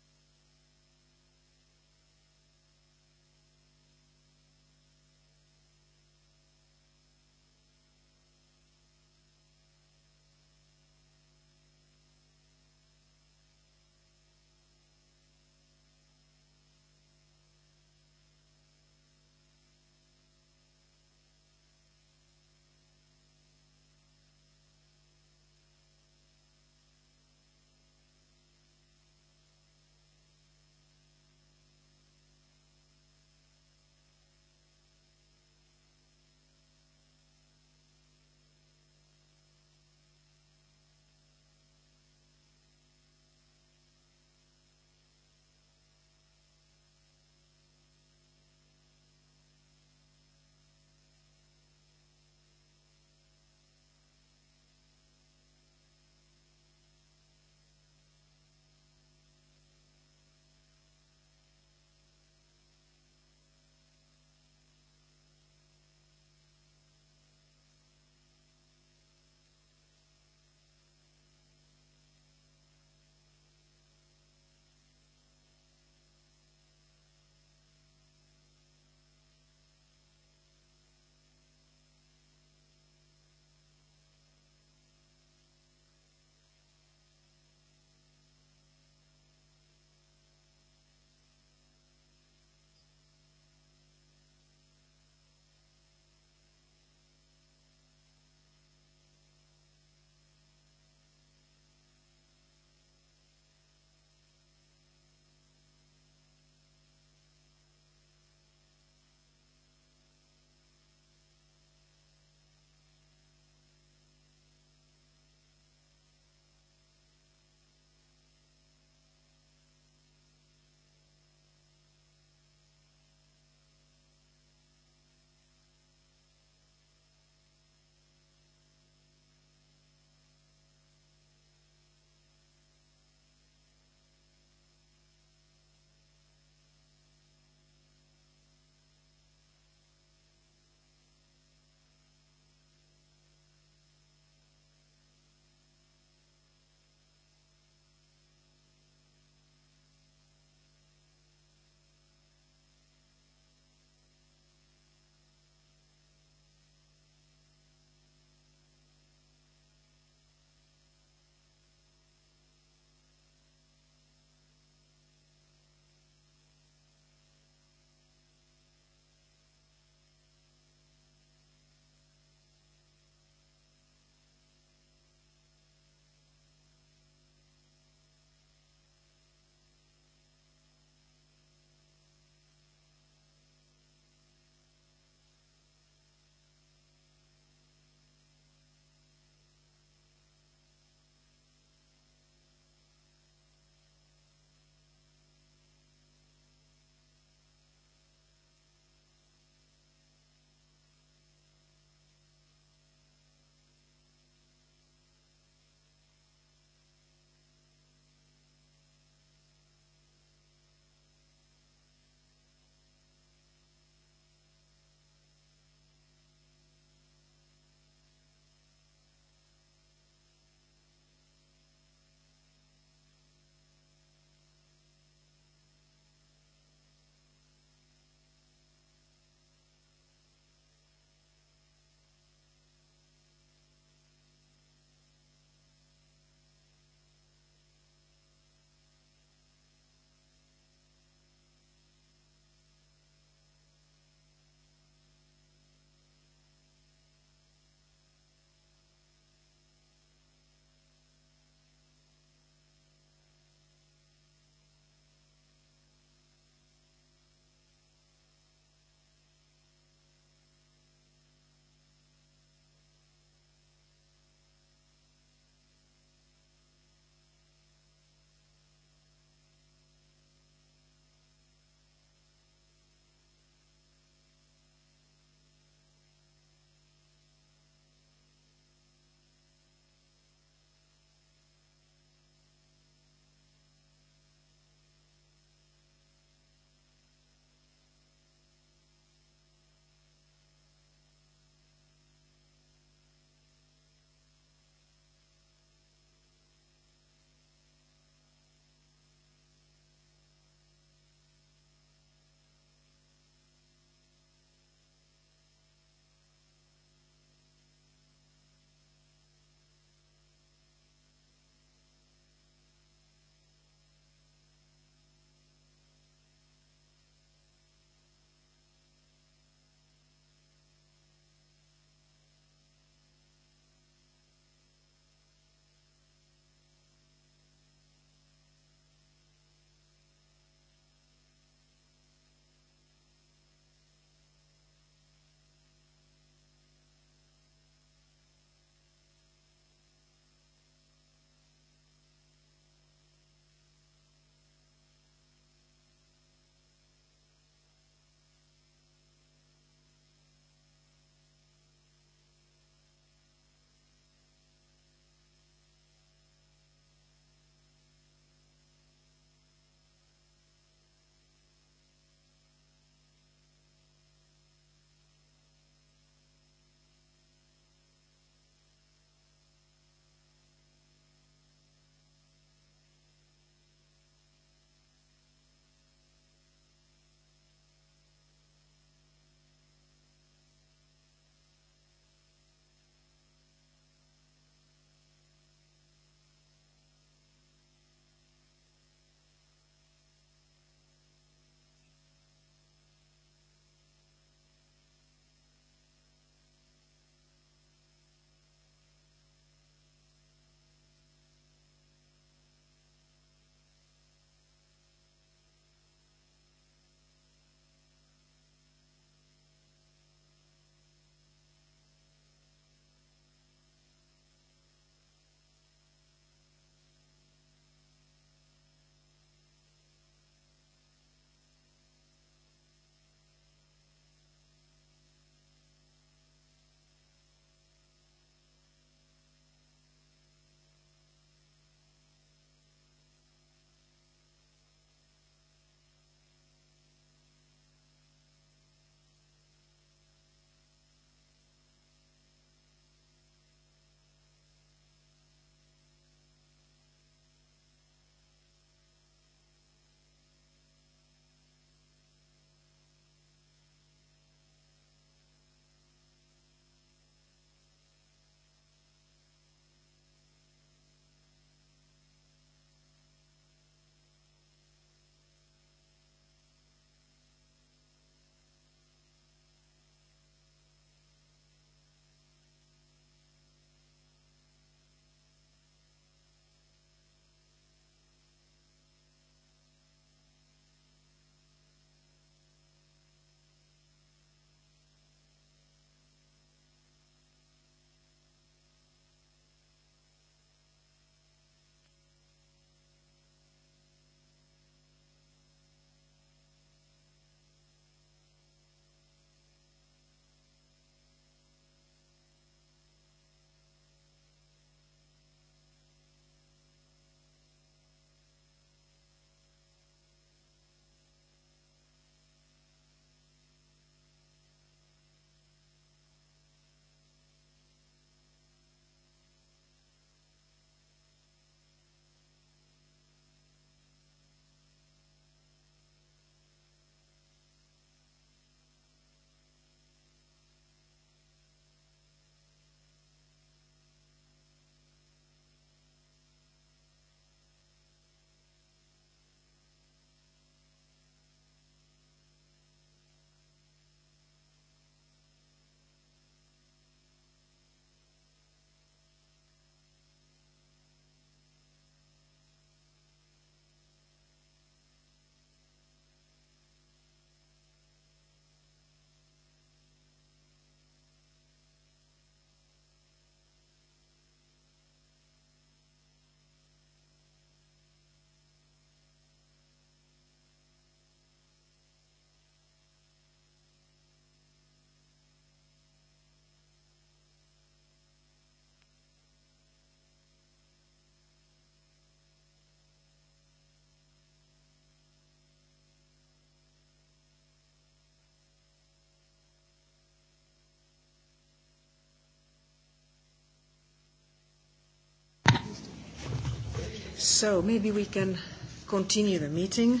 So maybe we can continue the meeting.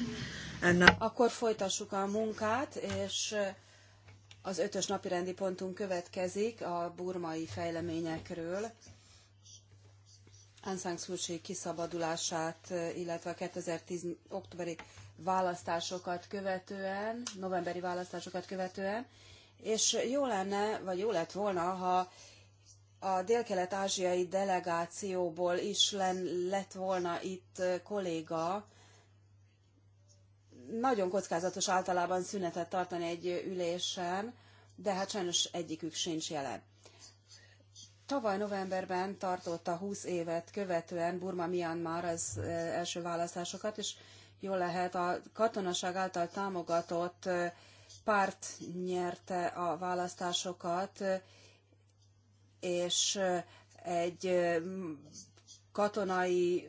And now... Akkor folytassuk a munkát, és uh, az ötös napi rendi pontunk következik a burmai fejleményekről. Aung San Suu kiszabadulását, uh, illetve a 2010. októberi választásokat követően, novemberi választásokat követően, és jó lenne, vagy jó lett volna, ha a délkelet-ázsiai delegációból is len, lett volna itt kolléga. Nagyon kockázatos általában szünetet tartani egy ülésen, de hát sajnos egyikük sincs jelen. Tavaly novemberben tartotta 20 évet követően Burma Myanmar az első választásokat, és jól lehet a katonaság által támogatott párt nyerte a választásokat, és egy katonai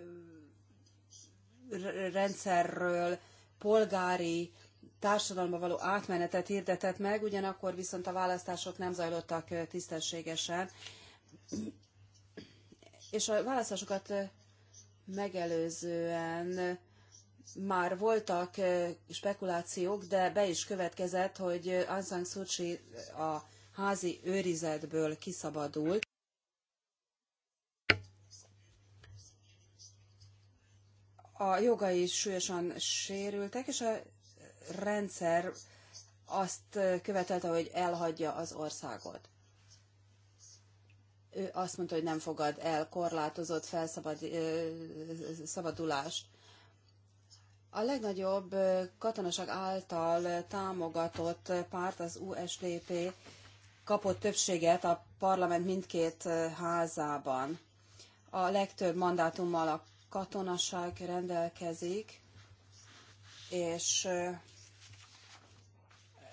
rendszerről polgári társadalomba való átmenetet hirdetett meg, ugyanakkor viszont a választások nem zajlottak tisztességesen. És a választásokat megelőzően már voltak spekulációk, de be is következett, hogy Aung San Suu Kyi a házi őrizetből kiszabadult. A jogai súlyosan sérültek, és a rendszer azt követelte, hogy elhagyja az országot. Ő azt mondta, hogy nem fogad el korlátozott felszabadulást. A legnagyobb katonaság által támogatott párt, az USDP kapott többséget a parlament mindkét házában. A legtöbb mandátummal a katonaság rendelkezik, és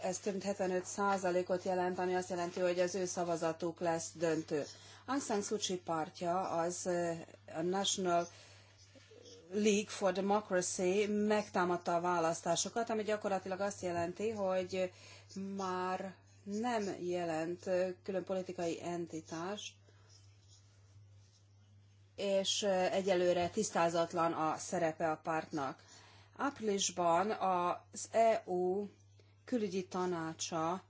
ez több mint 75 százalékot jelent, ami azt jelenti, hogy az ő szavazatuk lesz döntő. Aung San Suu Kyi pártja az a National League for Democracy megtámadta a választásokat, ami gyakorlatilag azt jelenti, hogy már nem jelent külön politikai entitás, és egyelőre tisztázatlan a szerepe a pártnak. Áprilisban az EU külügyi tanácsa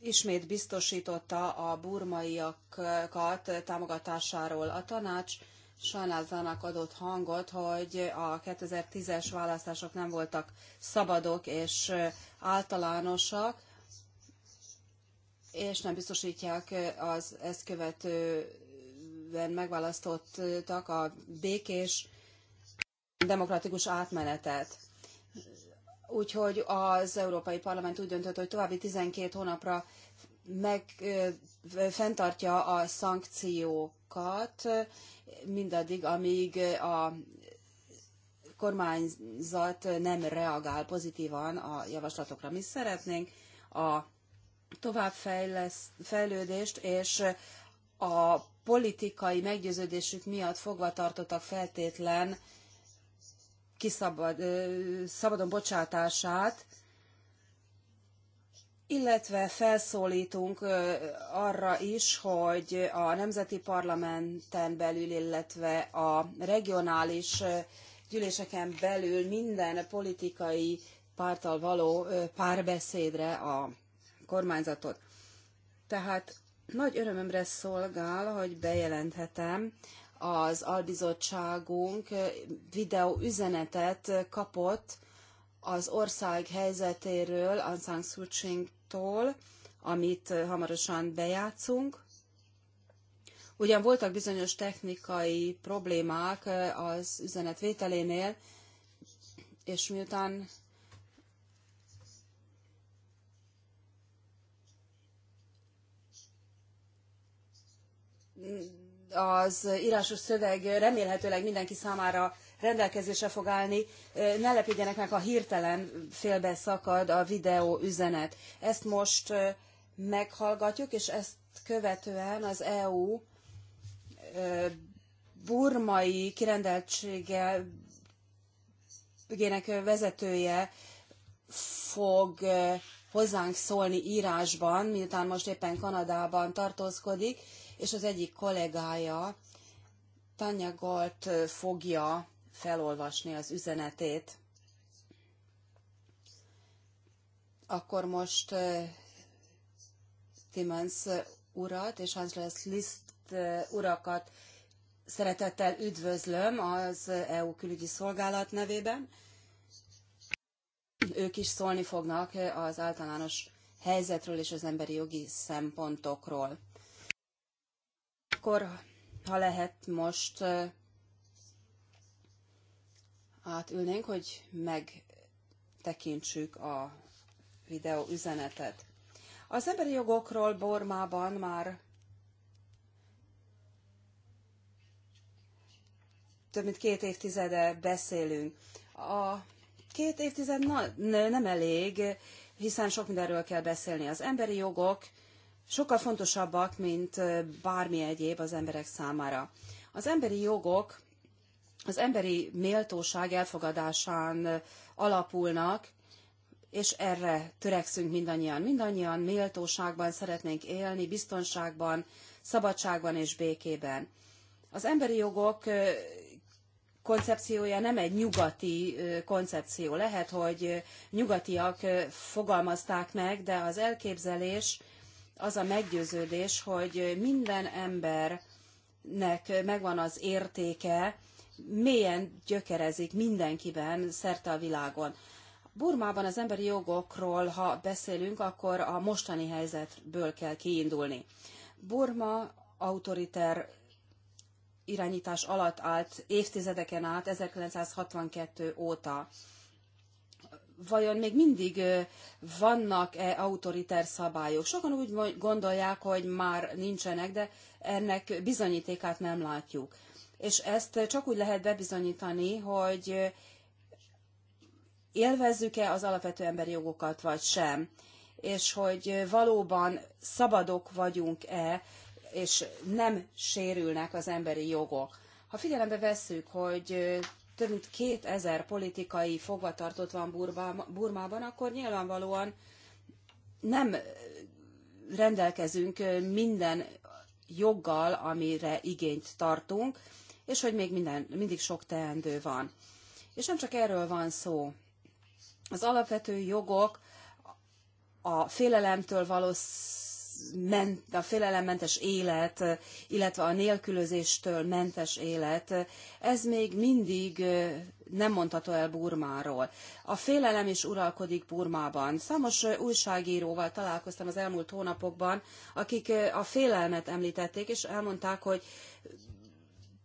ismét biztosította a burmaiakat támogatásáról. A tanács sajnálatának adott hangot, hogy a 2010-es választások nem voltak szabadok és általánosak, és nem biztosítják az ezt követően megválasztottak a békés demokratikus átmenetet. Úgyhogy az Európai Parlament úgy döntött, hogy további 12 hónapra meg fenntartja a szankciókat mindaddig, amíg a kormányzat nem reagál pozitívan a javaslatokra. Mi szeretnénk a továbbfejlődést és a politikai meggyőződésük miatt fogvatartottak feltétlen kiszabad, szabadon bocsátását, illetve felszólítunk arra is, hogy a nemzeti parlamenten belül, illetve a regionális gyűléseken belül minden politikai párttal való párbeszédre a kormányzatot. Tehát nagy örömömre szolgál, hogy bejelenthetem, az albizottságunk videó üzenetet kapott az ország helyzetéről Aung San tól amit hamarosan bejátszunk. Ugyan voltak bizonyos technikai problémák az üzenet vételénél, és miután az írásos szöveg remélhetőleg mindenki számára rendelkezésre fog állni, ne lepődjenek meg, ha hirtelen félbe szakad a videó üzenet. Ezt most meghallgatjuk, és ezt követően az EU burmai kirendeltségének vezetője fog hozzánk szólni írásban, miután most éppen Kanadában tartózkodik, és az egyik kollégája, Tanya Gold fogja felolvasni az üzenetét. Akkor most Timmons urat és Hans Liszt urakat szeretettel üdvözlöm az EU külügyi szolgálat nevében. Ők is szólni fognak az általános helyzetről és az emberi jogi szempontokról akkor, ha lehet, most átülnénk, hogy megtekintsük a videó üzenetet. Az emberi jogokról Bormában már több mint két évtizede beszélünk. A két évtized na, nem elég, hiszen sok mindenről kell beszélni. Az emberi jogok sokkal fontosabbak, mint bármi egyéb az emberek számára. Az emberi jogok az emberi méltóság elfogadásán alapulnak, és erre törekszünk mindannyian. Mindannyian méltóságban szeretnénk élni, biztonságban, szabadságban és békében. Az emberi jogok koncepciója nem egy nyugati koncepció. Lehet, hogy nyugatiak fogalmazták meg, de az elképzelés az a meggyőződés, hogy minden embernek megvan az értéke, mélyen gyökerezik mindenkiben szerte a világon. Burmában az emberi jogokról, ha beszélünk, akkor a mostani helyzetből kell kiindulni. Burma autoriter irányítás alatt állt évtizedeken át 1962 óta vajon még mindig vannak-e autoriter szabályok? Sokan úgy gondolják, hogy már nincsenek, de ennek bizonyítékát nem látjuk. És ezt csak úgy lehet bebizonyítani, hogy élvezzük-e az alapvető emberi jogokat, vagy sem, és hogy valóban szabadok vagyunk-e, és nem sérülnek az emberi jogok. Ha figyelembe vesszük, hogy több mint 2000 politikai fogvatartott van Burmában, akkor nyilvánvalóan nem rendelkezünk minden joggal, amire igényt tartunk, és hogy még minden, mindig sok teendő van. És nem csak erről van szó. Az alapvető jogok a félelemtől való ment, a félelemmentes élet, illetve a nélkülözéstől mentes élet, ez még mindig nem mondható el Burmáról. A félelem is uralkodik Burmában. Számos újságíróval találkoztam az elmúlt hónapokban, akik a félelmet említették, és elmondták, hogy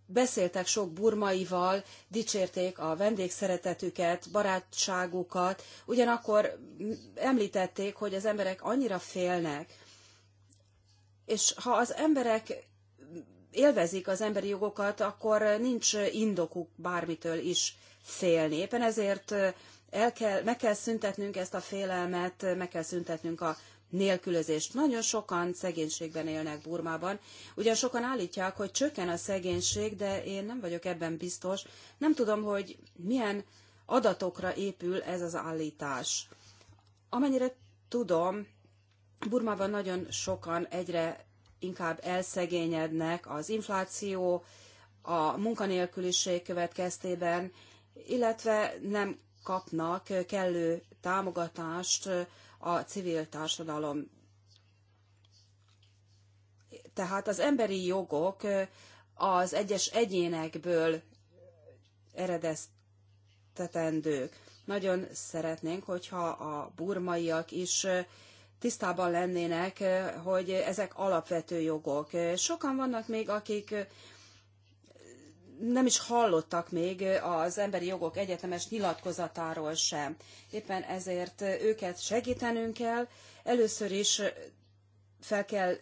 beszéltek sok burmaival, dicsérték a vendégszeretetüket, barátságukat, ugyanakkor említették, hogy az emberek annyira félnek, és ha az emberek élvezik az emberi jogokat, akkor nincs indokuk bármitől is félni. Éppen ezért el kell, meg kell szüntetnünk ezt a félelmet, meg kell szüntetnünk a nélkülözést. Nagyon sokan szegénységben élnek Burmában. Ugyan sokan állítják, hogy csökken a szegénység, de én nem vagyok ebben biztos. Nem tudom, hogy milyen adatokra épül ez az állítás. Amennyire tudom, Burmában nagyon sokan egyre inkább elszegényednek az infláció, a munkanélküliség következtében, illetve nem kapnak kellő támogatást a civil társadalom. Tehát az emberi jogok az egyes egyénekből eredeztetendők. Nagyon szeretnénk, hogyha a burmaiak is tisztában lennének, eh, hogy ezek alapvető jogok. Eh, sokan vannak még, akik eh, nem is hallottak még az emberi jogok egyetemes nyilatkozatáról sem. Éppen ezért őket segítenünk kell. Először is fel kell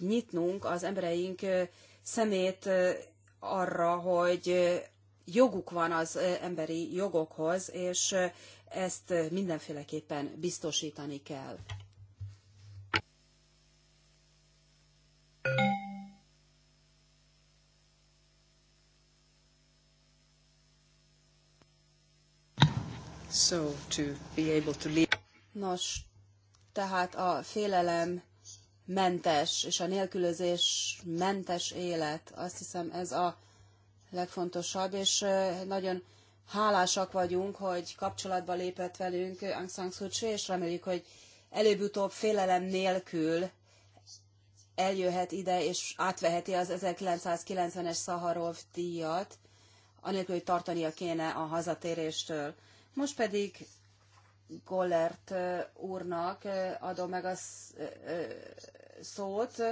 nyitnunk az embereink szemét arra, hogy joguk van az emberi jogokhoz, és ezt mindenféleképpen biztosítani kell. So, to be able to leave. Nos, tehát a félelem mentes és a nélkülözés mentes élet, azt hiszem ez a legfontosabb, és nagyon hálásak vagyunk, hogy kapcsolatba lépett velünk Aung San Suu Kyi, és reméljük, hogy előbb-utóbb félelem nélkül eljöhet ide, és átveheti az 1990-es Szaharov díjat, anélkül, hogy tartania kéne a hazatéréstől. Most pedig Gollert úrnak adom meg a szót,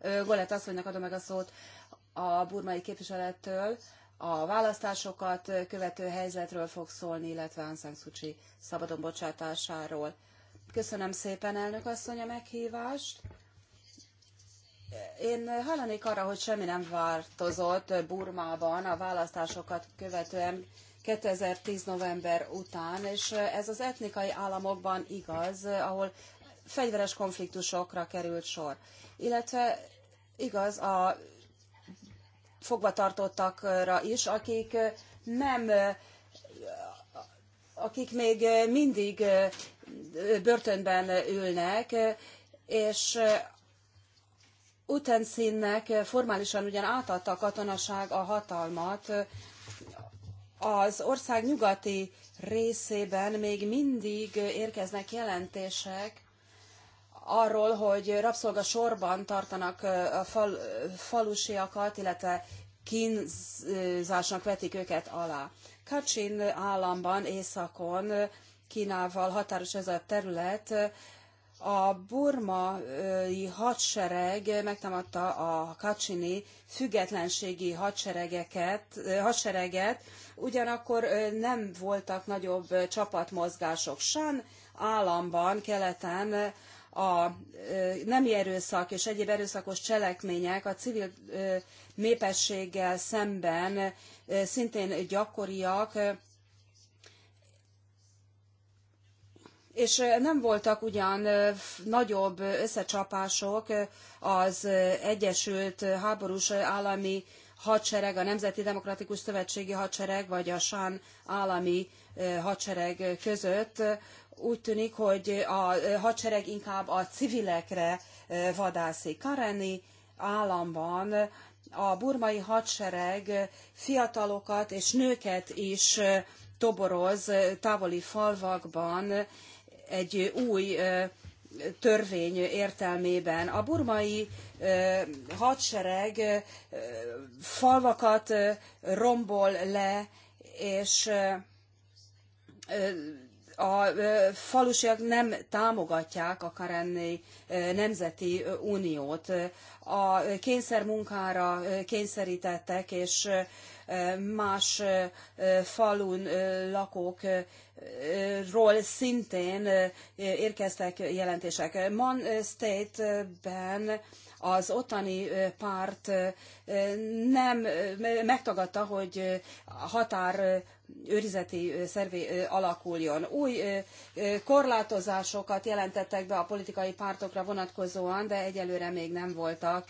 Gollert asszonynak adom meg a szót a burmai képviselettől, a választásokat követő helyzetről fog szólni, illetve Aung San Suu Kyi szabadon bocsátásáról. Köszönöm szépen, elnök asszony, a meghívást. Én hallanék arra, hogy semmi nem változott Burmában a választásokat követően 2010. november után, és ez az etnikai államokban igaz, ahol fegyveres konfliktusokra került sor. Illetve igaz a fogvatartottakra is, akik nem akik még mindig börtönben ülnek, és Utenszínnek formálisan ugyan átadta a katonaság a hatalmat, az ország nyugati részében még mindig érkeznek jelentések arról, hogy rabszolga sorban tartanak a fal, falusiakat, illetve kínzásnak vetik őket alá. Kacsin államban, északon, Kínával határos ez a terület, a burmai hadsereg megtámadta a kacsini függetlenségi hadseregeket, hadsereget, ugyanakkor nem voltak nagyobb csapatmozgások. sem. államban keleten a nemi erőszak és egyéb erőszakos cselekmények a civil népességgel szemben szintén gyakoriak, és nem voltak ugyan nagyobb összecsapások az Egyesült Háborús Állami Hadsereg, a Nemzeti Demokratikus Szövetségi Hadsereg vagy a Sán állami hadsereg között, úgy tűnik, hogy a hadsereg inkább a civilekre vadászik. Kareni államban a burmai hadsereg fiatalokat és nőket is toboroz távoli falvakban egy új törvény értelmében. A burmai hadsereg falvakat rombol le, és a falusiak nem támogatják a Karenné Nemzeti Uniót. A kényszermunkára kényszerítettek, és más falun lakókról szintén érkeztek jelentések. Man State-ben az ottani párt nem megtagadta, hogy határ őrizeti szervé alakuljon. Új korlátozásokat jelentettek be a politikai pártokra vonatkozóan, de egyelőre még nem voltak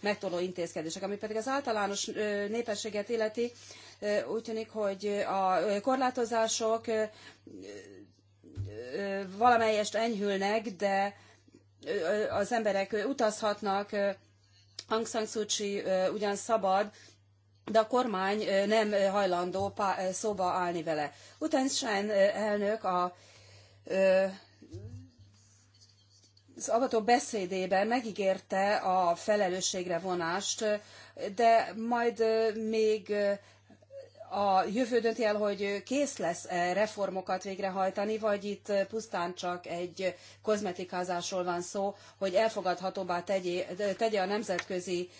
megtoló intézkedések. Ami pedig az általános népességet illeti, úgy tűnik, hogy a korlátozások valamelyest enyhülnek, de az emberek utazhatnak, Aung San Suu Kyi ugyan szabad, de a kormány nem hajlandó szóba állni vele. Utána Sen elnök a az avató beszédében megígérte a felelősségre vonást, de majd még a jövő dönti el, hogy kész lesz -e reformokat végrehajtani, vagy itt pusztán csak egy kozmetikázásról van szó, hogy elfogadhatóbbá tegye, tegye a nemzetközi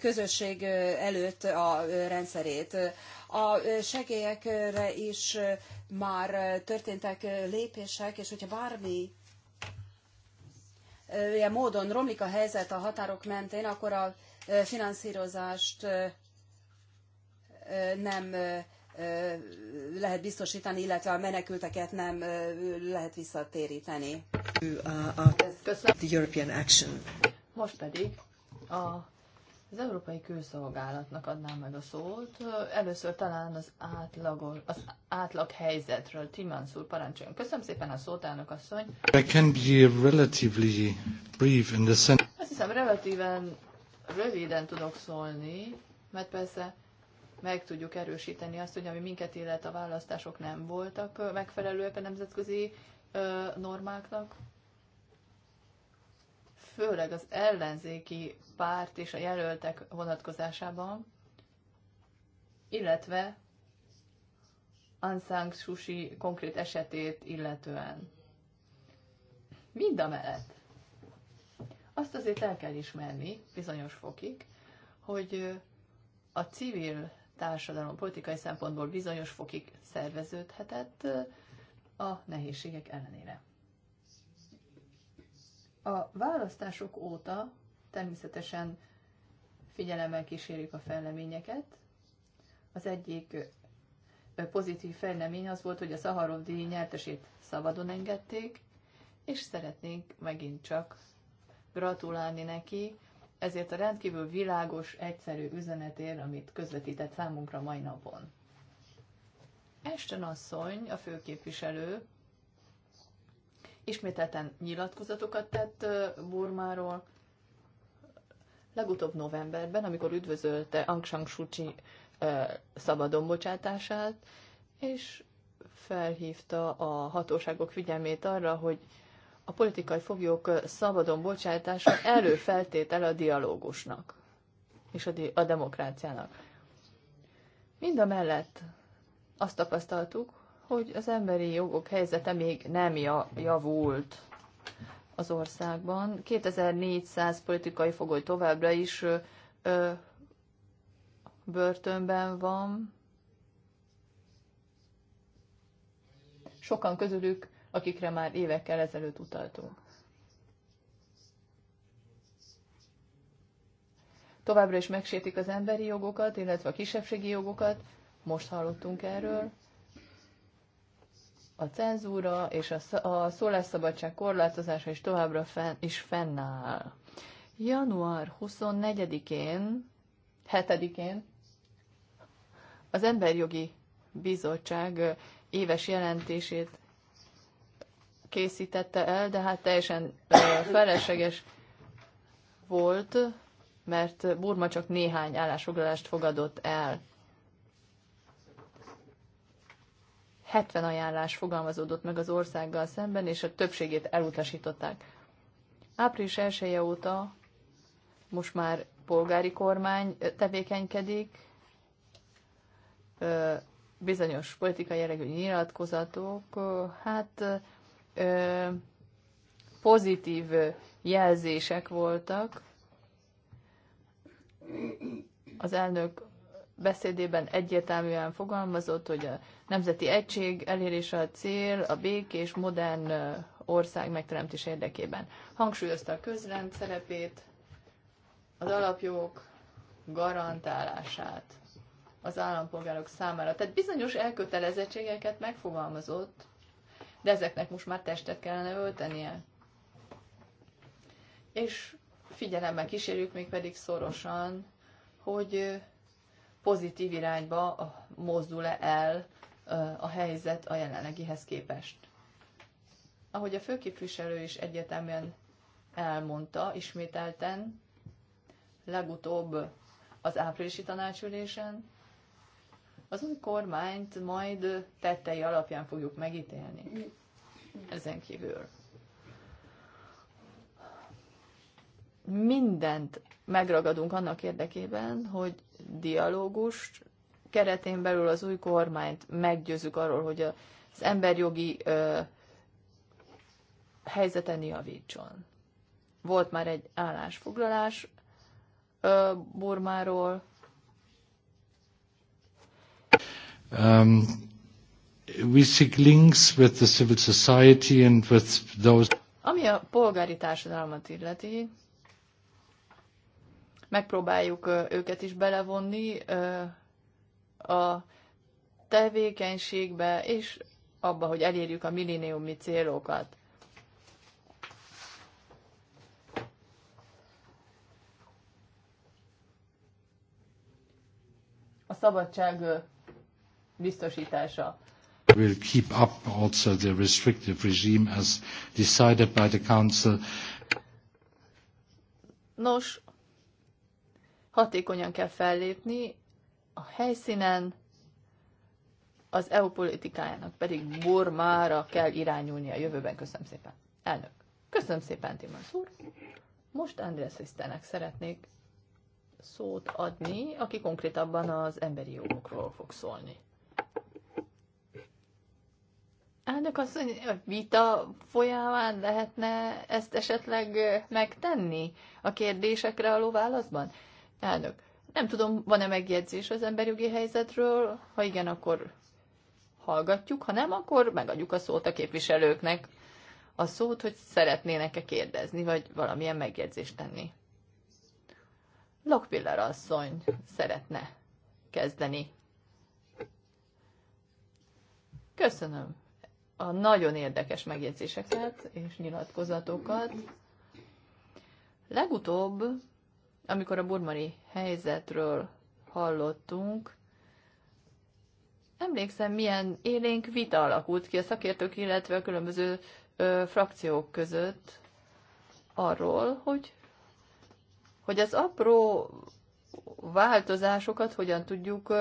közösség előtt a rendszerét. A segélyekre is már történtek lépések, és hogyha bármi ilyen módon romlik a helyzet a határok mentén, akkor a finanszírozást nem lehet biztosítani, illetve a menekülteket nem lehet visszatéríteni. Uh, uh, Köszönöm. The European Action. Most pedig a, az Európai Külszolgálatnak adnám meg a szót. Először talán az, átlagos, az átlag helyzetről. Timans úr, parancsoljon. Köszönöm szépen a szót, elnök asszony. I can be relatively brief in the sense... Azt hiszem, relatíven röviden tudok szólni, mert persze meg tudjuk erősíteni azt, hogy ami minket illet a választások nem voltak megfelelőek a nemzetközi normáknak, főleg az ellenzéki párt és a jelöltek vonatkozásában, illetve Ansang Susi konkrét esetét illetően. Mind a mellett. Azt azért el kell ismerni bizonyos fokig, hogy a civil társadalom politikai szempontból bizonyos fokig szerveződhetett a nehézségek ellenére. A választások óta természetesen figyelemmel kísérjük a fejleményeket. Az egyik pozitív fejlemény az volt, hogy a Szaharov díj nyertesét szabadon engedték, és szeretnénk megint csak gratulálni neki ezért a rendkívül világos, egyszerű üzenetért, amit közvetített számunkra mai napon. Esten asszony, a főképviselő, ismételten nyilatkozatokat tett Burmáról, legutóbb novemberben, amikor üdvözölte Aung San Suu Kyi szabadon bocsátását, és felhívta a hatóságok figyelmét arra, hogy a politikai foglyok szabadon bocsátása előfeltétel a dialógusnak és a, di- a demokráciának. Mind a mellett azt tapasztaltuk, hogy az emberi jogok helyzete még nem javult az országban. 2400 politikai fogoly továbbra is ö, börtönben van. Sokan közülük akikre már évekkel ezelőtt utaltunk. Továbbra is megsértik az emberi jogokat, illetve a kisebbségi jogokat, most hallottunk erről. A cenzúra és a, a szólásszabadság korlátozása is továbbra fenn, is fennáll. Január 24-én, 7-én az Emberjogi Bizottság éves jelentését készítette el, de hát teljesen felesleges volt, mert Burma csak néhány állásfoglalást fogadott el. 70 ajánlás fogalmazódott meg az országgal szemben, és a többségét elutasították. Április 1 -e óta most már polgári kormány tevékenykedik, bizonyos politikai jellegű nyilatkozatok, hát pozitív jelzések voltak. Az elnök beszédében egyértelműen fogalmazott, hogy a nemzeti egység elérése a cél a békés, modern ország megteremtés érdekében. Hangsúlyozta a közrend szerepét, az alapjogok garantálását az állampolgárok számára. Tehát bizonyos elkötelezettségeket megfogalmazott, de ezeknek most már testet kellene öltenie. És figyelemmel kísérjük, még pedig szorosan, hogy pozitív irányba mozdul-e el a helyzet a jelenlegihez képest. Ahogy a főképviselő is egyetemen elmondta ismételten, legutóbb az áprilisi tanácsülésen, az új kormányt majd tettei alapján fogjuk megítélni. Ezen kívül. Mindent megragadunk annak érdekében, hogy dialógust keretén belül az új kormányt meggyőzzük arról, hogy az emberjogi ö, helyzeten javítson. Volt már egy állásfoglalás ö, Burmáról, Um, we seek links with the civil society and with those ami a polgári társadalmat illeti, megpróbáljuk őket is belevonni a tevékenységbe, és abba, hogy elérjük a milléniumi célokat. A szabadság biztosítása. Will keep up also the restrictive regime as decided by the Council. Nos, hatékonyan kell fellépni a helyszínen, az EU politikájának pedig Burmára kell irányulni a jövőben. Köszönöm szépen. Elnök. Köszönöm szépen, Timmermans úr. Most Andrész Isztenek szeretnék szót adni, aki konkrétabban az emberi jogokról fog szólni. Elnök asszony, a vita folyamán lehetne ezt esetleg megtenni a kérdésekre aló válaszban? Elnök, nem tudom, van-e megjegyzés az emberjogi helyzetről? Ha igen, akkor hallgatjuk, ha nem, akkor megadjuk a szót a képviselőknek. A szót, hogy szeretnének-e kérdezni, vagy valamilyen megjegyzést tenni. Lokpiller asszony szeretne kezdeni. Köszönöm a nagyon érdekes megjegyzéseket és nyilatkozatokat. Legutóbb, amikor a burmani helyzetről hallottunk, emlékszem, milyen élénk vita alakult ki a szakértők, illetve a különböző ö, frakciók között arról, hogy, hogy az apró változásokat hogyan tudjuk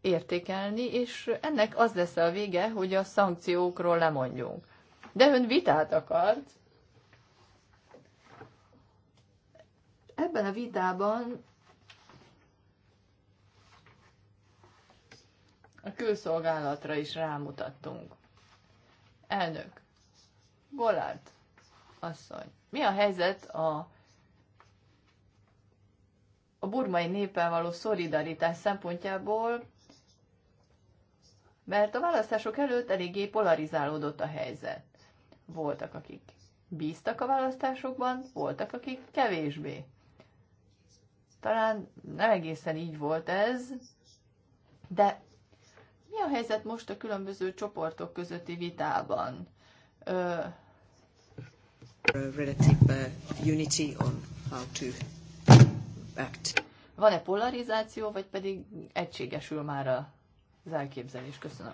értékelni, és ennek az lesz a vége, hogy a szankciókról lemondjunk. De ön vitát akart. Ebben a vitában a külszolgálatra is rámutattunk. Elnök, Golárt asszony, mi a helyzet a a burmai néppel való szolidaritás szempontjából, mert a választások előtt eléggé polarizálódott a helyzet. Voltak, akik bíztak a választásokban, voltak, akik kevésbé. Talán nem egészen így volt ez, de mi a helyzet most a különböző csoportok közötti vitában? Ö... Relative uh, unity on how to aspect. Van-e polarizáció, vagy pedig egységesül már az elképzelés? Köszönöm.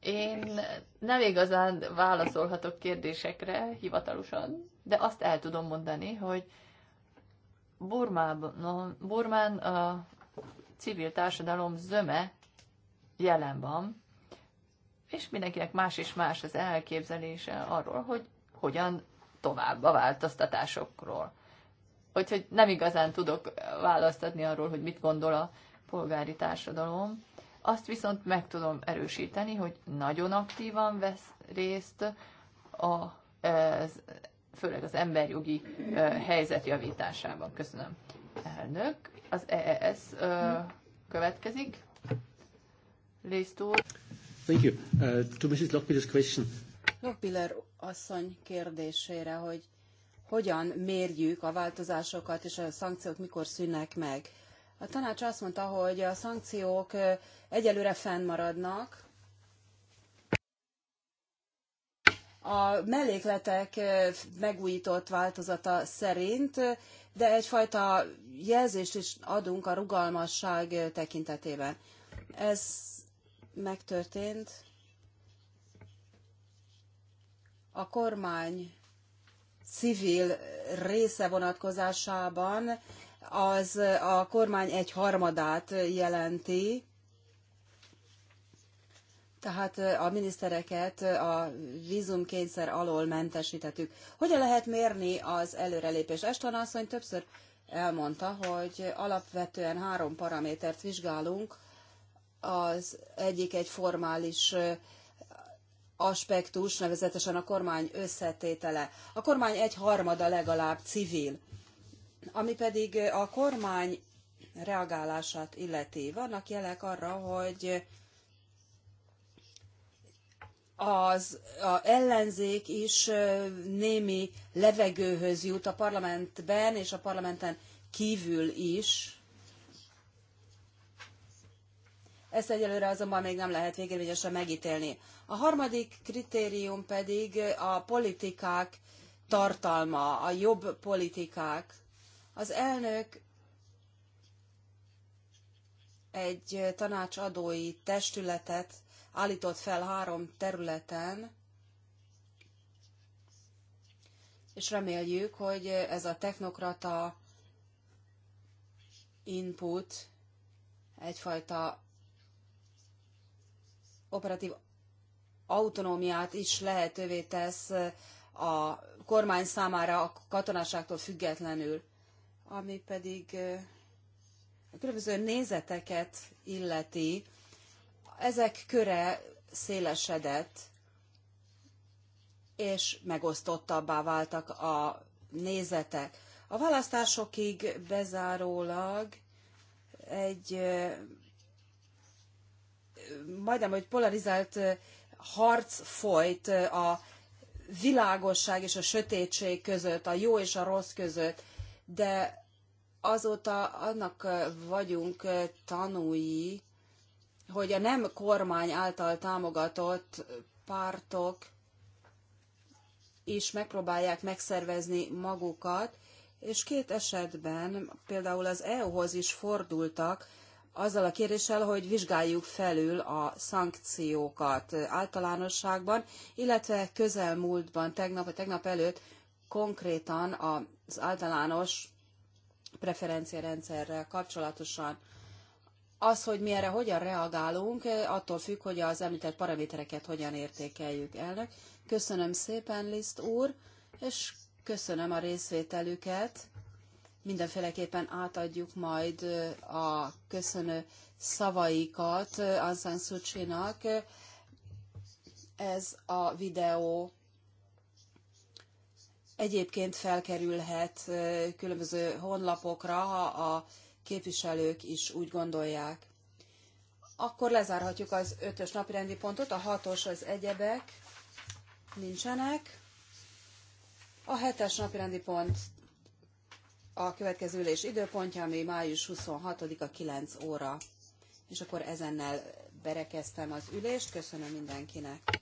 Én nem igazán válaszolhatok kérdésekre hivatalosan, de azt el tudom mondani, hogy Burmában, no, Burmán a civil társadalom zöme jelen van, és mindenkinek más és más az elképzelése arról, hogy hogyan tovább a változtatásokról. Úgyhogy nem igazán tudok választatni arról, hogy mit gondol a polgári társadalom. Azt viszont meg tudom erősíteni, hogy nagyon aktívan vesz részt a, ez, főleg az emberjogi helyzet javításában. Köszönöm. Elnök, az EES következik. Lészt úr. Thank you. Uh, to Mrs. Lockmiller's question. Lockmiller asszony kérdésére, hogy hogyan mérjük a változásokat, és a szankciók mikor szűnnek meg. A tanács azt mondta, hogy a szankciók egyelőre fennmaradnak, a mellékletek megújított változata szerint, de egyfajta jelzést is adunk a rugalmasság tekintetében. Ez megtörtént. A kormány civil része vonatkozásában az a kormány egy harmadát jelenti, tehát a minisztereket a vízumkényszer alól mentesítettük. Hogyan lehet mérni az előrelépés Eston asszony többször elmondta, hogy alapvetően három paramétert vizsgálunk. Az egyik egy formális aspektus, nevezetesen a kormány összetétele. A kormány egy harmada legalább civil, ami pedig a kormány reagálását illeti. Vannak jelek arra, hogy az a ellenzék is némi levegőhöz jut a parlamentben és a parlamenten kívül is, Ezt egyelőre azonban még nem lehet végérvényesen megítélni. A harmadik kritérium pedig a politikák tartalma, a jobb politikák. Az elnök egy tanácsadói testületet állított fel három területen, és reméljük, hogy ez a technokrata input egyfajta operatív autonómiát is lehetővé tesz eh, a kormány számára a katonaságtól függetlenül, ami pedig eh, a különböző nézeteket illeti, ezek köre szélesedett, és megosztottabbá váltak a nézetek. A választásokig bezárólag egy eh, majdnem, hogy polarizált harc folyt a világosság és a sötétség között, a jó és a rossz között, de azóta annak vagyunk tanúi, hogy a nem kormány által támogatott pártok is megpróbálják megszervezni magukat, és két esetben például az EU-hoz is fordultak, azzal a kéréssel, hogy vizsgáljuk felül a szankciókat általánosságban, illetve közelmúltban, tegnap vagy tegnap előtt konkrétan az általános preferenciarendszerrel kapcsolatosan. Az, hogy mi erre hogyan reagálunk, attól függ, hogy az említett paramétereket hogyan értékeljük elnök. Köszönöm szépen, Liszt úr, és köszönöm a részvételüket mindenféleképpen átadjuk majd a köszönő szavaikat Ansan Szucsinak. Ez a videó egyébként felkerülhet különböző honlapokra, ha a képviselők is úgy gondolják. Akkor lezárhatjuk az ötös napirendi pontot, a hatos az egyebek nincsenek. A hetes napirendi pont a következő ülés időpontja, ami május 26-a 9 óra. És akkor ezennel berekeztem az ülést. Köszönöm mindenkinek.